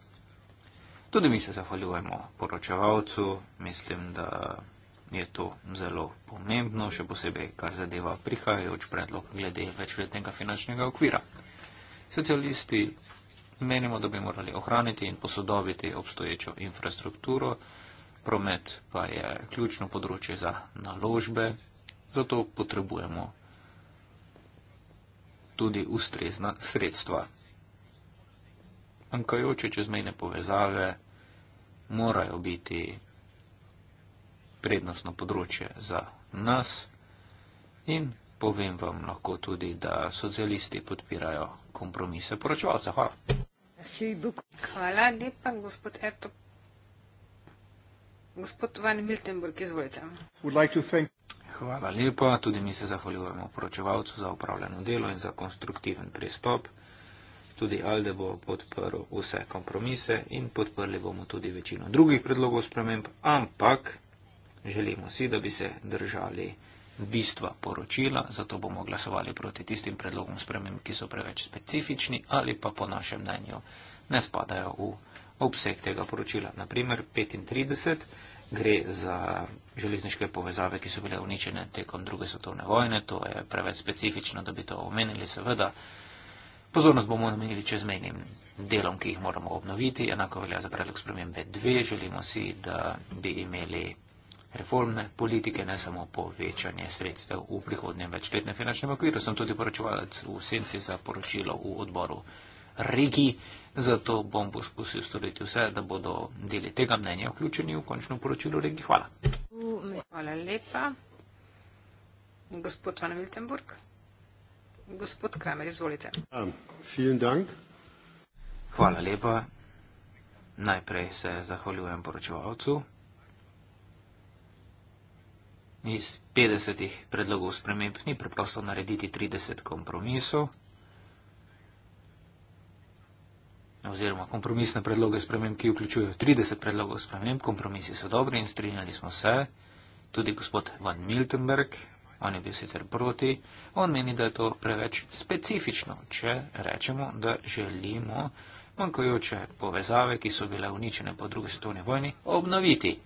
Tudi mi se zahvaljujemo poročevalcu, mislim, da je to zelo pomembno, še posebej, kar zadeva prihajajoč predlog glede večletnega finančnega okvira. Socialisti menimo, da bi morali ohraniti in posodobiti obstoječo infrastrukturo, promet pa je ključno področje za naložbe, zato potrebujemo tudi ustrezna sredstva. Ankajoče čezmejne povezave morajo biti prednostno področje za nas in povem vam lahko tudi, da socialisti podpirajo kompromise poročevalca. Hvala. Hvala lepa, gospod Erto. Gospod Van Miltenburg, izvolite. Hvala lepa, tudi mi se zahvaljujemo poročevalcu za upravljeno delo in za konstruktiven pristop. Tudi Alde bo podprl vse kompromise in podprli bomo tudi večino drugih predlogov sprememb, ampak želimo si, da bi se držali bistva poročila, zato bomo glasovali proti tistim predlogom spremem, ki so preveč specifični ali pa po našem mnenju ne spadajo v obseg tega poročila. Naprimer, 35 gre za železniške povezave, ki so bile uničene tekom druge svetovne vojne, to je preveč specifično, da bi to omenili, seveda. Pozornost bomo namenili čezmenim delom, ki jih moramo obnoviti, enako velja za predlog spremembe 2, želimo si, da bi imeli reformne politike, ne samo povečanje sredstev v prihodnjem večletnem finančnem okviru. Sem tudi poročevalec v senci za poročilo v odboru regi, zato bom poskusil storiti vse, da bodo deli tega mnenja vključeni v končno poročilo regi. Hvala. Hvala lepa. Gospod Van Wiltenburg. Gospod Kramer, izvolite. Ja, Hvala lepa. Najprej se zahvaljujem poročevalcu iz 50 predlogov sprememb ni preprosto narediti 30 kompromisov oziroma kompromisne predloge sprememb, ki vključujejo 30 predlogov sprememb. Kompromisi so dobri in strinjali smo se, tudi gospod Van Miltenberg, on je bil sicer proti, on meni, da je to preveč specifično, če rečemo, da želimo manjkajoče povezave, ki so bile uničene po drugi svetovni vojni, obnoviti.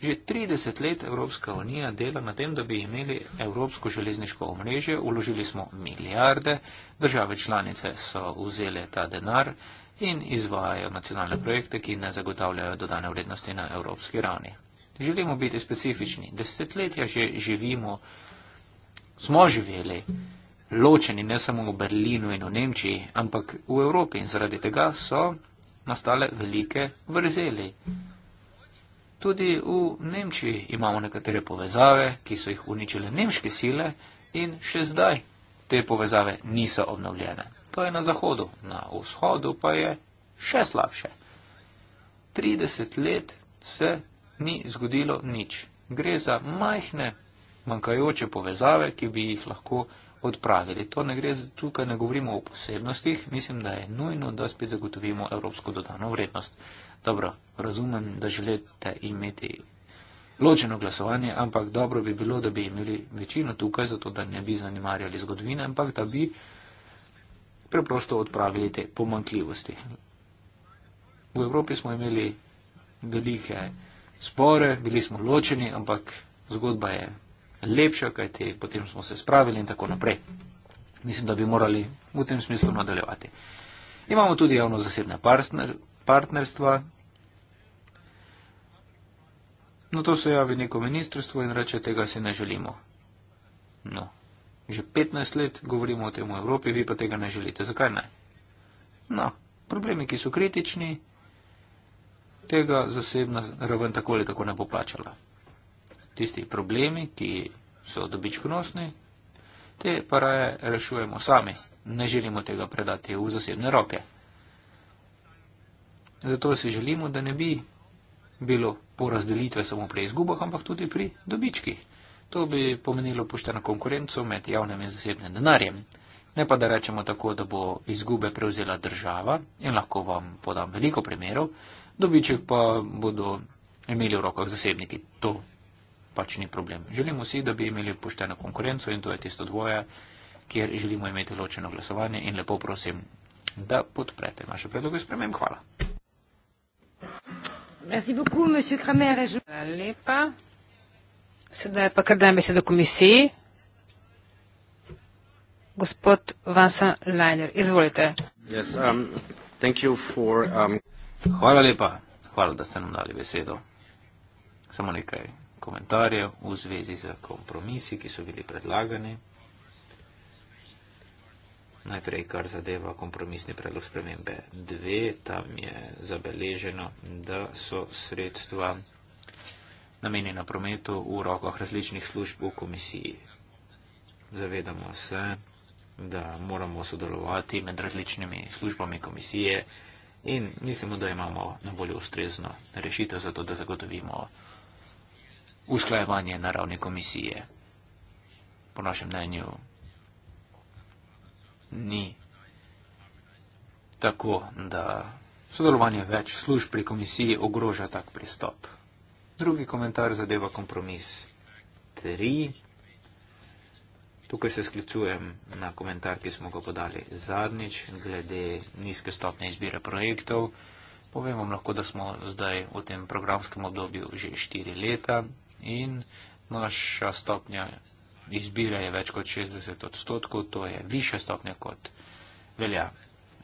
Že 30 let Evropska unija dela na tem, da bi imeli evropsko železniško omrežje, uložili smo milijarde, države članice so vzele ta denar in izvajajo nacionalne projekte, ki ne zagotavljajo dodane vrednosti na evropski ravni. Želimo biti specifični. Desetletja že živimo, smo živeli ločeni ne samo v Berlinu in v Nemčiji, ampak v Evropi in zaradi tega so nastale velike vrzeli. Tudi v Nemčiji imamo nekatere povezave, ki so jih uničile nemške sile in še zdaj te povezave niso obnovljene. To je na zahodu, na vzhodu pa je še slabše. 30 let se ni zgodilo nič. Gre za majhne manjkajoče povezave, ki bi jih lahko odpravili. To ne gre, tukaj ne govorimo o posebnostih, mislim, da je nujno, da spet zagotovimo evropsko dodano vrednost. Dobro, razumem, da želite imeti ločeno glasovanje, ampak dobro bi bilo, da bi imeli večino tukaj, zato da ne bi zanimarjali zgodovine, ampak da bi preprosto odpravili te pomankljivosti. V Evropi smo imeli velike spore, bili smo ločeni, ampak zgodba je lepša, kajti potem smo se spravili in tako naprej. Mislim, da bi morali v tem smislu nadaljevati. Imamo tudi javno-zasebne partnerstva, Na no, to se javi neko ministrstvo in reče, tega si ne želimo. No, že 15 let govorimo o tem v Evropi, vi pa tega ne želite. Zakaj ne? No, problemi, ki so kritični, tega zasebna raven tako ali tako ne bo plačala. Tisti problemi, ki so dobičkonosni, te pa raje rešujemo sami. Ne želimo tega predati v zasebne roke. Zato si želimo, da ne bi bilo porazdelitve samo pri izgubah, ampak tudi pri dobičkih. To bi pomenilo pošteno konkurenco med javnim in zasebnim denarjem. Ne pa da rečemo tako, da bo izgube prevzela država in lahko vam podam veliko primerov, dobiček pa bodo imeli v rokah zasebniki. To pač ni problem. Želimo si, da bi imeli pošteno konkurenco in to je tisto dvoje, kjer želimo imeti ločeno glasovanje in lepo prosim, da podprete naše predloge spremem. Hvala. Merci beaucoup, monsieur Kramer. Je... Hvala lepa. Sedaj pa kar dajem besedo komisiji. Gospod Vansan Leiner, izvolite. Yes, um, thank you for, um... Hvala lepa. Hvala, da ste nam dali besedo. Samo nekaj komentarjev v zvezi z kompromisi, ki so bili predlagani najprej kar zadeva kompromisni predlog spremembe 2, tam je zabeleženo, da so sredstva namenjena prometu v rokah različnih služb v komisiji. Zavedamo se, da moramo sodelovati med različnimi službami komisije in mislimo, da imamo na voljo ustrezno rešitev za to, da zagotovimo usklajevanje na ravni komisije. Po našem mnenju ni tako, da sodelovanje več služb pri komisiji ogroža tak pristop. Drugi komentar zadeva kompromis 3. Tukaj se sklicujem na komentar, ki smo ga podali zadnjič, glede nizke stopne izbire projektov. Povem vam lahko, da smo zdaj v tem programskem obdobju že 4 leta in naša stopnja izbire je več kot 60 odstotkov, to je više stopnje kot velja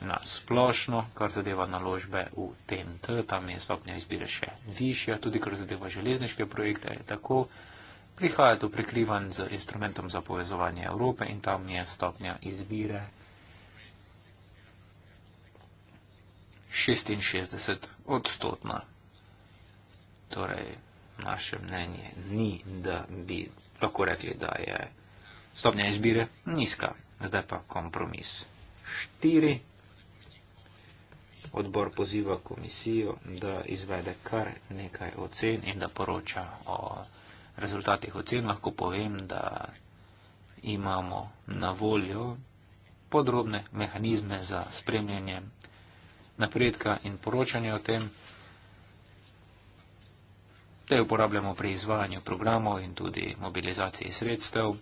na splošno, kar zadeva naložbe v TNT, tam je stopnja izbire še višja, tudi kar zadeva železniške projekte, je tako. Prihaja to prekrivan z instrumentom za povezovanje Evrope in tam je stopnja izbire 66 odstotna. Torej, naše mnenje ni, da bi lahko rekli, da je stopnja izbire nizka. Zdaj pa kompromis. Štiri. Odbor poziva komisijo, da izvede kar nekaj ocen in da poroča o rezultatih ocen. Lahko povem, da imamo na voljo podrobne mehanizme za spremljanje napredka in poročanje o tem te uporabljamo pri izvajanju programov in tudi mobilizaciji sredstev.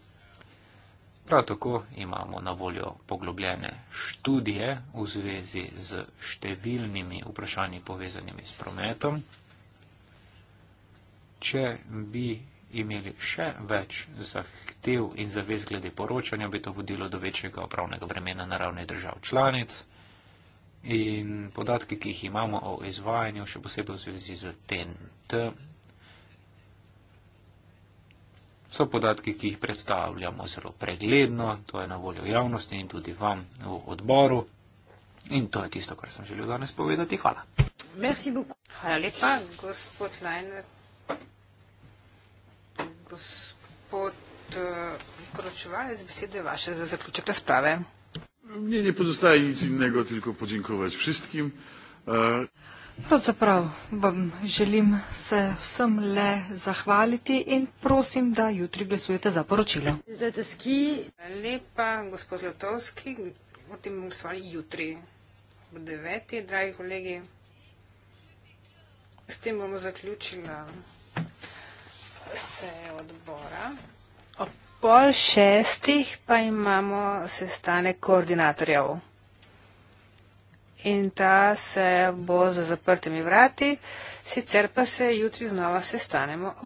Prav tako imamo na voljo poglobljene študije v zvezi z številnimi vprašanji povezanimi s prometom. Če bi imeli še več zahtev in zavez glede poročanja, bi to vodilo do večjega upravnega bremena naravne držav članic. In podatki, ki jih imamo o izvajanju, še posebej v zvezi z TNT, so podatki, ki jih predstavljamo zelo pregledno, to je na voljo javnosti in tudi vam v odboru. In to je tisto, kar sem želel danes povedati. Hvala. Hvala lepa, gospod Lajner. Gospod uh, poročevalec, z besedo je vaše za zaključek razprave. Mnenje pozostaje nič in nego, tylko podziękować wszystkim. Uh. Pravzaprav vam želim se vsem le zahvaliti in prosim, da jutri glasujete za poročilo. Zdeski. Lepa, gospod Lotovski, o tem bomo svali jutri. Ob deveti, dragi kolegi. S tem bomo zaključila se odbora. Ob pol šestih pa imamo sestanek koordinatorjev in ta se bo za zaprtimi vrati, sicer pa se jutri znova sestanemo.